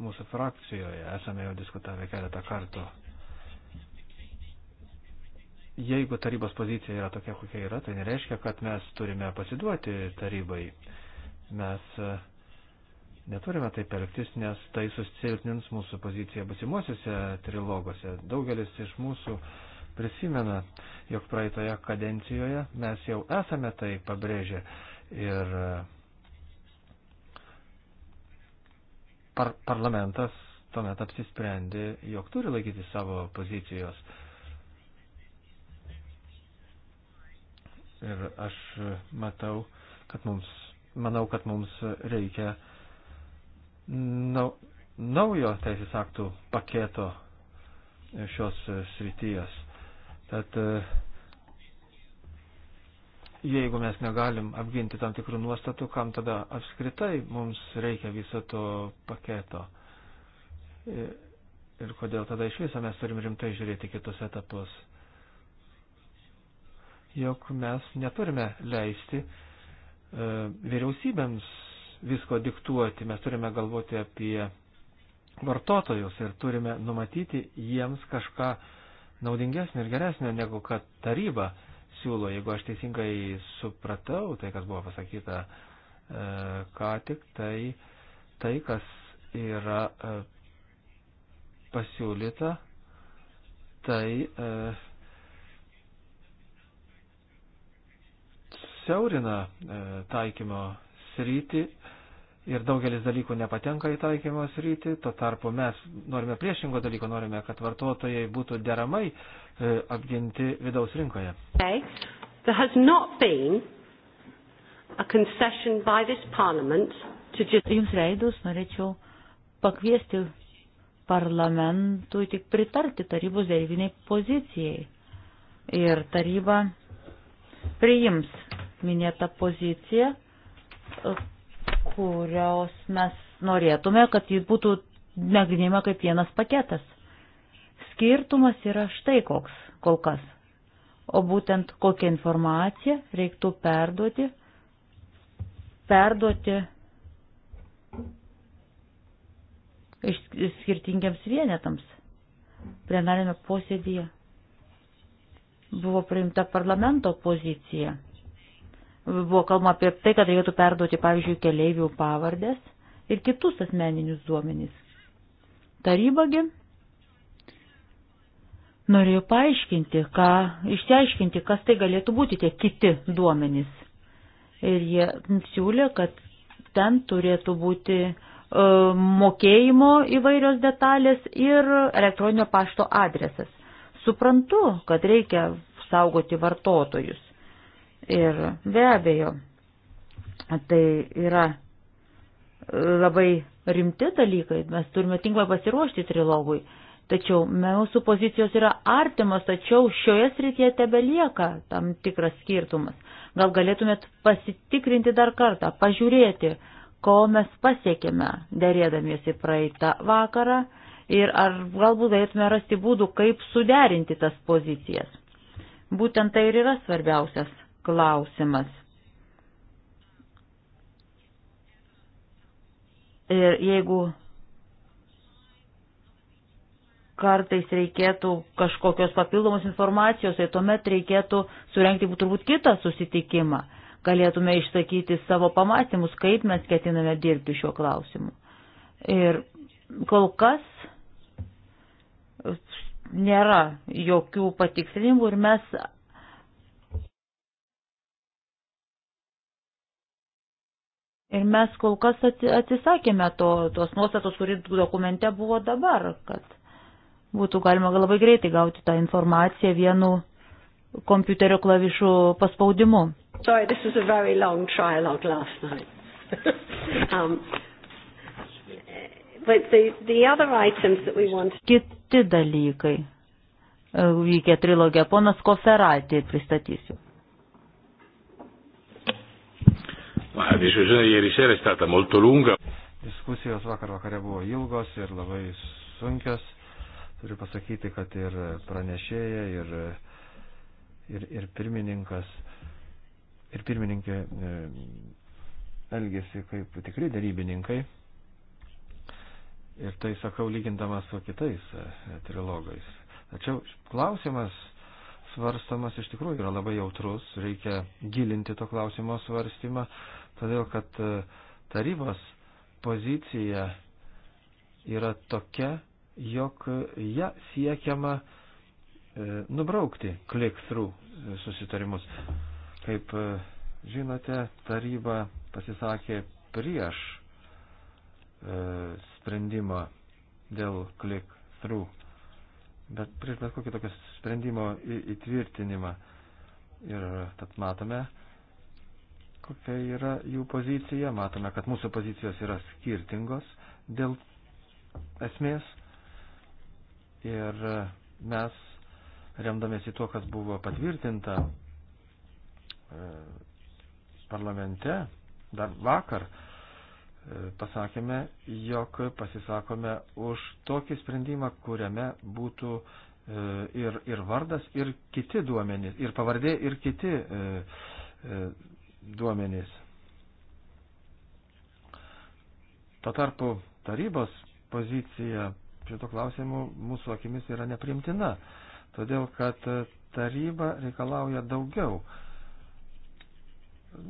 mūsų frakcijoje. Esame jau diskutavę keletą kartų jeigu tarybos pozicija yra tokia, kokia yra, tai nereiškia, kad mes turime pasiduoti tarybai. Mes e, neturime taip elgtis, nes tai susilpnins mūsų poziciją busimuosiuose trilogose. Daugelis iš mūsų prisimena, jog praeitoje kadencijoje mes jau esame tai pabrėžę ir e, par parlamentas tuomet apsisprendė, jog turi laikyti savo pozicijos Ir aš e, matau, kad mums, manau, kad mums reikia nau, naujo teisės aktų paketo šios e, srities. Tad e, jeigu mes negalim apginti tam tikrų nuostatų, kam tada apskritai mums reikia viso to paketo? Ir kodėl tada iš viso mes turim rimtai žiūrėti kitus etapus? jog mes neturime leisti e, vyriausybėms visko diktuoti, mes turime galvoti apie vartotojus ir turime numatyti jiems kažką naudingesnio ir geresnio, negu kad taryba siūlo. Jeigu aš teisingai supratau tai, kas buvo pasakyta e, ką tik, tai tai, kas yra e, pasiūlyta, tai e, siaurina e, taikymo sritį ir daugelis dalykų nepatenka į taikymo sritį, tuo tarpu mes norime priešingo dalyko, norime, kad vartotojai būtų deramai e, apginti vidaus rinkoje.
Okay. Just... Jums leidus norėčiau pakviesti
parlamentui tik pritarti tarybos derybiniai pozicijai. Ir taryba priims minėta pozicija, kurios mes norėtume, kad ji būtų nagrinėjama kaip vienas paketas. Skirtumas yra štai koks kol kas. O būtent kokią informaciją reiktų perduoti, perduoti skirtingiams vienetams plenarinio posėdėje. Buvo priimta parlamento pozicija Buvo kalbama apie tai, kad reikėtų perduoti, pavyzdžiui, keleivių pavardės ir kitus asmeninius duomenys. Tarybagi norėjo paaiškinti, ką, išsiaiškinti, kas tai galėtų būti tie kiti duomenys. Ir jie siūlė, kad ten turėtų būti e, mokėjimo įvairios detalės ir elektroninio pašto adresas. Suprantu, kad reikia saugoti vartotojus. Ir be abejo, tai yra labai rimti dalykai, mes turime tinkamai pasiruošti trilogui. Tačiau mūsų pozicijos yra artimos, tačiau šioje srityje tebelieka tam tikras skirtumas. Gal galėtumėt pasitikrinti dar kartą, pažiūrėti, ko mes pasiekėme, dėrėdamiesi praeitą vakarą ir ar galbūt galėtume rasti būdų, kaip suderinti tas pozicijas. Būtent tai ir yra svarbiausias klausimas. Ir jeigu kartais reikėtų kažkokios papildomos informacijos, tai tuomet reikėtų surenkti turbūt kitą susitikimą. Galėtume išsakyti savo pamastymus, kaip mes ketiname dirbti šiuo klausimu. Ir kol kas nėra jokių patikslinimų ir mes Ir mes kol kas atsisakėme to, tos nuostatos, kuri dokumente buvo dabar, kad būtų galima labai greitai gauti tą informaciją vienu kompiuterio klavišų paspaudimu.
Sorry, this was a very long trialogue last night. um, but the, the other items that we wanted...
Kiti dalykai. E, Vykė trilogija. Ponas Koferatį pristatysiu.
Ma discussione ieri sera è stata molto lunga.
Diskusijos vakar vakare buvo ilgos ir labai sunkios. Turiu pasakyti, kad ir pranešėja, ir, ir, ir pirmininkas, ir pirmininkė e, elgėsi kaip tikri darybininkai. Ir tai sakau lygindamas su kitais e, trilogais. Tačiau klausimas svarstamas iš tikrųjų yra labai jautrus, reikia gilinti to klausimo svarstymą todėl kad e, tarybos pozicija yra tokia, jog ją siekiama e, nubraukti click-through e, susitarimus. Kaip žinote, taryba pasisakė prieš sprendimą dėl click-through, bet prieš bet kokį tokio sprendimo įtvirtinimą. Ir tad matome, kokia yra jų pozicija. Matome, kad mūsų pozicijos yra skirtingos dėl esmės. Ir mes, remdamėsi tuo, kas buvo patvirtinta e, parlamente, dar vakar, e, pasakėme, jog pasisakome už tokį sprendimą, kuriame būtų e, ir, ir vardas, ir kiti duomenys, ir pavardė, ir kiti duomenys. Tuo tarpu tarybos pozicija šito klausimu mūsų akimis yra neprimtina, todėl kad taryba reikalauja daugiau,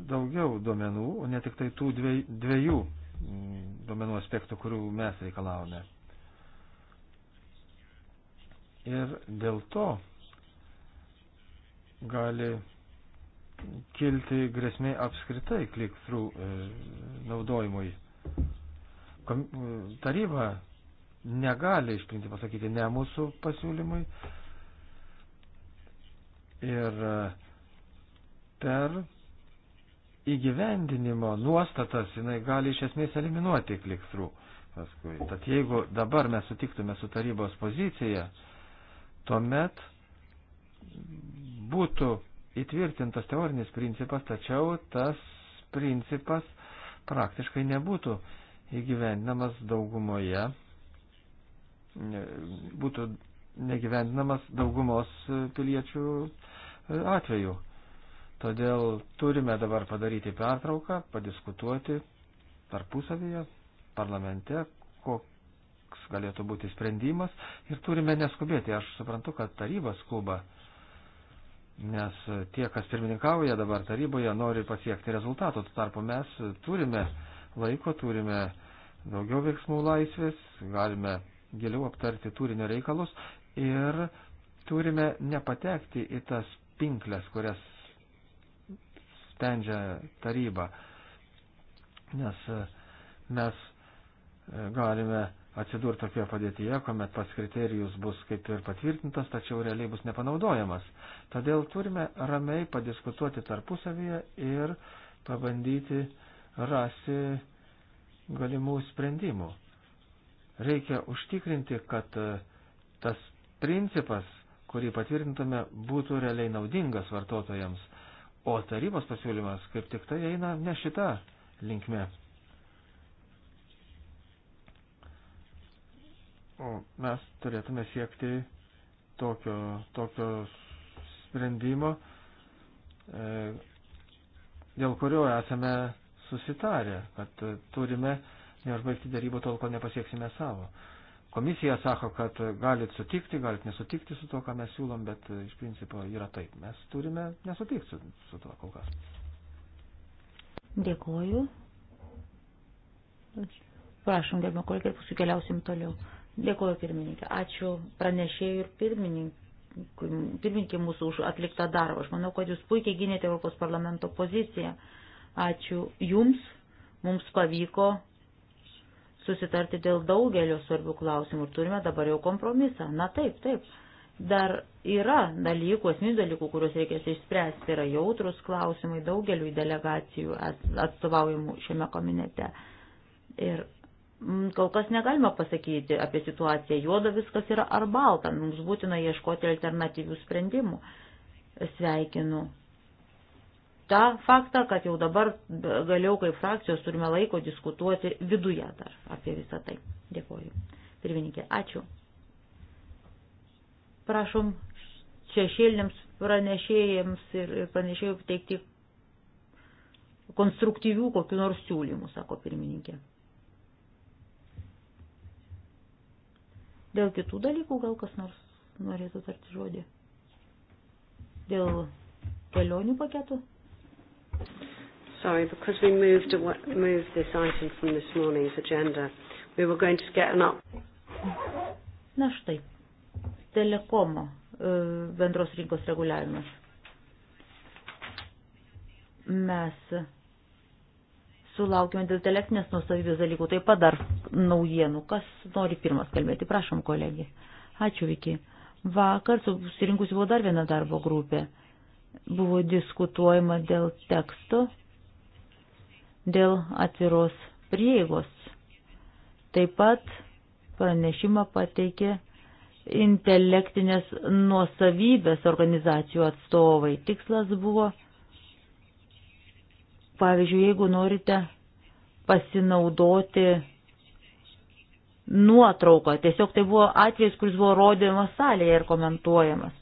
daugiau duomenų, o ne tik tai tų dviejų mm, duomenų aspektų, kurių mes reikalavome. Ir dėl to gali kilti grėsmė apskritai kliktrų e, naudojimui. E, taryba negali iš principo sakyti ne mūsų pasiūlymui. Ir e, per įgyvendinimo nuostatas jinai gali iš esmės eliminuoti kliktrų. Paskui. Tad jeigu dabar mes sutiktume su tarybos pozicija, tuomet būtų įtvirtintas teorinis principas, tačiau tas principas praktiškai nebūtų įgyvendinamas daugumoje, būtų negyvendinamas daugumos piliečių e, atveju. Todėl turime dabar padaryti pertrauką, padiskutuoti tarpusavyje, parlamente, koks galėtų būti sprendimas ir turime neskubėti. Aš suprantu, kad taryba skuba nes e, tie, kas pirmininkauja dabar taryboje, nori pasiekti rezultatų. Tuo tarpu mes turime laiko, turime daugiau veiksmų laisvės, galime giliau aptarti turinio reikalus ir turime nepatekti į tas pinklės, kurias sprendžia taryba. Nes e, mes e, galime atsidurti tokioje padėtyje, kuomet pas kriterijus bus kaip ir patvirtintas, tačiau realiai bus nepanaudojamas. Todėl turime ramiai padiskutuoti tarpusavyje ir pabandyti rasti galimų sprendimų. Reikia užtikrinti, kad e, tas principas, kurį patvirtintume, būtų realiai naudingas vartotojams, o tarybos pasiūlymas kaip tik tai eina ne šita linkme. O mes turėtume siekti tokio, tokio sprendimo, e, dėl kurio esame susitarę, kad turime neužbaigti darybų tol, kol nepasieksime savo. Komisija sako, kad galit sutikti, galit nesutikti su to, ką mes siūlom, bet iš principo yra taip. Mes turime nesutikti su, su to kol kas.
Dėkoju. Prašom, gerbimo kolegė, ir paskui keliausim toliau. Dėkuoju pirmininkė. Ačiū pranešėjui ir pirmininkė mūsų už atliktą darbą. Aš manau, kad jūs puikiai gynėte Europos parlamento poziciją. Ačiū jums. Mums pavyko susitarti dėl daugelio svarbių klausimų ir turime dabar jau kompromisą. Na taip, taip. Dar yra dalykų, esminių dalykų, kuriuos reikės išspręsti, tai yra jautrus klausimai daugeliui delegacijų atstovaujimų šiame kominete. Ir Mm, kol kas negalima pasakyti apie situaciją. Juoda viskas yra ar balta. Mums būtina ieškoti alternatyvių sprendimų. Sveikinu. Ta faktą, kad jau dabar galiau kaip frakcijos turime laiko diskutuoti viduje dar apie visą tai. Dėkoju. Pirmininkė, ačiū. Prašom šešėlėms pranešėjams ir pranešėjų teikti konstruktyvių kokiu nors siūlymų, sako pirmininkė. Dėl kitų dalykų gal kas nors norėtų tarti žodį.
Dėl kelionių paketų. Sorry, because we moved, moved this item from this morning's agenda, we were going to get an up. Na štai, telekomo e, bendros rinkos
reguliavimas. Mes sulaukime dėl telektinės nusavybės dalykų. Taip pat dar naujienų. Kas nori pirmas kalbėti? Prašom, kolegė. Ačiū, Viki. Vakar susirinkusi buvo dar viena darbo grupė. Buvo diskutuojama dėl teksto, dėl atviros prieigos. Taip pat pranešimą pateikė intelektinės nuosavybės organizacijų atstovai. Tikslas buvo Pavyzdžiui, jeigu norite pasinaudoti nuotrauką, tiesiog tai buvo atvejs, kuris buvo rodymas salėje ir komentuojamas.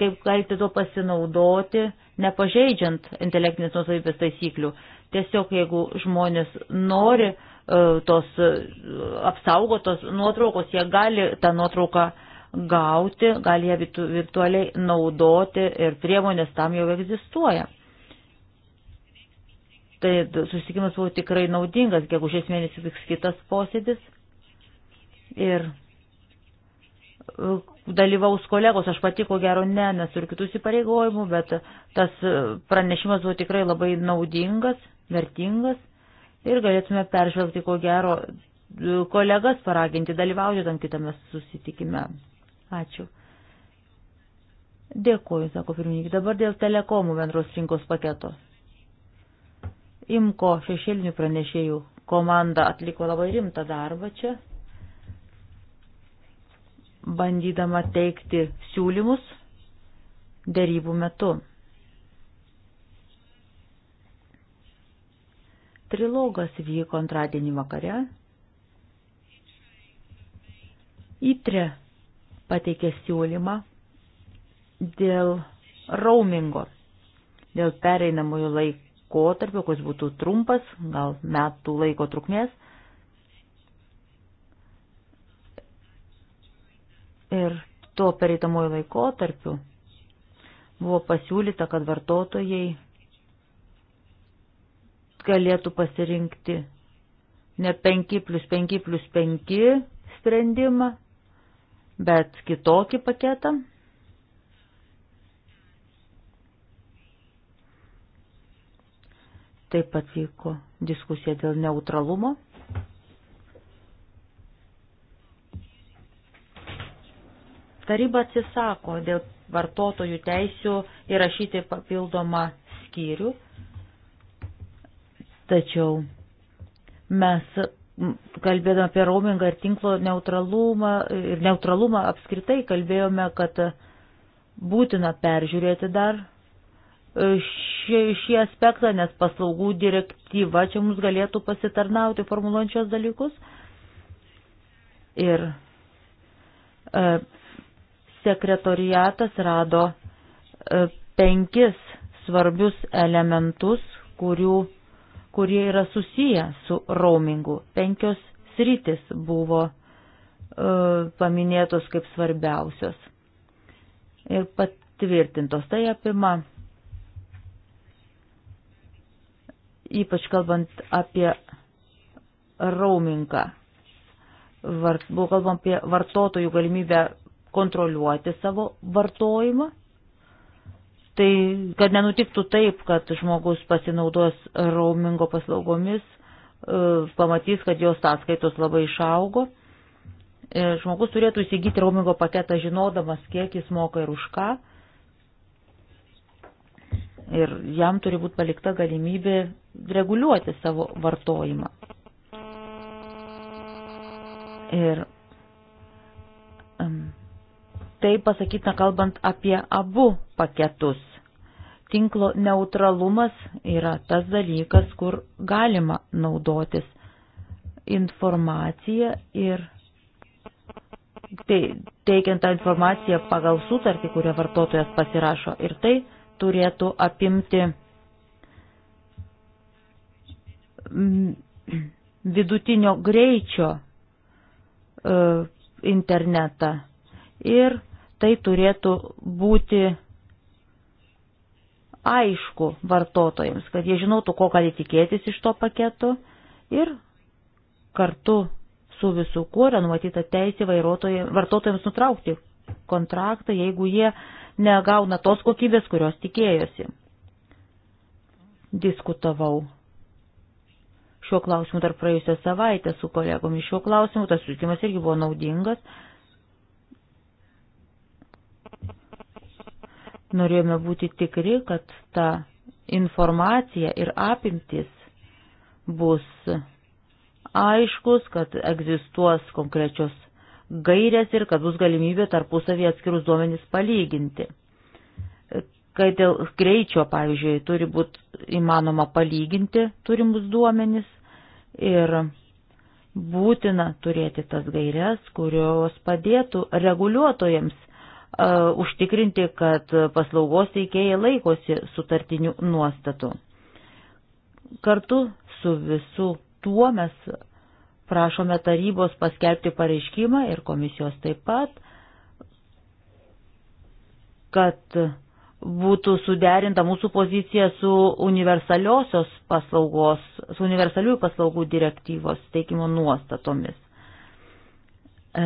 Kaip galite tuo pasinaudoti, nepažeidžiant intelektinės nusavybės taisyklių. Tiesiog jeigu žmonės nori e, tos e, apsaugotos nuotraukos, jie gali tą nuotrauką gauti, gali ją virtualiai naudoti ir priemonės tam jau egzistuoja. Tai susitikimas buvo tikrai naudingas, gegužės mėnesį vyks kitas posėdis ir e, dalyvaus kolegos, aš pati ko gero ne, nes ir kitus įpareigojimų, bet tas e, pranešimas buvo tikrai labai naudingas, vertingas ir galėtume peržvelgti ko gero e, kolegas paraginti dalyvauti tam kitame susitikime. Ačiū. Dėkuoju, sako pirmininkai. Dabar dėl telekomų bendros rinkos paketos. Imko šešėlinių pranešėjų komanda atliko labai rimtą darbą čia, bandydama teikti siūlymus dėrybų metu. Trilogas vyko antradienį vakare. Įtre pateikė siūlymą dėl roamingo, dėl pereinamojo laiko laikotarpio, kuris būtų trumpas, gal metų laiko trukmės. Ir tuo pereitamojo laikotarpiu buvo pasiūlyta, kad vartotojai galėtų pasirinkti ne 5 plus 5 plus 5 sprendimą, bet kitokį paketą Taip pat vyko diskusija dėl neutralumo. Taryba atsisako dėl vartotojų teisių įrašyti papildomą skyrių, tačiau mes kalbėdami apie roamingą ir tinklo neutralumą ir neutralumą apskritai kalbėjome, kad būtina peržiūrėti dar šį, šį aspektą, nes paslaugų direktyva čia mums galėtų pasitarnauti formuluojant šios dalykus. Ir e, sekretoriatas rado e, penkis svarbius elementus, kurių, kurie yra susiję su roamingu. Penkios sritis buvo e, paminėtos kaip svarbiausios ir patvirtintos. Tai apima ypač kalbant apie roamingą. Var, buvo kalbam apie vartotojų galimybę kontroliuoti savo vartojimą. Tai, kad nenutiktų taip, kad žmogus pasinaudos roamingo paslaugomis, e, pamatys, kad jos sąskaitos labai išaugo. E, žmogus turėtų įsigyti roamingo paketą žinodamas, kiek jis moka ir už ką ir jam turi būti palikta galimybė reguliuoti savo vartojimą. Ir tai pasakytina kalbant apie abu paketus. Tinklo neutralumas yra tas dalykas, kur galima naudotis informacija ir teikiant tą informaciją pagal sutartį, kurią vartotojas pasirašo. Ir tai turėtų apimti mm, vidutinio greičio e, internetą ir tai turėtų būti aišku vartotojams, kad jie žinotų, ko gali tikėtis iš to paketo ir kartu su visų kuo yra numatyta teisė vartotojams nutraukti kontraktą, jeigu jie negauna tos kokybės, kurios tikėjosi. Diskutavau šiuo klausimu tarp praėjusią savaitę su kolegomis šiuo klausimu, tas susitikimas irgi buvo naudingas. Norėjome būti tikri, kad ta informacija ir apimtis bus aiškus, kad egzistuos konkrečios gairės ir kad bus galimybė tarpusavį atskirus duomenys palyginti. Kai dėl greičio, pavyzdžiui, turi būti įmanoma palyginti turimus duomenys ir būtina turėti tas gairias, kurios padėtų reguliuotojams uh, užtikrinti, kad paslaugos teikėjai laikosi sutartinių nuostatų. Kartu su visu tuo mes Prašome tarybos paskelbti pareiškimą ir komisijos taip pat, kad būtų suderinta mūsų pozicija su universaliosios paslaugos, su universalių paslaugų direktyvos teikimo nuostatomis. E,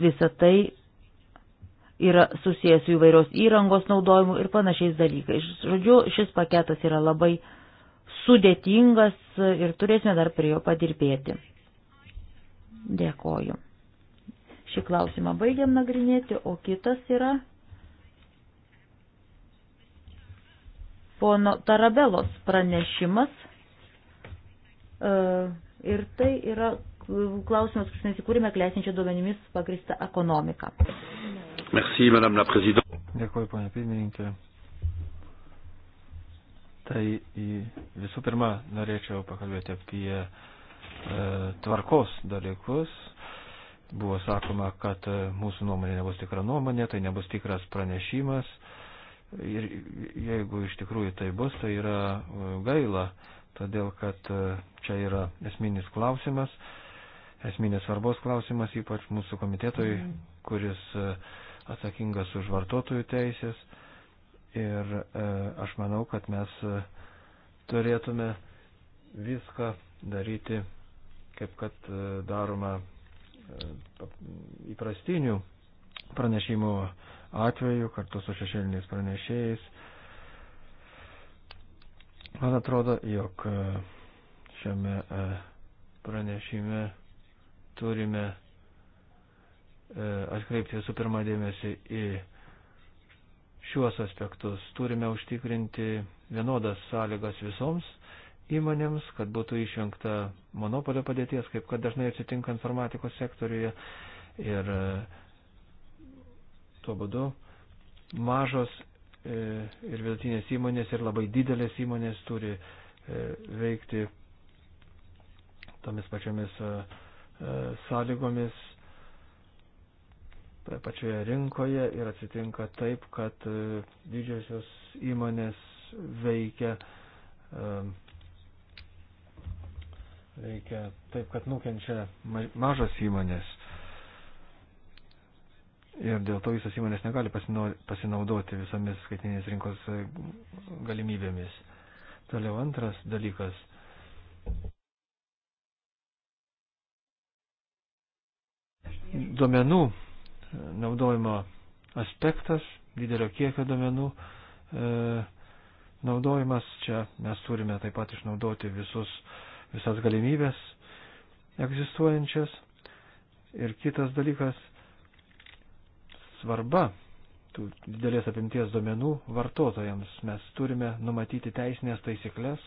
visa tai yra susijęs su įvairios įrangos naudojimu ir panašiais dalykais. Žodžiu, šis paketas yra labai sudėtingas ir turėsime dar prie jo padirbėti. Dėkoju. Šį klausimą baigiam nagrinėti, o kitas yra pono Tarabelos pranešimas. E, ir tai yra klausimas, kuris nesikūrime klesinčią duomenimis pagristą ekonomiką.
Merci, madame la présidente. Dėkuoju, ponia pirmininkė. Tai visų pirma, norėčiau pakalbėti apie E, tvarkos dalykus. Buvo sakoma, kad e, mūsų nuomonė nebus tikra nuomonė, tai nebus tikras pranešimas. Ir jeigu iš tikrųjų tai bus, tai yra e, gaila, todėl kad čia yra esminis klausimas, esminės svarbos klausimas, ypač mūsų komitetui, kuris atsakingas už vartotojų teisės. Ir aš manau, kad mes turėtume viską daryti kaip kad e, daroma e, įprastinių pranešimų atveju kartu su šešėliniais pranešėjais. Man atrodo, jog e, šiame pranešime turime atkreipti visų pirma dėmesį į šiuos aspektus. Turime užtikrinti vienodas sąlygas visoms įmonėms, kad būtų išvengta monopolio padėties, kaip kad dažnai atsitinka informatikos sektoriuje. Ir e, tuo būdu mažos e, ir vidutinės įmonės ir labai didelės įmonės turi e, veikti tomis pačiomis sąlygomis toje pačioje rinkoje ir atsitinka taip, kad didžiosios įmonės veikia um, Reikia taip, kad nukenčia mažos įmonės. Ir dėl to visos įmonės negali pasinaudoti visomis skaitinės rinkos e, galimybėmis. Toliau antras dalykas. Duomenų e, naudojimo aspektas, didelio kiekio duomenų e, naudojimas. Čia mes turime taip pat išnaudoti visus e, visas galimybės egzistuojančias. Ir kitas dalykas - svarba tų didelės apimties duomenų vartotojams. Mes turime numatyti teisinės taisyklės,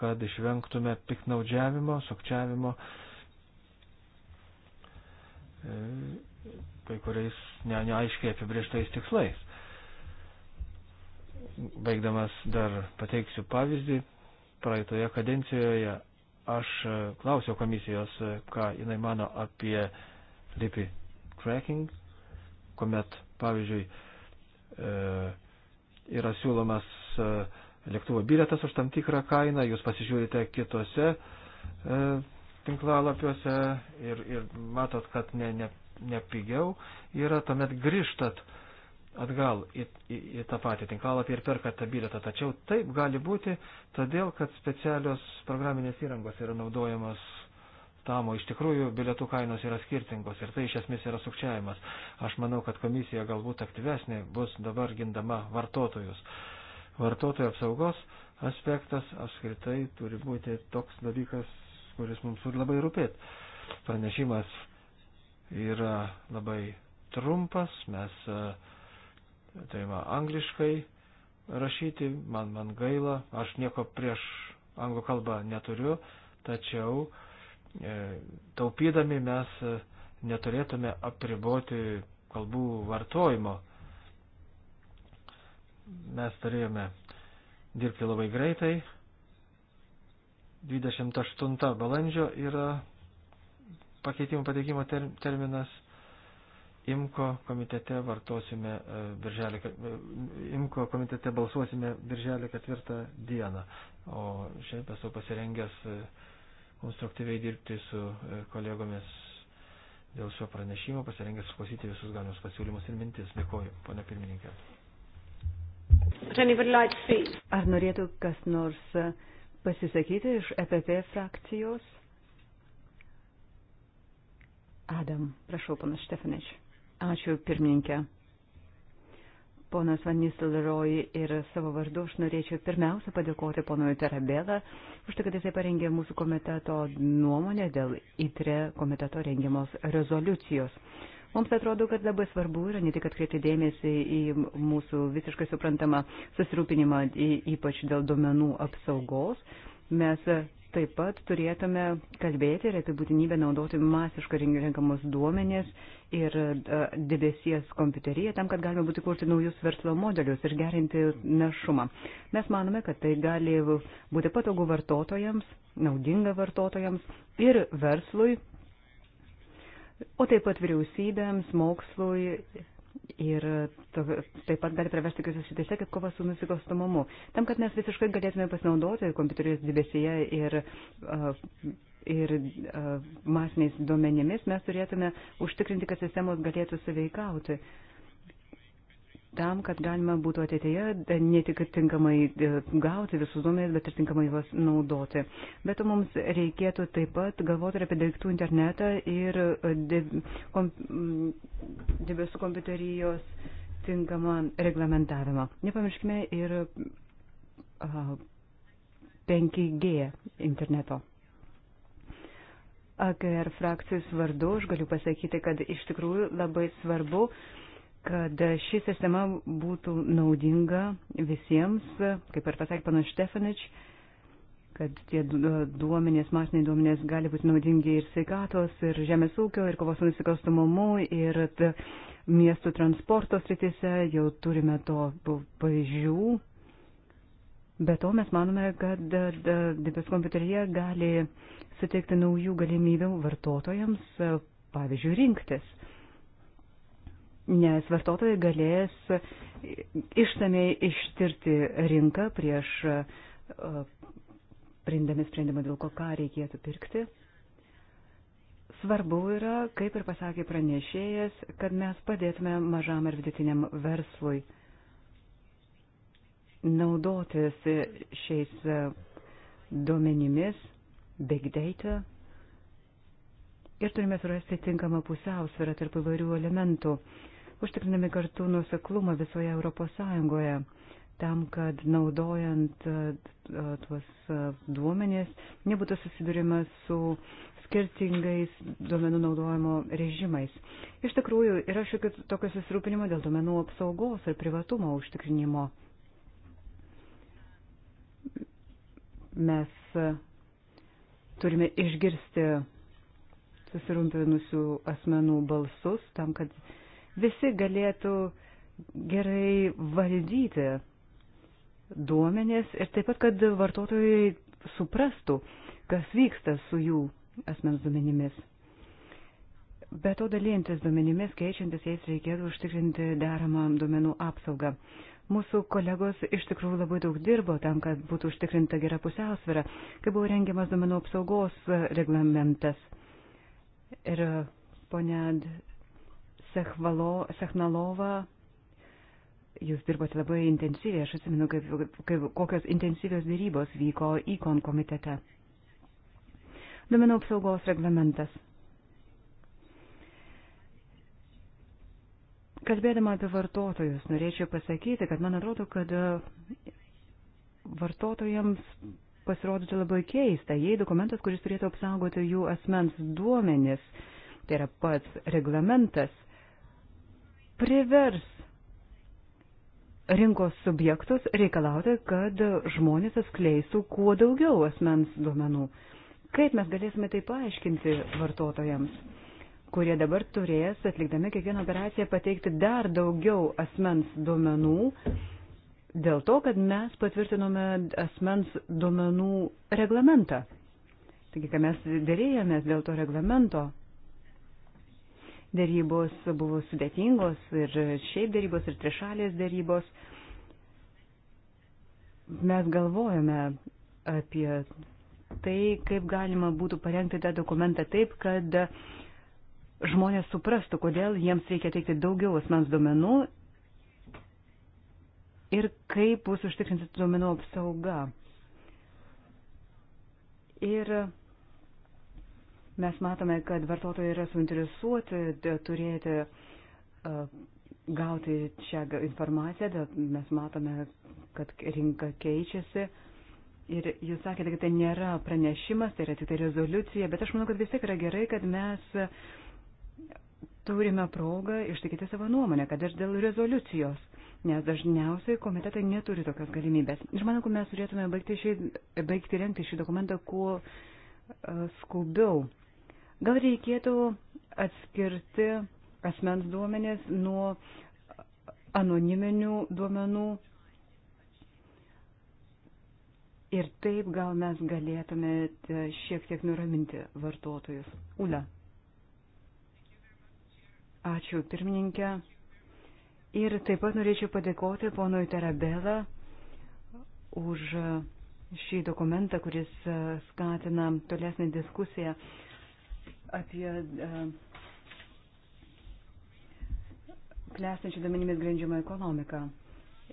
kad išvengtume piknaudžiavimo, sukčiavimo e, kai kuriais ne, neaiškiai apibrieštais tikslais. Baigdamas dar pateiksiu pavyzdį. Praeitoje kadencijoje Aš e, klausiau komisijos, e, ką jinai mano apie lipi tracking, kuomet, pavyzdžiui, e, yra siūlomas lėktuvo biletas už tam tikrą kainą, jūs pasižiūrite kitose tinklalapiuose ir, ir matot, kad ne, ne, ne pigiau yra, tuomet grįžtat uh, atgal į, į, į tą patį tinklalapį ir perka tą biletą. Tačiau taip gali būti, todėl kad specialios programinės įrangos yra naudojamos tam, o iš tikrųjų bilietų kainos yra skirtingos ir tai iš esmės yra sukčiavimas. Aš manau, kad komisija galbūt aktyvesnė bus dabar gindama vartotojus. Vartotojų apsaugos aspektas apskritai turi būti toks dalykas, kuris mums turi labai rūpėti. Pranešimas yra labai trumpas, mes uh, tai va, angliškai rašyti, man, man gaila, aš nieko prieš anglų kalbą neturiu, tačiau e, taupydami mes e, neturėtume apriboti kalbų vartojimo. Mes turėjome dirbti labai greitai. 28 balandžio yra pakeitimų pateikimo terminas Imko komitete vartosime e, birželį, e, Imko komitete balsuosime birželio ketvirtą dieną, o šiaip esu pasirengęs e, konstruktyviai dirbti su kolegomis dėl šio pranešimo, pasirengęs klausyti visus galimus pasiūlymus ir mintis. Dėkuoju, ponia pirmininkė.
Ar norėtų kas nors pasisakyti iš EPP frakcijos? Adam, prašau, panas Štefaničiu. Ačiū, pirmininkė. Ponas Vanis Leroy ir savo vardu aš norėčiau pirmiausia padėkoti ponui Tarabėlą už tai, kad jisai parengė mūsų komiteto nuomonę dėl ITRE komiteto rengiamos rezoliucijos. Mums atrodo, kad labai svarbu yra ne tik atkreipti dėmesį į mūsų visiškai suprantamą susirūpinimą, ypač dėl duomenų apsaugos. Mes taip pat turėtume kalbėti ir apie būtinybę naudoti masišką renkamus duomenės ir e, debesies kompiuteriją tam, kad galima būtų kurti naujus verslo modelius ir gerinti našumą. Mes manome, kad tai gali būti patogu vartotojams, naudinga vartotojams ir verslui, o taip pat vyriausybėms, mokslui Ir to, taip pat gali privesti tokiuose šitose kaip kova su nusikalstamumu. Tam, kad mes visiškai galėtume pasinaudoti kompiuterijos dibesyje ir, ir masiniais duomenimis, mes turėtume užtikrinti, kad sistemos galėtų suveikauti. Uh, tam, kad galima būtų ateityje e, ne tik tinkamai e, gauti visus duomenys, bet ir tinkamai juos naudoti. Bet mums reikėtų taip pat galvoti ir apie daiktų internetą ir e, mm, debesų kompiuterijos tinkamą reglamentavimą. Nepamirškime ir 5G interneto. AKR frakcijos vardu aš galiu pasakyti, kad iš tikrųjų labai svarbu uh, kad ši sistema būtų naudinga visiems, kaip ir pasakė panas Štefanič, kad tie duomenės, masiniai duomenės gali būti naudingi ir sveikatos, ir žemės ūkio, ir kovos su nusikalstamumu, ir miestų transporto sritise, jau turime to pavyzdžių. Be to mes manome, kad debes kompiuterija gali suteikti naujų galimybių vartotojams, pavyzdžiui, rinktis nes vartotojai galės išsamei ištirti rinką prieš e, priimdami sprendimą, dėl ko ką reikėtų pirkti. Svarbu yra, kaip ir pasakė pranešėjas, kad mes padėtume mažam ir vidutiniam verslui naudotis šiais e, duomenimis, big data. Ir turime surasti tinkamą pusiausvyrą tarp įvairių elementų. Uh, užtikrinami kartu nuseklumą visoje Europos Sąjungoje, tam, kad naudojant e, e, tuos e, duomenės nebūtų susidurima su skirtingais duomenų naudojimo režimais. Iš tikrųjų, yra šiek tiek tokio susirūpinimo dėl duomenų apsaugos ir privatumo užtikrinimo. Mes turime išgirsti susirūpinusių asmenų balsus tam, kad uh, visi galėtų gerai valdyti duomenės ir taip pat, kad vartotojai suprastų, kas vyksta su jų asmens duomenimis. Be to dalintis duomenimis, keičiantis jais reikėtų užtikrinti deramą duomenų apsaugą. Mūsų kolegos iš tikrųjų labai daug dirbo tam, kad būtų užtikrinta gera pusiausvėra, kai buvo rengiamas duomenų apsaugos reglamentas. Ir ponia Sechvalo, Sechnalova, jūs dirbote labai intensyviai, aš atsimenu, kaip, kaip, kokios intensyvios dėrybos vyko įkon komitete. Duomenų apsaugos reglamentas. Kalbėdama apie vartotojus, norėčiau pasakyti, kad man atrodo, kad e, vartotojams pasirodytų labai keista, jei dokumentas, kuris turėtų apsaugoti jų asmens duomenis, tai yra pats reglamentas, privers rinkos subjektus reikalauti, kad žmonės atskleistų kuo daugiau asmens duomenų. Kaip mes galėsime tai paaiškinti vartotojams, kurie dabar turės, atlikdami kiekvieną operaciją, pateikti dar daugiau asmens duomenų dėl to, kad mes patvirtinome asmens duomenų reglamentą. Taigi, kai mes dėrėjomės dėl to reglamento, Darybos buvo sudėtingos ir šiaip darybos ir trišalės darybos. Mes galvojame apie tai, kaip galima būtų parengti tą dokumentą taip, kad žmonės suprastų, kodėl jiems reikia teikti daugiau asmens duomenų ir kaip bus užtikrinti duomenų apsauga. Ir Mes matome, kad vartotojai yra suinteresuoti turėti, gauti šią informaciją, mes matome, kad rinka keičiasi. Ir jūs sakėte, kad tai nėra pranešimas, tai yra tik tai rezoliucija, bet aš manau, kad vis tiek yra gerai, kad mes turime progą išsakyti savo nuomonę, kad ir dėl rezoliucijos, nes dažniausiai komitetai neturi tokios galimybės. Ir manau, kad mes turėtume baigti, šį, baigti rengti šį dokumentą kuo skubiau. Gal reikėtų atskirti asmens duomenės nuo anoniminių duomenų ir taip gal mes galėtume e, šiek tiek nuraminti vartotojus. Ula. Ačiū pirmininkė. Ir taip pat norėčiau padėkoti ponui Terabelą už šį dokumentą, kuris e, skatina tolesnį diskusiją apie e, klestinčių duomenimis grindžiamą ekonomiką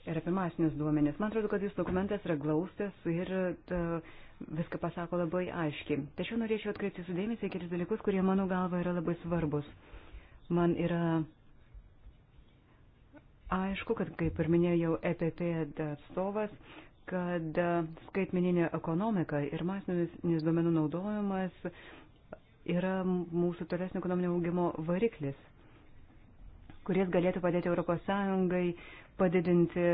ir apie masinius duomenis. Man atrodo, kad jūsų dokumentas yra glaustas ir e, viską pasako labai aiškiai. Tačiau norėčiau atkreipti sudėmėsi į kelis dalykus, kurie mano galva yra labai svarbus. Man yra aišku, kad kaip ir minėjau EPP atstovas, kad e, skaitmeninė ekonomika ir masinis duomenų naudojimas yra mūsų tolesnio ekonominio augimo variklis, kuris galėtų padėti ES padidinti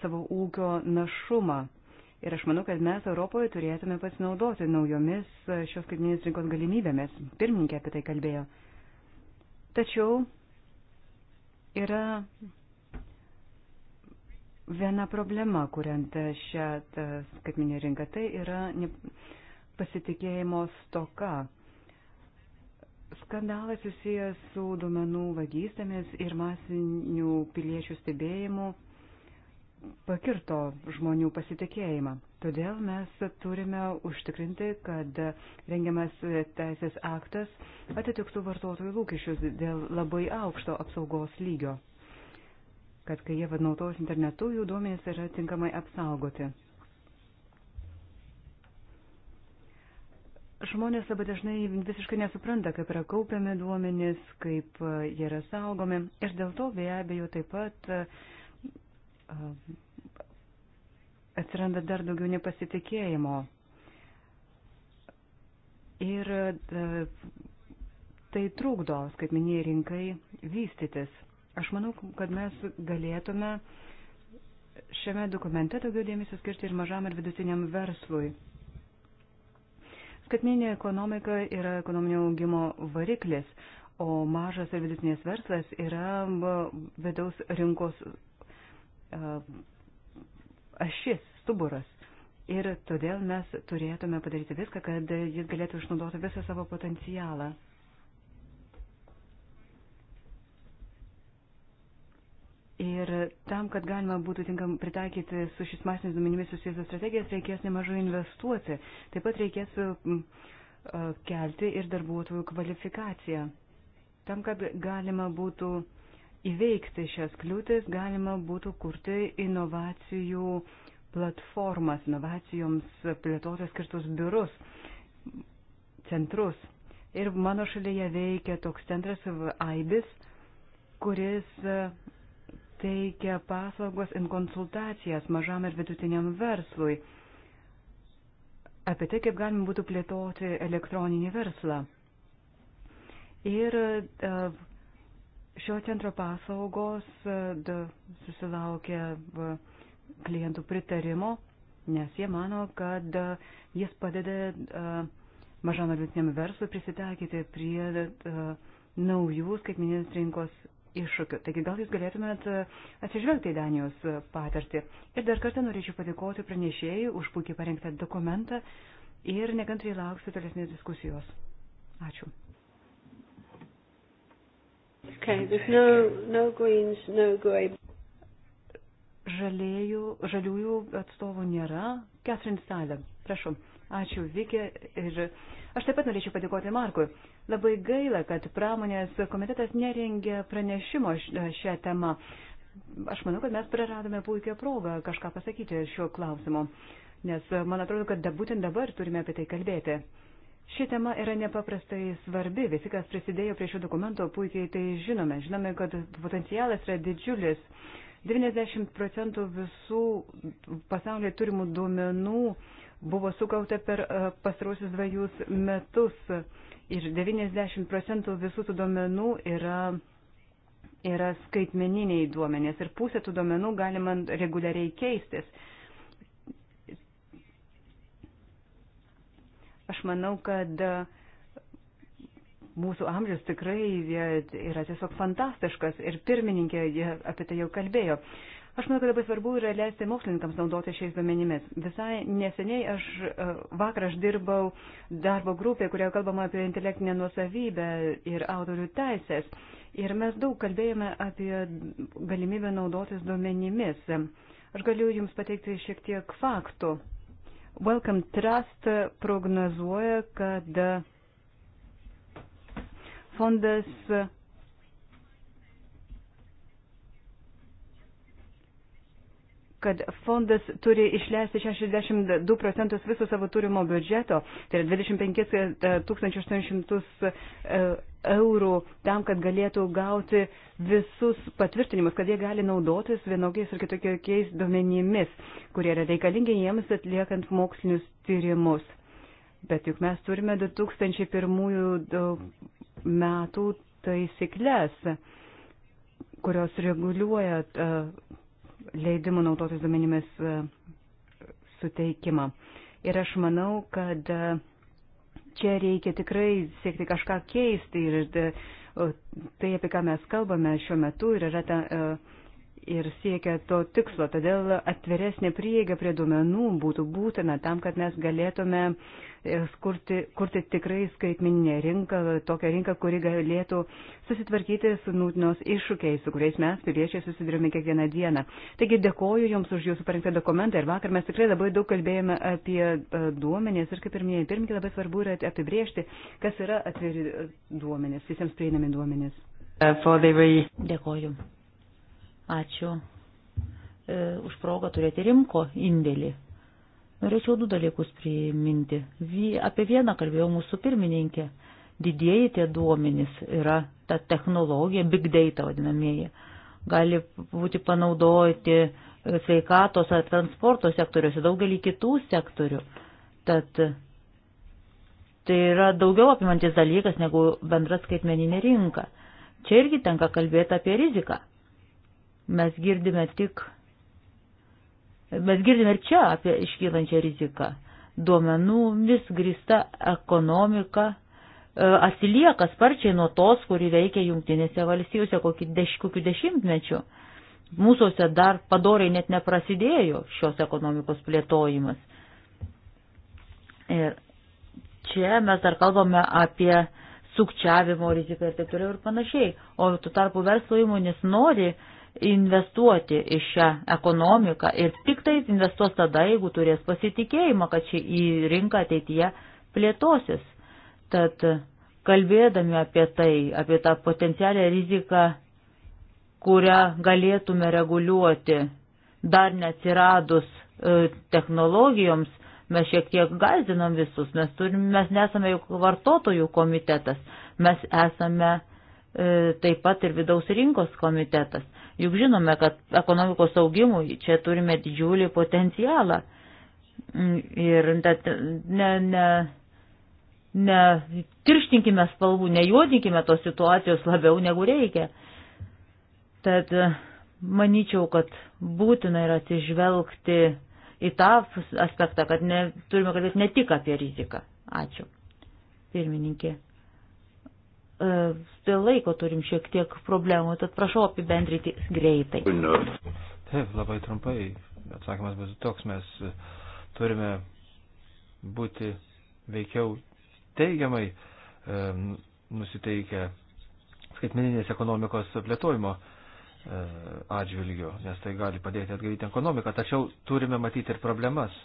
savo ūkio našumą. Ir aš manau, kad mes Europoje turėtume pasinaudoti naujomis šios skaitinės rinkos galimybėmis. Pirmininkė apie tai kalbėjo. Tačiau yra viena problema, kuriant šią skaitminę rinką. Tai yra pasitikėjimo stoka. Skandalas susijęs su duomenų vagystėmis ir masinių piliečių stebėjimu pakirto žmonių pasitikėjimą. Todėl mes turime užtikrinti, kad rengiamas teisės aktas atitiktų vartotojų lūkesčius dėl labai aukšto apsaugos lygio, kad kai jie vadnautos internetu, jų duomenys yra tinkamai apsaugoti. Žmonės labai dažnai visiškai nesupranta, kaip yra kaupiami duomenys, kaip e, jie yra saugomi ir dėl to be abejo taip pat e, e, atsiranda dar daugiau nepasitikėjimo. Ir tai trukdo skaitminiai rinkai vystytis. Aš manau, kad mes galėtume šiame dokumente daugiau dėmesio skirti ir mažam ir vidutiniam verslui. Skatminė ekonomika yra ekonominio augimo variklis, o mažas ir vidutinės verslas yra vidaus rinkos ašis, stuburas. Ir todėl mes turėtume padaryti viską, kad jis galėtų išnaudoti visą savo potencialą. Ir tam, kad galima būtų tinkam pritaikyti su šis masiniais duomenimis susijusias strategijas, reikės nemažai investuoti. Taip pat reikės mm, kelti ir darbuotojų kvalifikaciją. Tam, kad galima būtų įveikti šias kliūtis, galima būtų kurti inovacijų platformas, inovacijoms plėtoti skirtus biurus, centrus. Ir mano šalyje veikia toks centras AIBIS, kuris teikia paslaugas ir konsultacijas mažam ir vidutiniam verslui apie tai, kaip galima būtų plėtoti elektroninį verslą. Ir e, šio centro paslaugos e, susilaukia klientų pritarimo, nes jie mano, kad e, jis padeda mažam ir vidutiniam verslui prisitaikyti prie naujų skaitminės rinkos iššūkių. Taigi gal jūs galėtumėt e, atsižvelgti į Danijos e, patirtį. Ir dar kartą norėčiau padėkoti pranešėjai už puikiai parengtą dokumentą ir nekantriai lauksiu tolesnės diskusijos. Ačiū.
Okay, there's no, no greens, no grey.
Žalėjų, žaliųjų atstovų nėra. Catherine Salem, prašau. Ačiū, Vikė. Ir aš taip pat norėčiau padėkoti Markui. Labai gaila, kad pramonės komitetas nerengė pranešimo šią temą. Aš manau, kad mes praradome puikią progą kažką pasakyti šiuo klausimu, nes man atrodo, kad da, būtent dabar turime apie tai kalbėti. Ši tema yra nepaprastai svarbi, visi, kas prisidėjo prie šio dokumento, puikiai tai žinome. Žinome, kad potencialas yra didžiulis. 90 procentų visų pasaulyje turimų duomenų buvo sukauta per e, pastarosius dviejus metus ir 90 procentų visų tų duomenų yra, yra skaitmeniniai duomenės ir pusę tų duomenų galima reguliariai keistis. Aš manau, kad mūsų amžius tikrai yra tiesiog fantastiškas ir pirmininkė apie tai jau kalbėjo. Aš manau, kad labai svarbu yra leisti mokslininkams naudoti šiais duomenimis. Visai neseniai aš e, vakar aš dirbau darbo grupėje, kurioje kalbama apie intelektinę nuosavybę ir autorių teisės. Ir mes daug kalbėjome apie galimybę naudotis duomenimis. Aš galiu Jums pateikti šiek tiek faktų. Welcome Trust prognozuoja, kad fondas kad fondas turi išleisti 62 procentus viso savo turimo biudžeto, tai yra 25 800 e, e, eurų tam, kad galėtų gauti visus patvirtinimus, kad jie gali naudotis vienokiais ir kitokiais duomenimis, kurie yra reikalingi jiems atliekant mokslinius tyrimus. Bet juk mes turime 2001 metų taisyklės, kurios reguliuoja uh, leidimų naudotis duomenimis e, suteikimą. Ir aš manau, kad e, čia reikia tikrai siekti kažką keisti ir e, tai, apie ką mes kalbame šiuo metu, ir yra ta. Ir siekia to tikslo, todėl atviresnė prieiga prie duomenų būtų būtina tam, kad mes galėtume uh, kurti, kurti tikrai skaitmininę rinką, tokią rinką, kuri galėtų susitvarkyti su nūtinos iššūkiais, su kuriais mes piliečiai susidurime kiekvieną dieną. Taigi dėkoju Jums už Jūsų parengtą dokumentą ir vakar mes tikrai labai daug kalbėjome apie e, duomenės ir kaip ir minėjai, pirmininkė labai svarbu yra apibriežti, kas yra atviri e, duomenės, visiems prieinami duomenės. Uh, dėkoju. Ačiū e, už progą
turėti rimko indėlį Norėčiau du dalykus priminti. Apie vieną kalbėjo mūsų pirmininkė. Didieji tie duomenys yra ta technologija, big data vadinamieji. Gali būti panaudoti sveikatos ar transporto sektoriuose, daugelį kitų sektorių. Tad tai yra daugiau apimantis dalykas negu bendra skaitmeninė rinka. Čia irgi tenka kalbėti apie riziką. Mes girdime tik Mes girdime ir čia apie iškylančią riziką. Duomenų vis grįsta ekonomika e, atsilieka sparčiai nuo tos, kuri veikia jungtinėse valstijose deš, kokiu dešimtmečiu. Mūsųse dar padoriai net neprasidėjo šios ekonomikos plėtojimas. Ir čia mes dar kalbame apie sukčiavimo riziką ir taip toliau ir panašiai. O tu tarpu verslo įmonės nori uh, investuoti į šią ekonomiką ir tik tai investuos tada, jeigu turės pasitikėjimą, kad ši į rinką ateityje plėtosis. Tad kalbėdami apie tai, apie tą potencialią riziką, kurią galėtume reguliuoti dar neatsiradus e, technologijoms, mes šiek tiek gazdinam visus, mes, turim, mes nesame juk vartotojų komitetas, mes esame uh, E, taip pat ir vidaus rinkos komitetas. Juk žinome, kad ekonomikos augimui čia turime didžiulį potencialą. Mm, ir ne, ne, ne tirštinkime spalvų, nejuodinkime tos situacijos labiau negu reikia. Tad e, manyčiau, kad būtina yra atsižvelgti į tą aspektą, kad ne, turime kalbėti ne tik apie riziką. Ačiū. Pirmininkė. E, dėl laiko turim šiek tiek problemų, tad prašau apibendryti greitai.
Taip, labai trumpai. Atsakymas bus toks, mes turime būti veikiau teigiamai e, nusiteikę skaitmeninės ekonomikos plėtojimo e, atžvilgiu, nes tai gali padėti atgaivinti ekonomiką, tačiau turime matyti ir problemas.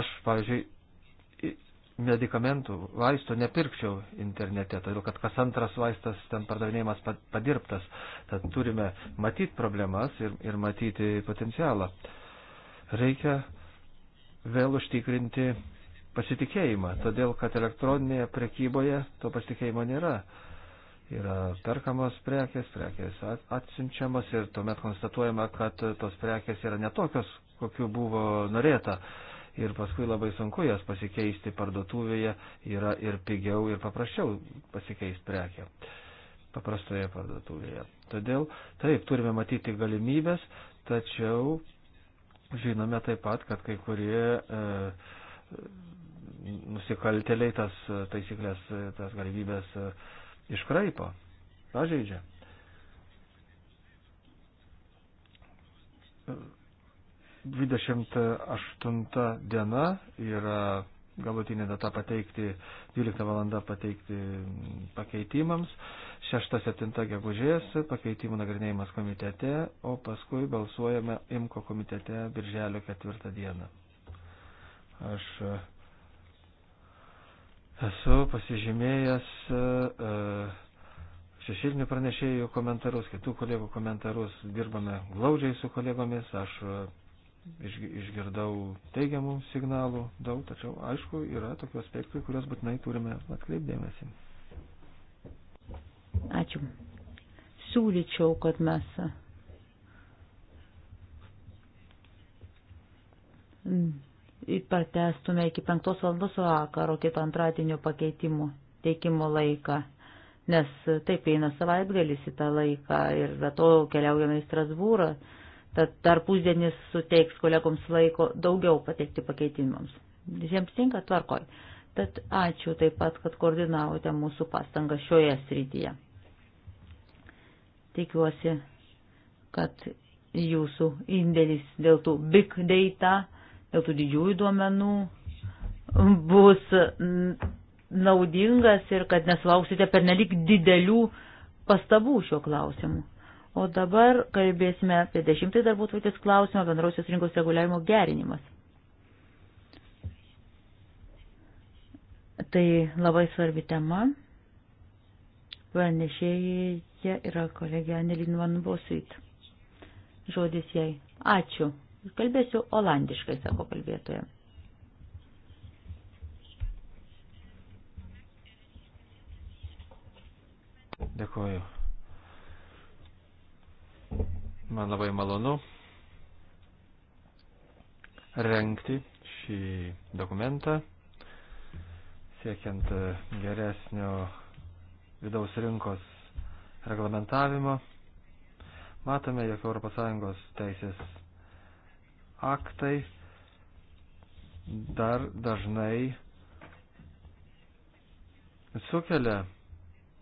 Aš, pavyzdžiui, medikamentų, vaistų nepirkčiau internete, todėl kad kas antras vaistas ten pardavinėjimas padirbtas. Tad turime matyti problemas ir, ir matyti potencialą. Reikia vėl užtikrinti pasitikėjimą, todėl kad elektroninėje prekyboje to pasitikėjimo nėra. Yra perkamos prekės, prekės atsiunčiamas ir tuomet konstatuojama, kad tos prekės yra netokios, kokiu buvo norėta. Uh, ir paskui labai sunku jas pasikeisti parduotuvėje, yra ir pigiau ir paprasčiau pasikeisti prekę paprastoje parduotuvėje. Todėl taip, turime matyti galimybės, tačiau žinome taip pat, kad kai kurie e, nusikalteliai tas taisyklės, tas galimybės e, iškraipo, pažeidžia. 28 diena yra galutinė data pateikti, 12 valanda pateikti pakeitimams, 6-7 gegužės pakeitimų nagrinėjimas komitete, o paskui balsuojame IMKO komitete birželio 4 dieną. Aš e, esu pasižymėjęs e, e, šešilinių pranešėjų komentarus, kitų kolegų komentarus, dirbame glaudžiai su kolegomis, aš išgirdau teigiamų signalų daug, tačiau aišku, yra tokių aspektų, kuriuos būtinai turime atkreipdėmėsi.
Ačiū. Siūlyčiau, kad mes pratestume iki 5 valandos vakaro kito antradienio pakeitimų teikimo laiką, nes taip eina savaitgalis į tą laiką ir be to keliaujame į Strasbūrą Tad dar pusdienis suteiks kolegoms laiko daugiau pateikti pakeitimams. Visiems tinka tvarkoj. Tad ačiū taip pat, kad koordinavote mūsų pastangą šioje srityje. Tikiuosi, kad jūsų indėlis dėl tų big data, dėl tų didžiųjų duomenų bus naudingas ir kad nesulauksite pernelik didelių pastabų šiuo klausimu. O dabar kalbėsime apie dešimtąjį darbų tvarkės klausimą bendrausios rinkos reguliavimo gerinimas. Tai labai svarbi tema. Pranešėja yra kolegė Anelin Van Bosuit. Žodis jai. Ačiū. Kalbėsiu olandiškai, sako kalbėtoja.
Dėkuoju. Man labai malonu renkti šį dokumentą, siekiant e, geresnio vidaus rinkos reglamentavimo. Matome, jog ES teisės aktai dar dažnai sukelia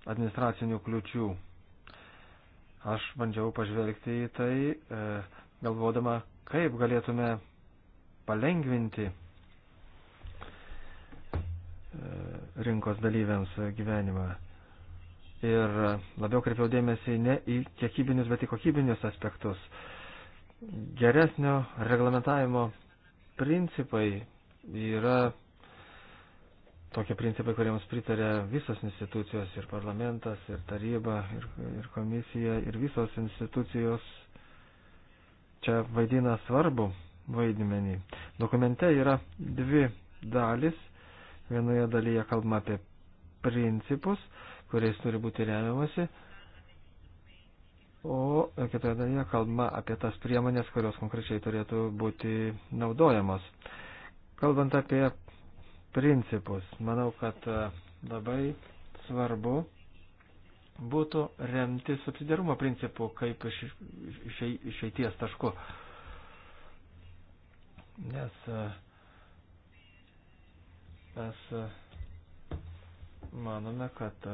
administracinių kliučių Aš bandžiau pažvelgti į tai, e, galvodama, kaip galėtume palengvinti e, rinkos dalyviams gyvenimą. Ir labiau kreipiau dėmesį ne į kiekybinius, bet į kokybinius aspektus. Geresnio reglamentavimo principai yra tokie principai, kuriems pritarė visos institucijos ir parlamentas, ir taryba, ir, ir komisija, ir visos institucijos čia vaidina svarbu vaidmenį. Dokumente yra dvi dalis. Vienoje dalyje kalbama apie principus, kuriais turi būti remiamasi, o kitoje dalyje kalbama apie tas priemonės, kurios konkrečiai turėtų būti naudojamos. Kalbant apie principus. Manau, kad e, labai svarbu būtų remti subsidiarumo principų kaip iš, iš, išeities tašku. Nes e, mes e, manome, kad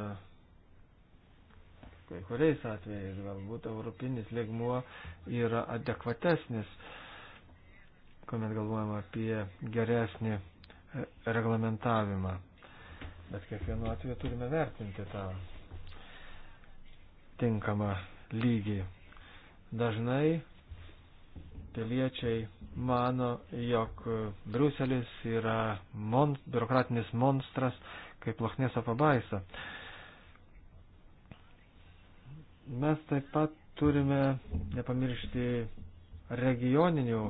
kai kuriais atvejais galbūt europinis lygmuo yra adekvatesnis, kuomet galvojame apie geresnį reglamentavimą. Bet kiekvienu atveju turime vertinti tą tinkamą lygį. Dažnai piliečiai mano, jog Bruselis yra mon, biurokratinis monstras kaip Lochnėso pabaisa. Mes taip pat turime nepamiršti regioninių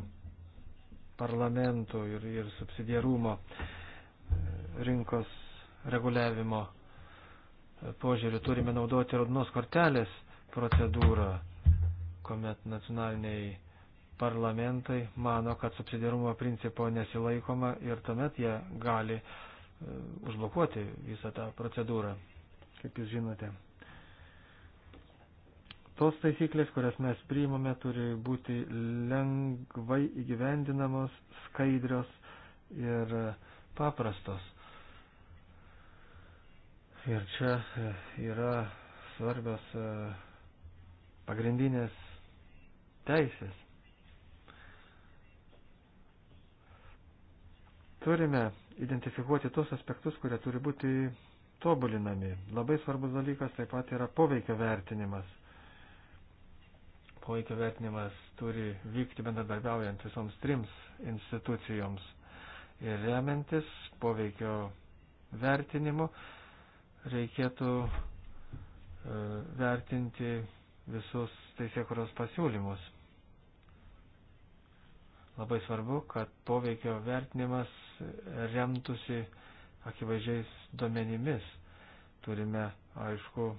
parlamentų ir, ir subsidiarumo e, rinkos reguliavimo e, požiūrių turime naudoti raudonos kortelės procedūrą, kuomet nacionaliniai parlamentai mano, kad subsidiarumo principo nesilaikoma ir tuomet jie gali e, užblokuoti visą tą procedūrą, kaip jūs žinote tos taisyklės, kurias mes priimame, turi būti lengvai įgyvendinamos, skaidrios ir paprastos. Ir čia e, yra svarbios e, pagrindinės teisės. Turime identifikuoti tos aspektus, kurie turi būti tobulinami. Labai svarbus dalykas taip pat yra poveikio vertinimas poveikio vertinimas turi vykti bendradarbiaujant visoms trims institucijoms ir remiantis poveikio vertinimu reikėtų e, vertinti visus teisėkuros pasiūlymus. Labai svarbu, kad poveikio vertinimas remtųsi akivaizdžiais duomenimis. Turime, aišku,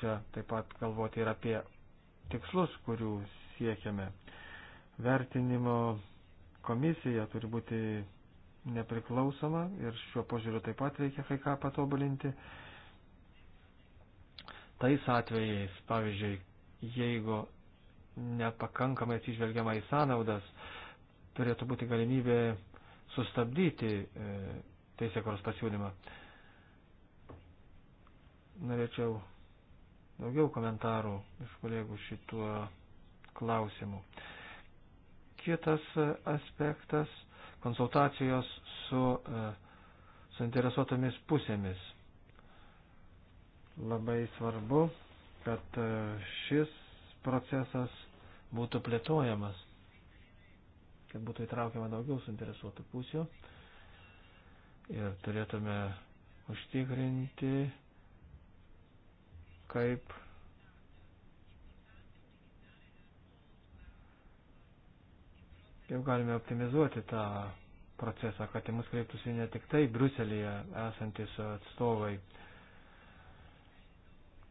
čia taip pat galvoti ir apie tikslus, kurių siekiame. Vertinimo komisija turi būti nepriklausoma ir šiuo požiūriu taip pat reikia kai ką patobulinti. Tais atvejais, pavyzdžiui, jeigu nepakankamai atsižvelgiama į sąnaudas, turėtų būti galimybė sustabdyti e, teisėkoros pasiūlymą. Norėčiau daugiau komentarų iš kolegų šituo klausimu. Kitas aspektas - konsultacijos su e, suinteresuotomis pusėmis. Labai svarbu, kad e, šis procesas būtų plėtojamas, kad būtų įtraukiama daugiau suinteresuotų pusių ir turėtume užtikrinti kaip kaip galime optimizuoti tą procesą, kad į mus kreiptųsi ne tik tai Bruselėje esantis atstovai.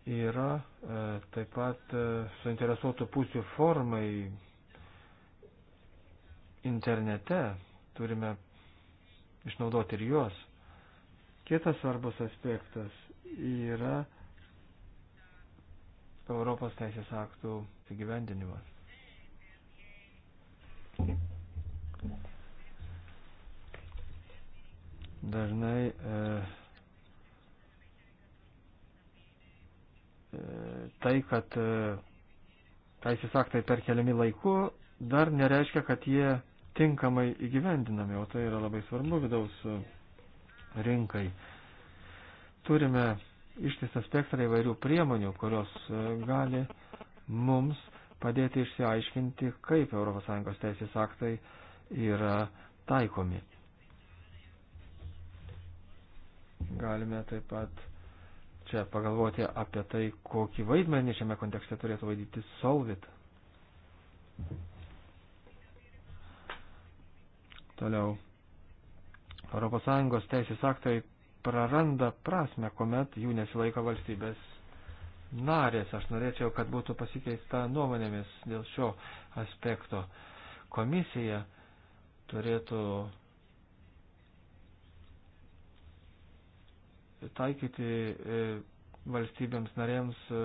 Yra e, taip pat e, suinteresuotų pusių formai internete, turime išnaudoti ir juos. Kitas svarbus aspektas yra Europos teisės aktų įgyvendinimas. Dažnai e, e, tai, kad e, teisės aktai perkeliami laiku, dar nereiškia, kad jie tinkamai įgyvendinami, o tai yra labai svarbu vidaus e, rinkai. Turime ištisą spektrą įvairių priemonių, kurios e, gali mums padėti išsiaiškinti, kaip ES teisės aktai yra taikomi. Galime taip pat čia pagalvoti apie tai, kokį vaidmenį šiame kontekste turėtų vaidyti Solvit. Toliau. ES teisės aktai praranda prasme, kuomet jų nesilaiko valstybės narės. Aš norėčiau, kad būtų pasikeista nuomonėmis dėl šio aspekto. Komisija turėtų taikyti e, valstybėms narėms e,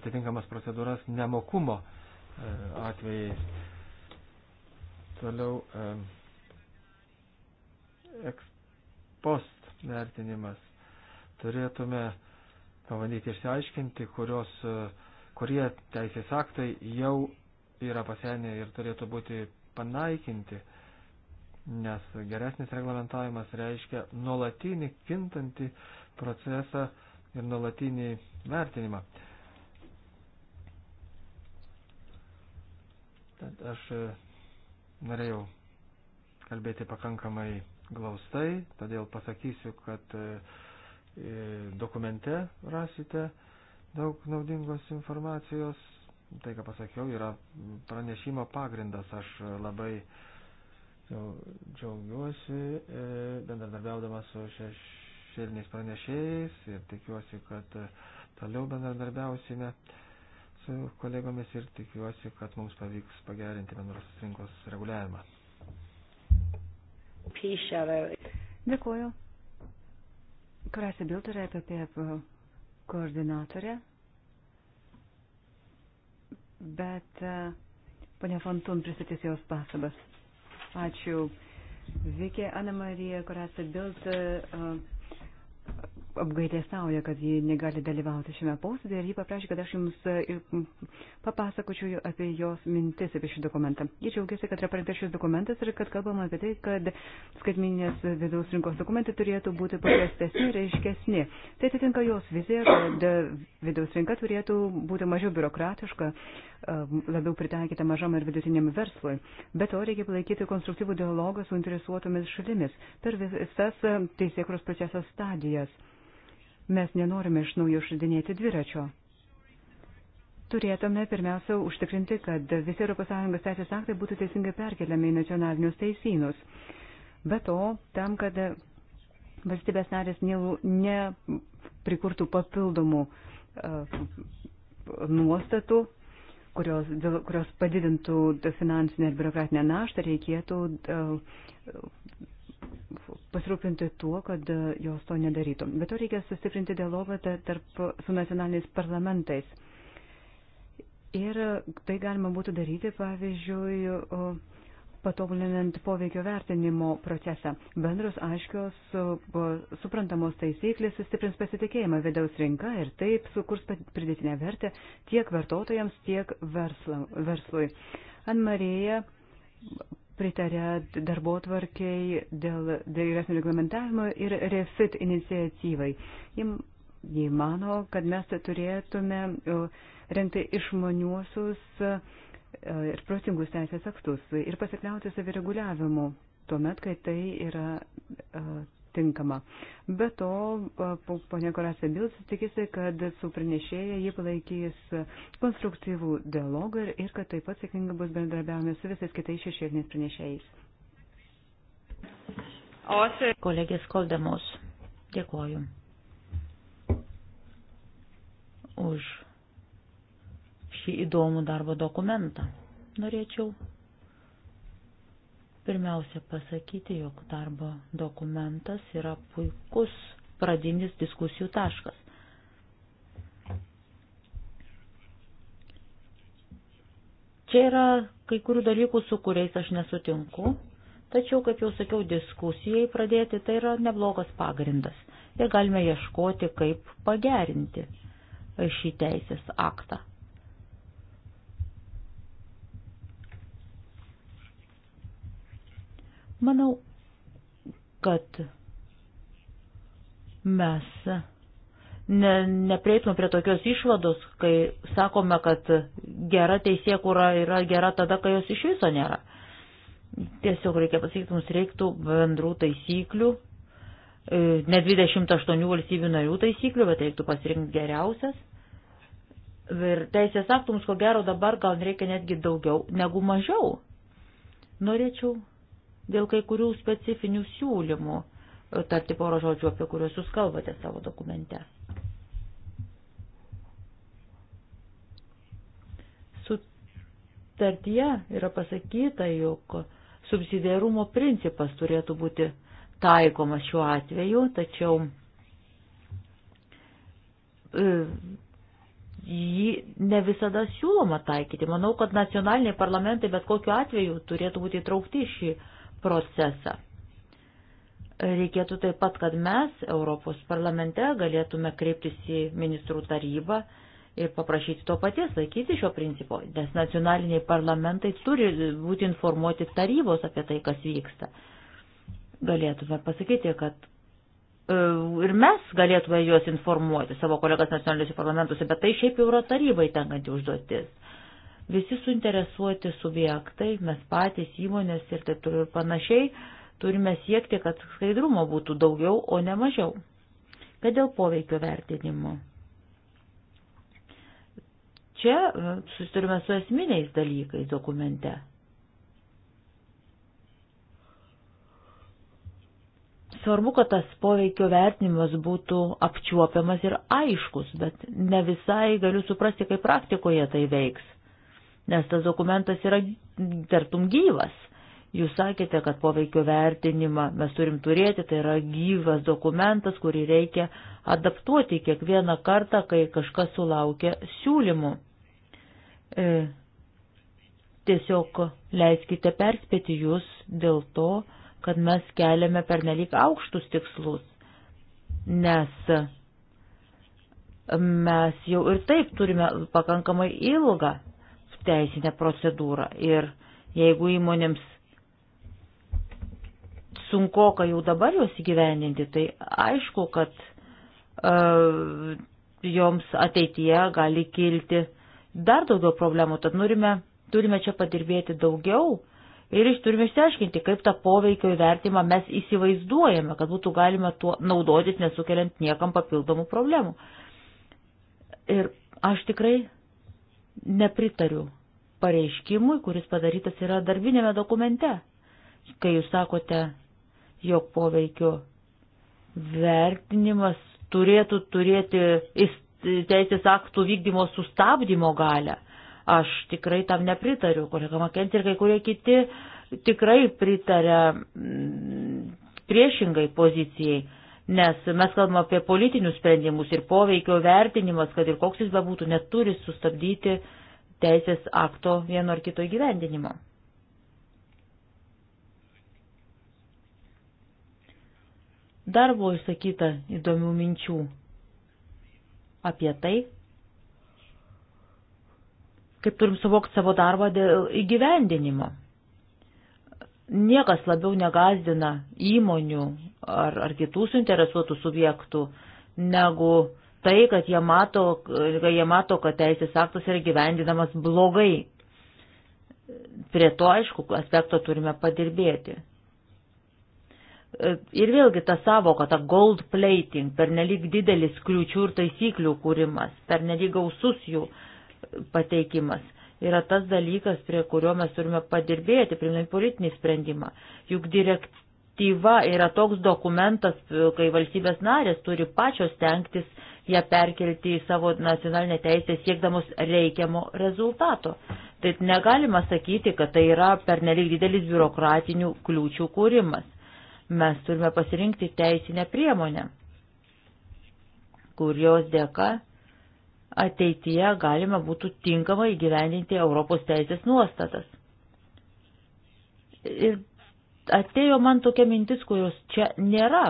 atitinkamas procedūras nemokumo e, atvejais. Toliau ekspost vertinimas. Turėtume pabandyti išsiaiškinti, kurios, e, kurie teisės aktai jau yra pasenę ir turėtų būti panaikinti, nes geresnis reglamentavimas reiškia nuolatinį kintantį procesą ir nuolatinį vertinimą. Tad aš e, norėjau kalbėti pakankamai glaustai, todėl pasakysiu, kad e, e, dokumente rasite daug naudingos informacijos. Tai, ką pasakiau, yra pranešimo pagrindas. Aš labai džiaugiuosi e, bendradarbiaudama su šešėliniais pranešėjais ir tikiuosi, kad toliau bendradarbiausime su kolegomis ir tikiuosi, kad mums pavyks pagerinti bendros rinkos reguliavimą.
Dėkuoju.
Kurasi Bilterė apie e koordinatorę. Bet e, ponia Fontun pristatys jos pastabas. Ačiū. Vikė Ana Marija Kurasi Bilt apgailėstauja, kad ji negali dalyvauti šiame posėdėje ir ji paprašė, kad aš jums e, papasakočiau apie jos mintis apie šį dokumentą. Ji džiaugiasi, kad yra parengtas šis dokumentas ir kad kalbama apie tai, kad skaitminės vidaus rinkos dokumentai turėtų būti paprastesni ir aiškesni. Tai atitinka jos viziją, kad vidaus rinka turėtų būti mažiau biurokratiška, e, labiau pritaikyta mažam ir vidutiniam verslui. Be to reikia palaikyti konstruktyvų dialogą su interesuotomis šalimis per visas teisėkros proceso stadijas. Mes nenorime iš naujo išradinėti dviračio. Turėtume pirmiausia užtikrinti, kad visi ES teisės aktai būtų teisingai perkeliami į nacionalinius teisynus. Be to, tam, kad valstybės narės neprikurtų papildomų uh, nuostatų, kurios, dėl, kurios padidintų finansinę ir biurokratinę naštą, reikėtų uh, pasirūpinti tuo, kad e, jos to nedarytų. Bet to reikia sustiprinti dialogą tarp, su nacionaliniais parlamentais. Ir tai galima būtų daryti, pavyzdžiui, patobulinant poveikio vertinimo procesą. Bendros aiškios, suprantamos taisyklės sustiprins pasitikėjimą vidaus rinka ir taip sukurs pridėtinę vertę tiek vartotojams, tiek versla, verslui. Anmarėja pritarė darbo tvarkiai dėl geresnio reglamentavimo ir refit iniciatyvai. Jie mano, kad mes turėtume rengti išmaniuosius e, ir protingus teisės aktus ir pasikliauti savireguliavimu tuomet, kai tai yra e, tinkama. Be to, ponė Korasė Bilis tikisi, kad su pranešėja jie palaikys konstruktyvų dialogą ir kad taip pat sėkmingai bus bendrabiavami su visais kitais šešėliniais pranešėjais. Kolegės Koldemos, dėkoju
už šį įdomų darbo dokumentą. Norėčiau pirmiausia pasakyti, jog darbo dokumentas yra puikus pradinis diskusijų taškas. Čia yra kai kurių dalykų, su kuriais aš nesutinku, tačiau, kaip jau sakiau, diskusijai pradėti tai yra neblogas pagrindas ir galime ieškoti, kaip pagerinti šį teisės aktą. Manau, kad mes ne, neprieitume prie tokios išvados, kai sakome, kad gera teisėkūra yra gera tada, kai jos iš viso nėra. Tiesiog reikia pasakyti, mums reiktų bendrų taisyklių, e, ne 28 valstybių narių taisyklių, bet reiktų pasirinkti geriausias. Ir teisės aktų mums ko gero dabar gal reikia netgi daugiau negu mažiau. Norėčiau dėl kai kurių specifinių siūlymų, e, tarti porą žodžių, apie kuriuos jūs kalbate savo dokumente. Sutartyje yra pasakyta, jog subsidiarumo principas turėtų būti taikomas šiuo atveju, tačiau e, jį ne visada siūloma taikyti. Manau, kad nacionaliniai parlamentai bet kokiu atveju turėtų būti įtraukti šį procesą. Reikėtų taip pat, kad mes Europos parlamente galėtume kreiptis į ministrų tarybą ir paprašyti to paties, laikyti šio principo, nes nacionaliniai parlamentai turi būti informuoti tarybos apie tai, kas vyksta. Galėtume pasakyti, kad e, ir mes galėtume juos informuoti, savo kolegas nacionaliniuose parlamentuose, bet tai šiaip jau yra tarybai tenkanti užduotis. Visi suinteresuoti subjektai, mes patys įmonės ir taip toliau ir panašiai, turime siekti, kad skaidrumo būtų daugiau, o ne mažiau. Kad dėl poveikio vertinimo. Čia e, susiturime su esminiais dalykais dokumente. svarbu, kad tas poveikio vertinimas būtų apčiuopiamas ir aiškus, bet ne visai galiu suprasti, kaip praktikoje tai veiks nes tas dokumentas yra tartum gyvas. Jūs sakėte, kad poveikio vertinimą mes turim turėti, tai yra gyvas dokumentas, kurį reikia adaptuoti kiekvieną kartą, kai kažkas sulaukia siūlymų. E, tiesiog leiskite perspėti jūs dėl to, kad mes keliame pernelyg aukštus tikslus, nes mes jau ir taip turime pakankamai ilgą teisinę procedūrą. Ir jeigu įmonėms sunku, kai jau dabar juos įgyvendinti, tai aišku, kad uh, joms ateityje gali kilti dar daugiau problemų, tad norime, turime čia padirbėti daugiau ir iš turime išsiaiškinti, kaip tą poveikio įvertimą mes įsivaizduojame, kad būtų galima tuo naudotis, nesukeliant niekam papildomų problemų. Ir aš tikrai nepritariu pareiškimui, kuris padarytas yra darbinėme dokumente, kai jūs sakote, jog poveikio vertinimas turėtų turėti teisės aktų vykdymo sustabdymo galę. Aš tikrai tam nepritariu, kolega Makent ir kai kurie kiti tikrai pritarė priešingai pozicijai nes mes kalbame apie politinius sprendimus ir poveikio vertinimas, kad ir koks jis bebūtų, neturi sustabdyti teisės akto vieno ar kito įgyvendinimo. Dar buvo išsakyta įdomių minčių apie tai, kaip turim suvokti savo darbą dėl įgyvendinimo. Niekas labiau negazdina įmonių ar, ar kitų suinteresuotų subjektų, negu tai, kad jie mato, kad, jie mato, kad teisės aktas yra gyvendinamas blogai. Prie to, aišku, aspekto turime padirbėti. Ir vėlgi ta savoka, ta gold plating, pernelyg didelis kliūčių ir taisyklių kūrimas, pernelyg gausus jų pateikimas yra tas dalykas, prie kurio mes turime padirbėti, priimant politinį sprendimą. Juk direkt, direktyva yra toks dokumentas, kai valstybės narės turi pačios tenktis ją perkelti į savo nacionalinę teisę siekdamos reikiamo rezultato. Tai negalima sakyti, kad tai yra pernelyg didelis biurokratinių kliūčių kūrimas. Mes turime pasirinkti teisinę priemonę, kurios dėka ateityje galima būtų tinkamai įgyvendinti Europos teisės nuostatas. Ir atėjo man tokia mintis, kurios čia nėra.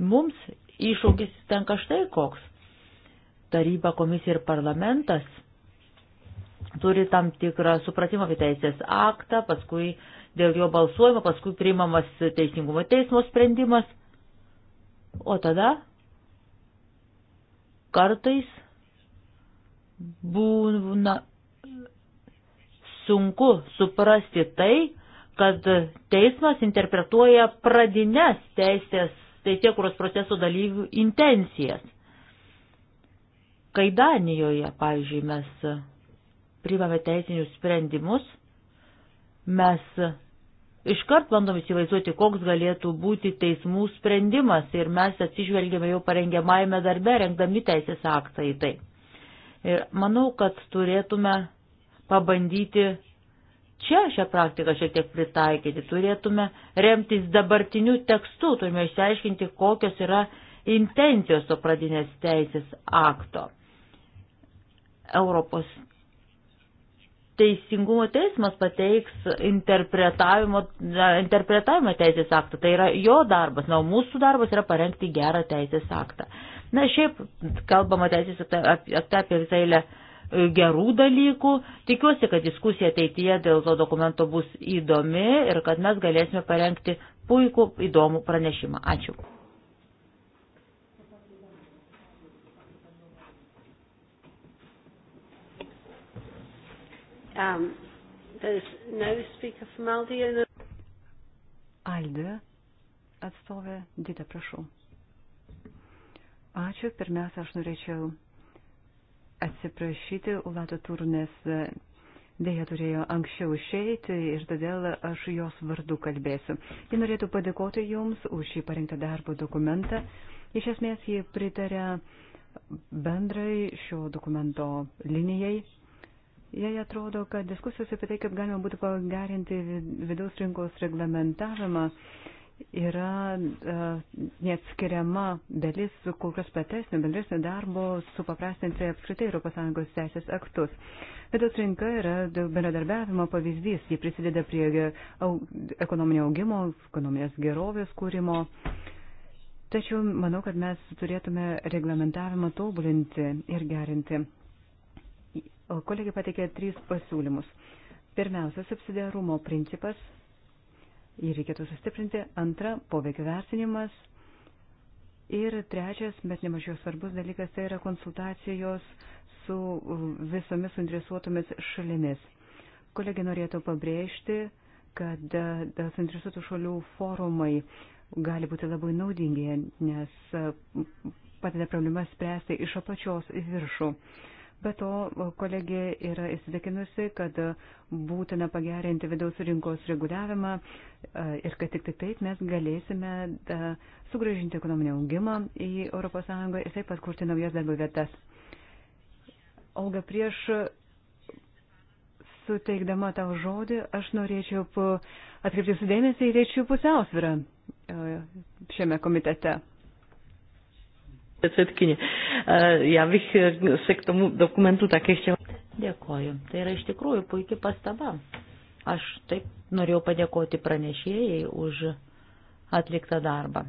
Mums iššūkis tenka štai koks. Taryba, komisija ir parlamentas turi tam tikrą supratimą apie teisės aktą, paskui dėl jo balsuojama, paskui priimamas teisingumo teismo sprendimas. O tada kartais būna sunku suprasti tai, kad teismas interpretuoja pradinės teisės teisėkuros tai proceso dalyvių intencijas. Kai Danijoje, pavyzdžiui, mes primame teisinius sprendimus, mes iškart bandom įsivaizduoti, koks galėtų būti teismų sprendimas ir mes atsižvelgėme jau parengiamajame darbe, rengdami teisės aktą į tai. Ir manau, kad turėtume pabandyti čia šią praktiką šiek tiek pritaikyti, turėtume remtis dabartiniu tekstu, turime išsiaiškinti, kokios yra intencijos to pradinės teisės akto. Europos teisingumo teismas pateiks interpretavimo, interpretavimo teisės aktą. Tai yra jo darbas, na, o mūsų darbas yra parengti gerą teisės aktą. Na, šiaip kalbama teisės akte apie, apie visą eilę e, gerų dalykų. Tikiuosi, kad diskusija ateityje dėl to dokumento bus įdomi ir kad mes galėsime parengti puikų, įdomų pranešimą. Ačiū.
Um, there's no speaker from Aldi. And...
Aldi atstovė Dita, prašau. Ačiū. Pirmiausia, aš norėčiau atsiprašyti. Ulato Turnes e, dėja turėjo anksčiau išeiti ir todėl aš jos vardu kalbėsiu. Ji norėtų padėkoti Jums už šį parengtą darbo dokumentą. Iš esmės, ji pritarė bendrai šio dokumento linijai Jei atrodo, kad diskusijos apie tai, kaip galima būtų pagerinti vidaus rinkos reglamentavimą, yra uh, neatskiriama dalis kur kas platesnio, bendresnio darbo supaprastinti apskritai ES teisės aktus. Vidaus rinka yra bendradarbiavimo pavyzdys, ji prisideda prie ekonominio augimo, ekonominės gerovės kūrimo. Tačiau manau, kad mes turėtume reglamentavimą tobulinti ir gerinti. Kolegė pateikė trys pasiūlymus. Pirmiausia, subsidiarumo principas, jį reikėtų sustiprinti. Antra, poveikio vertinimas. Ir trečias, bet nemažiau svarbus dalykas, tai yra konsultacijos su visomis suinteresuotomis šalimis. Kolegė norėtų pabrėžti, kad e, suinteresuotų šalių forumai gali būti labai naudingi, nes e, padeda problemas spręsti iš apačios į viršų. Be to, kolegė yra įsitikinusi, kad būtina pagerinti vidaus rinkos reguliavimą e, ir kad tik, tik taip mes galėsime da, e, sugražinti ekonominį augimą į ES ir taip pat kurti naujas darbo vietas. Olga, prieš suteikdama tau žodį, aš norėčiau atkreipti sudėmėsi į rėčių pusiausvyrą e, šiame komitete.
Předsedkyně, e, já bych
e, se k tomu dokumentu také chtěla. Dėkoju.
Tai yra iš tikrųjų puikia pastaba. Aš taip norėjau padėkoti pranešėjai už atliktą darbą.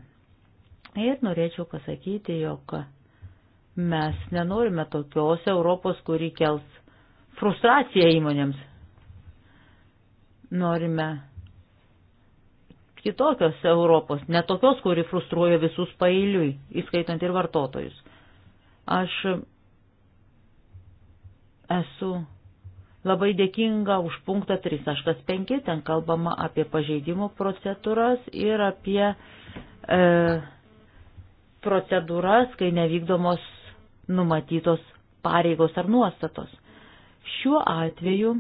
Ir norėčiau pasakyti, jog mes nenorime tokios Europos, kuri kels frustraciją įmonėms. Norime kitokios Europos, netokios, kuri frustruoja visus pailiui, įskaitant ir vartotojus. Aš esu labai dėkinga už punktą 3.5, ten kalbama apie pažeidimų procedūras ir apie e, procedūras, kai nevykdomos numatytos pareigos ar nuostatos. Šiuo atveju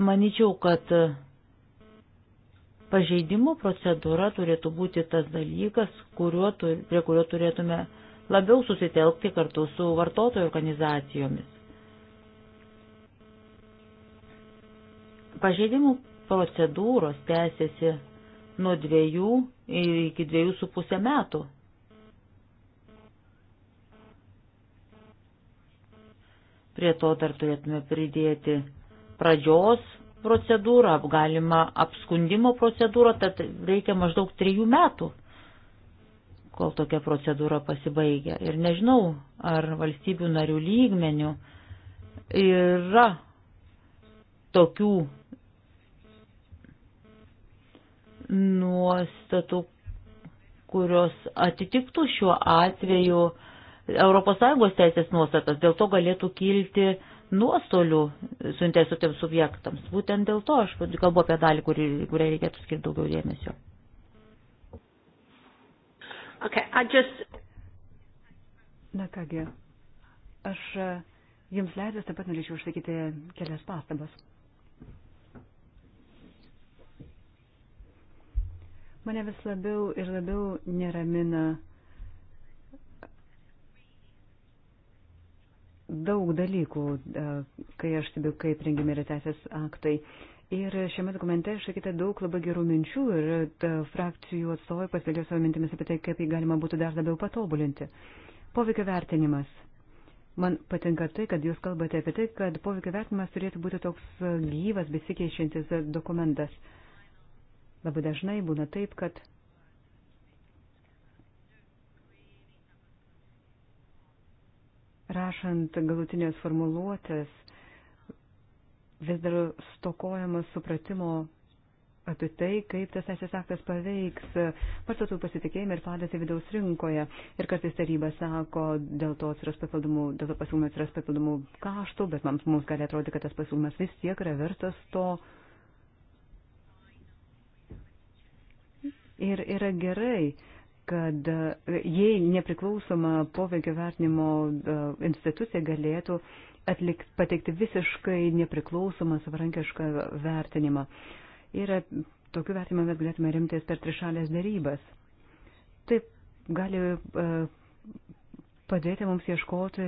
Maničiau, kad pažeidimo procedūra turėtų būti tas dalykas, kurio, prie kurio turėtume labiau susitelkti kartu su vartotojų organizacijomis. Pažeidimų procedūros tęsiasi nuo dviejų iki dviejų su pusę metų. Prie to dar turėtume pridėti pradžios procedūrą, galima apskundimo procedūrą, tad reikia maždaug trijų metų, kol tokia procedūra pasibaigia. Ir nežinau, ar valstybių narių lygmenių yra tokių nuostatų, kurios atitiktų šiuo atveju ES teisės nuostatas. Dėl to galėtų kilti nuostolių suinteresuotiems subjektams. Būtent dėl to aš kalbu apie dalį, kuriai reikėtų skirti daugiau dėmesio.
Okay, I just... Na kągi, aš e, jums leidus taip pat norėčiau užsakyti kelias pastabas. Mane vis labiau ir labiau neramina daug dalykų, e, kai aš stebiu, kaip rengiami yra teisės aktai. Ir šiame dokumente išsakyta daug labai gerų minčių ir e, frakcijų atstovai pasidalijo savo mintimis apie tai, kaip jį galima būtų dar labiau patobulinti. Poveikio vertinimas. Man patinka tai, kad jūs kalbate apie tai, kad poveikio vertinimas turėtų būti toks e, gyvas, besikeičiantis dokumentas. Labai dažnai būna taip, kad rašant galutinės formuluotės, vis dar stokojamas supratimo apie tai, kaip tas teisės aktas paveiks vartotojų pasitikėjimą ir padėtį vidaus rinkoje. Ir kartais taryba sako, dėl to atsiras papildomų, dėl to pasiūlymas atsiras papildomų kaštų, bet mums, mums gali atrodyti, kad tas pasiūlymas vis tiek yra vertas to. Ir yra gerai, kad e, jei nepriklausoma poveikio vertinimo e, institucija galėtų atlikt, pateikti visiškai nepriklausomą savarankišką vertinimą. Ir e, tokiu vertinimu mes galėtume rimtis per trišalės darybas. Taip gali padėti mums ieškoti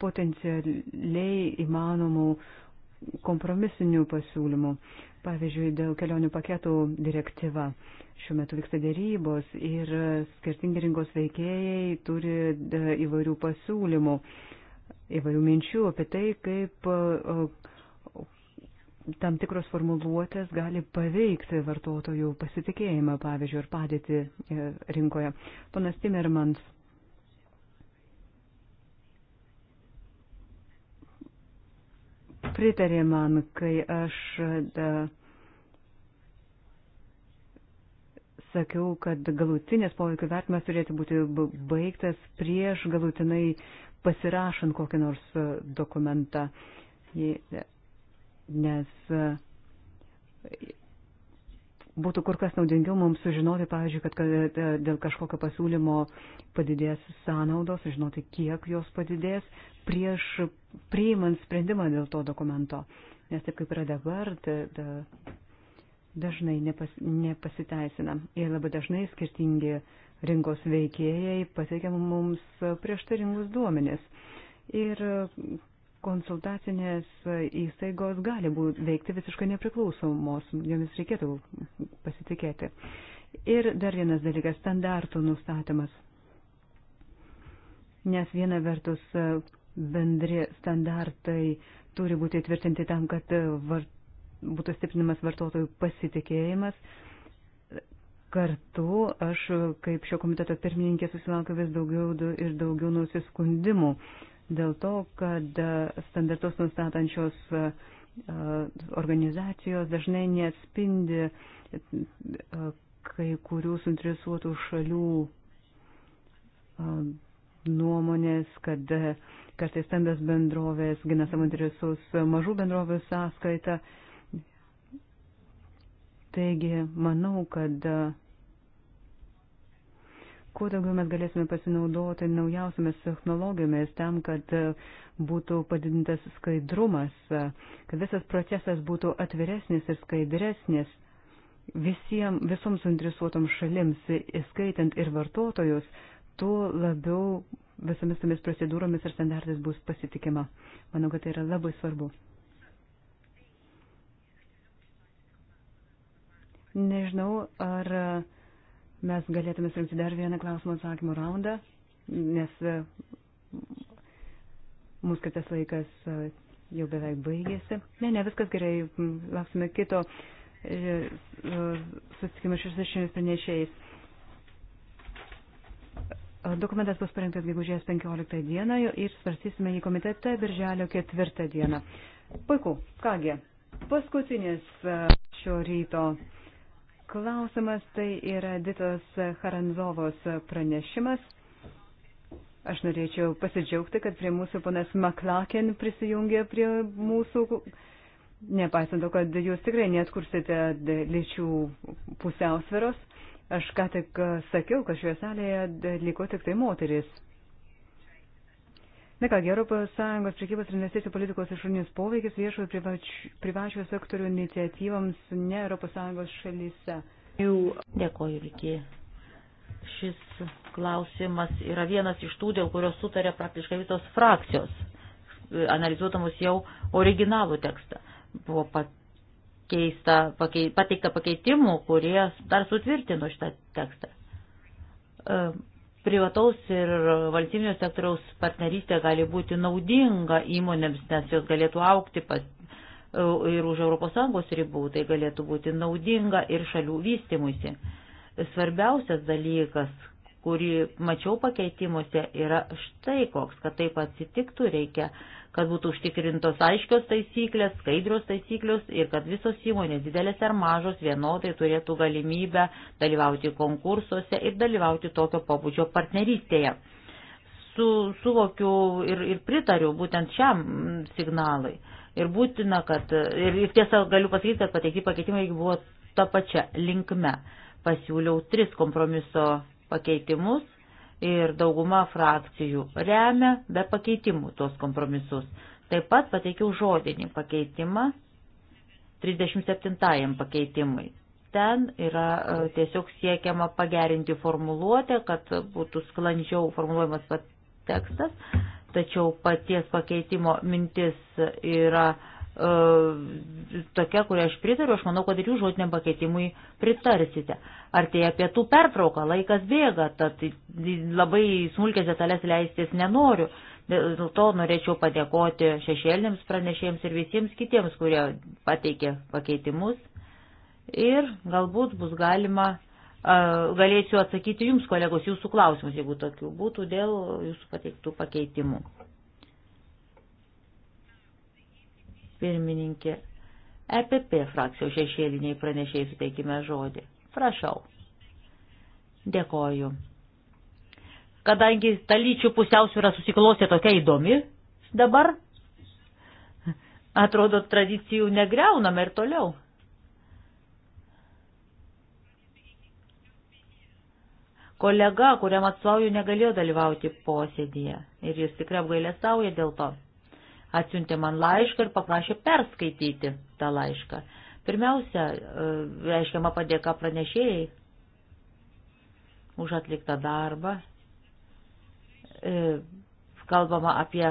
potencialiai įmanomų kompromisinių pasiūlymų. Pavyzdžiui, dėl kelionių paketų direktyva. Šiuo metu vyksta dėrybos ir skirtingi rinkos veikėjai turi e, įvairių pasiūlymų, įvairių minčių apie tai, kaip e, tam tikros formuluotės gali paveikti vartotojų pasitikėjimą, pavyzdžiui, ir padėti e, rinkoje. Panas Timermans pritarė man, kai aš da, sakiau, kad galutinės poveikio vertimas turėtų būti baigtas prieš galutinai pasirašant kokį nors dokumentą. Nes būtų kur kas naudingiau mums sužinoti, pavyzdžiui, kad, kad e, dėl kažkokio pasiūlymo padidės sąnaudos, sužinoti, kiek jos padidės prieš priimant sprendimą dėl to dokumento. Nes taip kaip yra dabar, da, da, dažnai nepas, nepasiteisina. Ir labai dažnai skirtingi rinkos veikėjai pateikia mums prieštaringus duomenis. Ir konsultacinės įstaigos gali būti veikti visiškai nepriklausomos, jomis reikėtų pasitikėti. Ir dar vienas dalykas - standartų nustatymas. Nes viena vertus bendri standartai turi būti tvirtinti tam, kad var, būtų stiprinimas vartotojų pasitikėjimas. Kartu aš, kaip šio komiteto pirmininkė, susilaukiu vis daugiau ir daugiau nusiskundimų dėl to, kad e, standartus nustatančios e, organizacijos dažnai neatspindi e, kai kurių suinteresuotų šalių nuomonės, kad kartais stambios bendrovės gina savo interesus mažų bendrovių sąskaitą. Taigi, manau, kad kuo daugiau mes galėsime pasinaudoti naujausiamis technologijomis tam, kad e, būtų padidintas skaidrumas, e, kad visas procesas būtų atviresnis ir skaidresnis visiems, visoms suinteresuotoms šalims, įskaitant ir vartotojus, tuo labiau visomis tomis procedūromis ir standartais bus pasitikima. Manau, kad tai yra labai svarbu. Nežinau, ar uh, mes galėtume surinkti dar vieną klausimų atsakymų raundą, nes e, mūsų skirtas laikas e, jau beveik baigėsi. Ne, ne, viskas gerai, lauksime kito e, susitikimo šešdešimtės pranešėjais. Dokumentas bus parengtas gegužės 15 dieną ir svarstysime į komitetą birželio 4 dieną. Puiku, kągi, paskutinis šio ryto klausimas tai yra Ditos Haranzovos pranešimas. Aš norėčiau pasidžiaugti, kad prie mūsų ponas Maklaken prisijungė prie mūsų, nepaisant to, kad jūs tikrai netkursite lyčių pusiausveros. Aš ką tik sakiau, kad šioje salėje liko tik tai moteris. Na kągi, ES priekybos ir investicijų politikos išorinis poveikis viešojo privačiojo sektorių iniciatyvams ne ES šalyse. Jau dėkoju, Rikė. Šis klausimas yra
vienas iš tų, dėl kurios sutarė praktiškai visos frakcijos, analizuotamos jau originalų tekstą. Buvo pakeista, pakei, pateikta pakeitimų, kurie dar sutvirtino šitą tekstą. Um privataus ir valstybinio sektoriaus partnerystė gali būti naudinga įmonėms, nes jos galėtų aukti pas, e, ir už ES ribų, tai galėtų būti naudinga ir šalių vystimuisi. Svarbiausias dalykas, kurį mačiau pakeitimuose, yra štai koks, kad taip atsitiktų, reikia kad būtų užtikrintos aiškios taisyklės, skaidrios taisyklės ir kad visos įmonės, didelės ar mažos, vienodai turėtų galimybę dalyvauti konkursuose ir dalyvauti tokio pobūdžio partnerystėje. Su, suvokiu ir, ir pritariu būtent šiam signalui. Ir būtina, kad, ir, ir tiesa galiu pasakyti, kad pateikti pakeitimai buvo ta pačia linkme. Pasiūliau tris kompromiso pakeitimus ir dauguma frakcijų remia be pakeitimų tuos kompromisus. Taip pat pateikiau žodinį pakeitimą 37 pakeitimui. Ten yra e, tiesiog siekiama pagerinti formuluotę, kad būtų sklandžiau formuluojamas tekstas, tačiau paties pakeitimo mintis yra E, tokia, kurią aš pritariu, aš manau, kad ir jūs žodiniam pakeitimui pritarsite. Artėja pietų pertrauka, laikas bėga, tad labai smulkės detalės leistis nenoriu. Dėl to norėčiau padėkoti šešėlėms pranešėjams ir visiems kitiems, kurie pateikė pakeitimus. Ir galbūt bus galima, e, galėsiu atsakyti jums, kolegos, jūsų klausimus, jeigu tokių būtų dėl jūsų pateiktų pakeitimų. Pirmininkė, EPP frakcijos šešėliniai pranešėjai suteikime žodį. Prašau. Dėkoju. Kadangi talyčių pusiausvyrą susiklostė tokia įdomi dabar, atrodo, tradicijų negreuname ir toliau. Kolega, kuriam atsvauju, negalėjo dalyvauti posėdėje ir jis tikrai apgailę sauja dėl to atsiuntė man laišką ir paprašė perskaityti tą laišką. Pirmiausia, e, reiškiama padėka pranešėjai už atliktą darbą. E, kalbama apie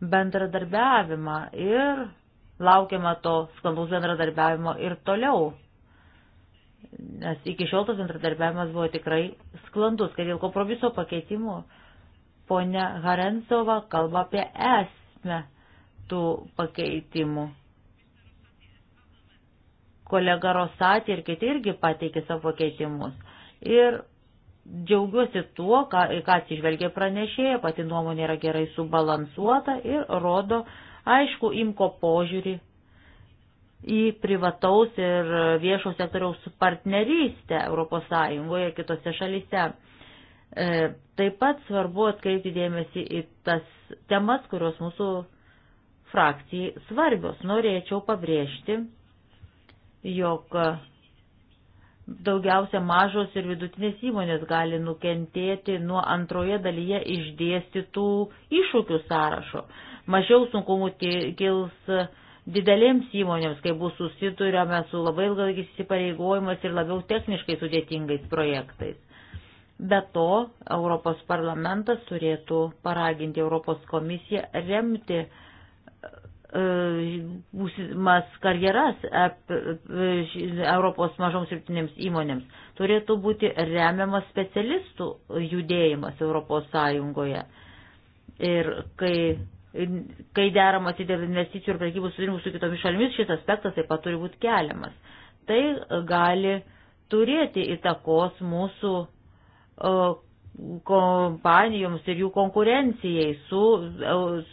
bendradarbiavimą ir laukiama to sklandaus bendradarbiavimo ir toliau. Nes iki šiol tas bendradarbiavimas buvo tikrai sklandus, kad dėl kompromiso pakeitimų Pone Harentsova kalba apie esmę tų pakeitimų. Kolega Rosati ir kiti irgi pateikė savo pakeitimus. Ir džiaugiuosi tuo, ką, ką atsižvelgia pranešėja, pati nuomonė yra gerai subalansuota ir rodo aišku imko požiūrį į privataus ir viešo sektoriaus partnerystę ES ir kitose šalyse. E, taip pat svarbu atkreipti dėmesį į tas temas, kurios mūsų frakcijai svarbios. Norėčiau pabrėžti, jog daugiausia mažos ir vidutinės įmonės gali nukentėti nuo antroje dalyje išdėstytų iššūkių sąrašo. Mažiau sunkumų kils didelėms įmonėms, kai bus susidurėme su labai ilgalaikiais įsipareigojimais ir labiau techniškai sudėtingais projektais. Be to, Europos parlamentas turėtų paraginti Europos komisiją remti e, būsimas karjeras ap, e, Europos mažoms ir tinėms įmonėms. Turėtų būti remiamas specialistų judėjimas Europos Sąjungoje. Ir kai, kai deramas dėl investicijų ir prekybos sudirimų su kitomis šalimis, šis aspektas taip pat turi būti keliamas. Tai gali turėti įtakos mūsų kompanijoms ir jų konkurencijai su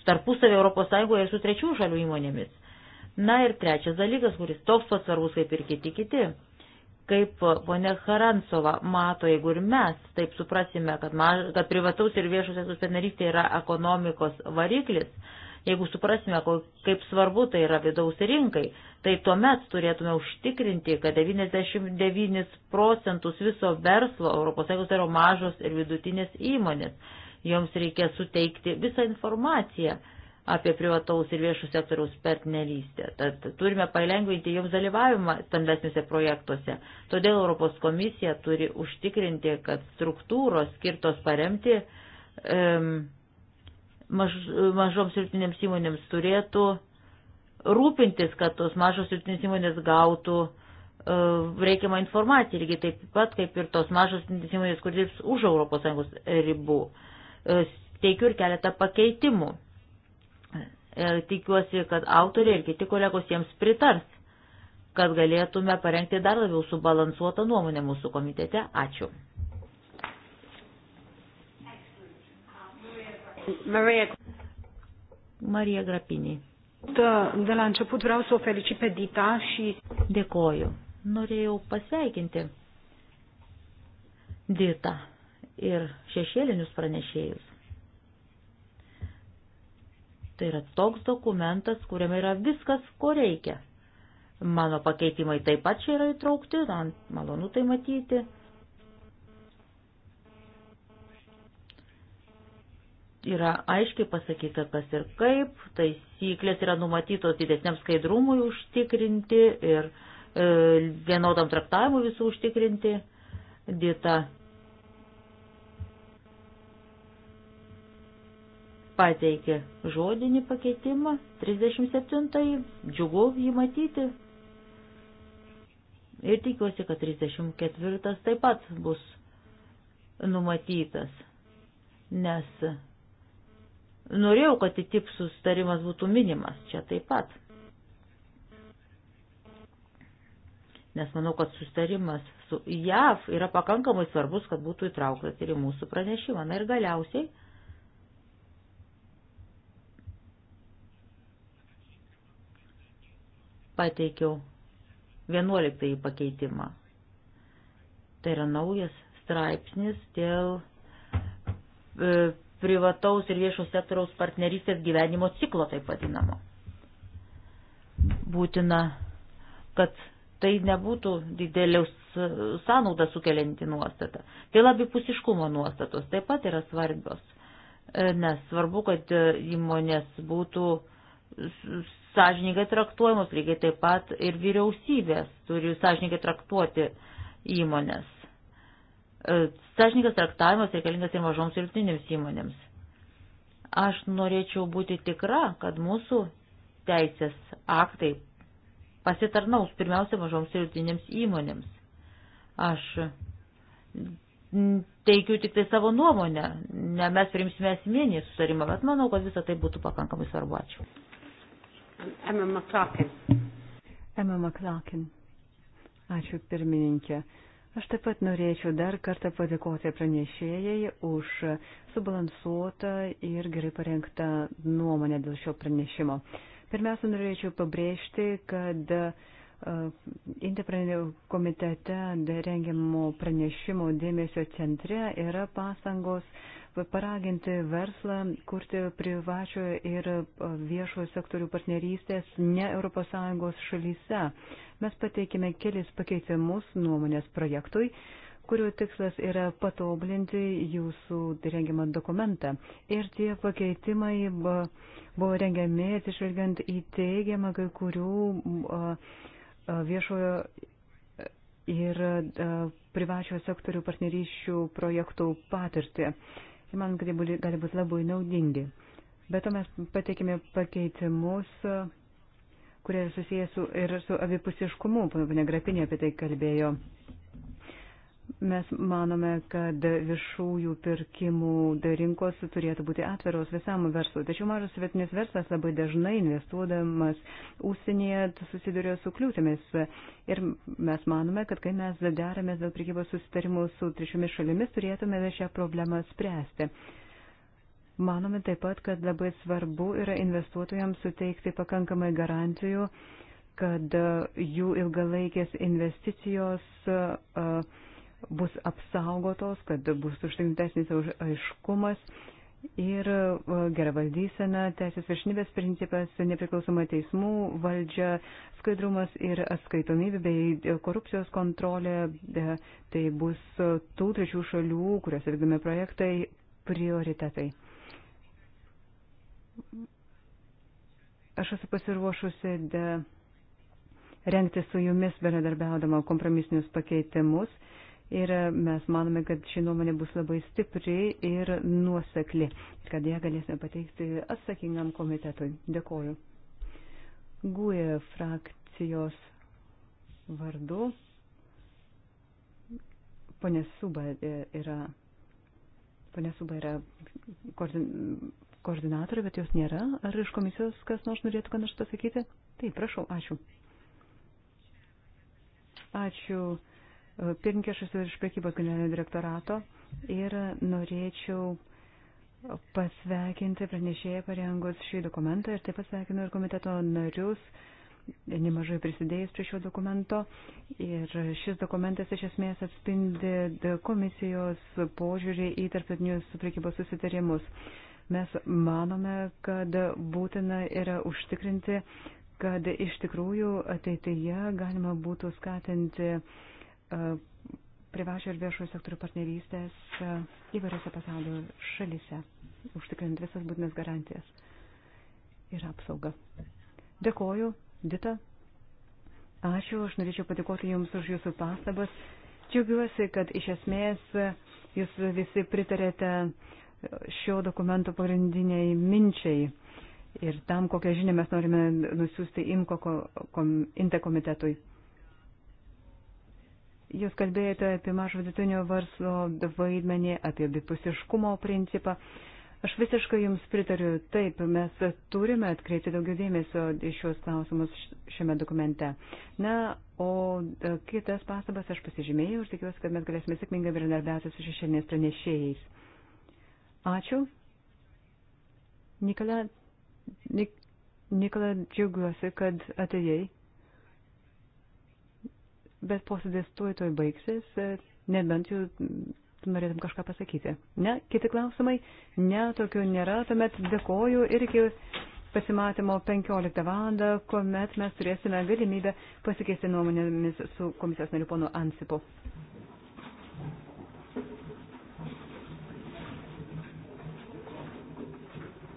tarpusavio ES ir su trečių šalių įmonėmis. Na ir trečias dalykas, kuris toks pats svarbus kaip ir kiti kiti, kaip ponė Harantsova mato, jeigu ir mes taip suprasime, kad, maž, kad privataus ir viešosios susienerystė yra ekonomikos variklis, Jeigu suprasime, kaip svarbu tai yra vidaus rinkai, tai tuomet turėtume užtikrinti, kad 99 procentus viso verslo ES yra mažos ir vidutinės įmonės. Joms reikia suteikti visą informaciją apie privataus ir viešų sektoriaus partnerystę. Tad turime palengvinti joms dalyvavimą stambesniuose projektuose. Todėl Europos komisija turi užtikrinti, kad struktūros skirtos paremti um, e, maž, mažoms ir tinėms įmonėms turėtų rūpintis, kad tos mažos ir tinės įmonės gautų uh, reikiamą informaciją, lygiai taip pat kaip ir tos mažos tinės įmonės, kur dirbs už ES ribų. Uh, teikiu ir keletą pakeitimų. Uh, tikiuosi, kad autoriai ir kiti kolegos jiems pritars, kad galėtume parengti dar labiau subalansuotą nuomonę mūsų komitete. Ačiū. Maria. Maria Grapini. De la început vreau să o felicit pe Dita și... Dėkoju. Norėjau pasveikinti Dita ir šešėlinius pranešėjus. Tai yra toks dokumentas, kuriame yra viskas, ko reikia. Mano pakeitimai taip pat čia yra įtraukti, man malonu tai matyti. yra aiškiai pasakyta, kas ir kaip, taisyklės yra numatytos didesniam skaidrumui užtikrinti ir e, vienodam traktavimui visų užtikrinti. Dita pateikė žodinį pakeitimą, 37-ąjį, džiugu jį matyti. Ir tikiuosi, kad 34-as taip pat bus numatytas, nes Norėjau, kad tip sustarimas būtų minimas čia taip pat. Nes manau, kad sustarimas su JAV yra pakankamai svarbus, kad būtų įtrauktas ir į mūsų pranešimą. Na ir galiausiai. Pateikiau 11 pakeitimą. Tai yra naujas straipsnis dėl e, privataus ir viešo sektoriaus partnerystės gyvenimo ciklo taip vadinamo. Būtina, kad tai nebūtų dideliaus sąnaudą sukelianti nuostata. Dėl abipusiškumo nuostatos taip pat yra svarbios, e, nes svarbu, kad e, įmonės būtų sąžininkai traktuojamos, lygiai taip pat ir vyriausybės turi sąžininkai traktuoti įmonės E, Sažininkas traktavimas reikalingas ir mažoms ir vidutinėms įmonėms. Aš norėčiau būti tikra, kad mūsų teisės aktai pasitarnaus pirmiausia mažoms ir vidutinėms įmonėms. Aš teikiu tik tai savo nuomonę, ne mes priimsime esminį susarimą, bet manau, kad visą tai būtų pakankamai svarbu. Ačiū.
Emma McClarkin.
Emma McClarkin. Ačiū pirmininkė. Aš taip pat norėčiau dar kartą padėkoti pranešėjai už subalansuotą ir gerai parengtą nuomonę dėl šio pranešimo. Pirmiausia, norėčiau pabrėžti, kad e, Interprenio komitete rengiamo pranešimo dėmesio centre yra pasangos paraginti verslą kurti privačiojo ir viešojo sektorių partnerystės ne ES šalyse. Mes pateikime kelis pakeitimus nuomonės projektui kurių tikslas yra patobulinti jūsų rengiamą dokumentą. Ir tie pakeitimai buvo, buvo rengiami atsižvelgiant į teigiamą kai kurių viešojo ir privačiojo sektorių partnerysčių projektų patirtį ir man kad jie gali būti labai naudingi. Bet to mes pateikėme pakeitimus, kurie susijęs su, ir su abipusiškumu, pana Grapinė apie tai kalbėjo. Mes manome, kad viešųjų pirkimų rinkos turėtų būti atviros visam verslui. Tačiau mažas vietinis verslas labai dažnai investuodamas ūsienyje susiduria su kliūtimis. Ir mes manome, kad kai mes deramės dėl prikybos susitarimų su trečiomis šalimis, turėtume šią problemą spręsti. Manome taip pat, kad labai svarbu yra investuotojams suteikti pakankamai garantijų, kad jų ilgalaikės investicijos. Uh, bus apsaugotos, kad bus užtikrintesnis aiškumas ir e, gera valdysena, teisės viršnybės principas, nepriklausoma teismų valdžia, skaidrumas ir atskaitomybė bei e, korupcijos kontrolė. E, tai bus tų trečių šalių, kuriuose vykdomi projektai, prioritetai. Aš esu pasiruošusi de rengti su jumis bendradarbiaudama kompromisinius pakeitimus ir e, mes manome, kad ši nuomonė bus labai stipri ir nuosekli, kad ją galėsime pateikti atsakingam komitetui. Dėkoju. GUE frakcijos vardu. Pone Suba e, yra, ponė Suba yra koordin, koordinatorė, bet jos nėra. Ar iš komisijos kas nors norėtų ką nors pasakyti? Taip, prašau, ačiū. Ačiū Pirmininkė, aš esu iš priekybos generalinio direktorato ir norėčiau pasveikinti pranešėją parengus šį dokumentą ir taip pat sveikinu ir komiteto narius nemažai prisidėjus prie šio dokumento. Ir šis dokumentas iš esmės atspindi komisijos požiūrį į tarptautinius prekybos susitarimus. Mes manome, kad būtina yra užtikrinti, kad iš tikrųjų ateityje galima būtų skatinti uh, E, privačio ir viešojo sektorių partnerystės e, įvairiose pasaulio šalise, užtikrint visas būtinas garantijas ir apsaugą. Dėkoju, Dita. Ačiū, aš norėčiau padėkoti Jums už Jūsų pastabas. Džiaugiuosi, kad iš esmės Jūs visi pritarėte šio dokumento pagrindiniai minčiai ir tam, kokią žinią mes norime nusiųsti INTE komitetui. Jūs kalbėjote apie mažo vidutinio verslo vaidmenį, apie bipusiškumo principą. Aš visiškai Jums pritariu, taip, mes turime atkreipti daugiau dėmesio į šios klausimus šiame dokumente. Na, o e, kitas pastabas aš pasižymėjau ir tikiuosi, kad mes galėsime sėkmingai bendradarbiauti su šešėlinės pranešėjais. Ačiū. Nikola, Nik, Nikola, džiaugiuosi, kad atėjai bet posėdis tuoj tuoj baigsis, e, nebent jau norėtum kažką pasakyti. Ne, kiti klausimai? Ne, tokių nėra, tuomet dėkoju ir iki pasimatymo 15 val. kuomet mes turėsime galimybę pasikeisti nuomonėmis su komisijos nariu ponu Ansipu.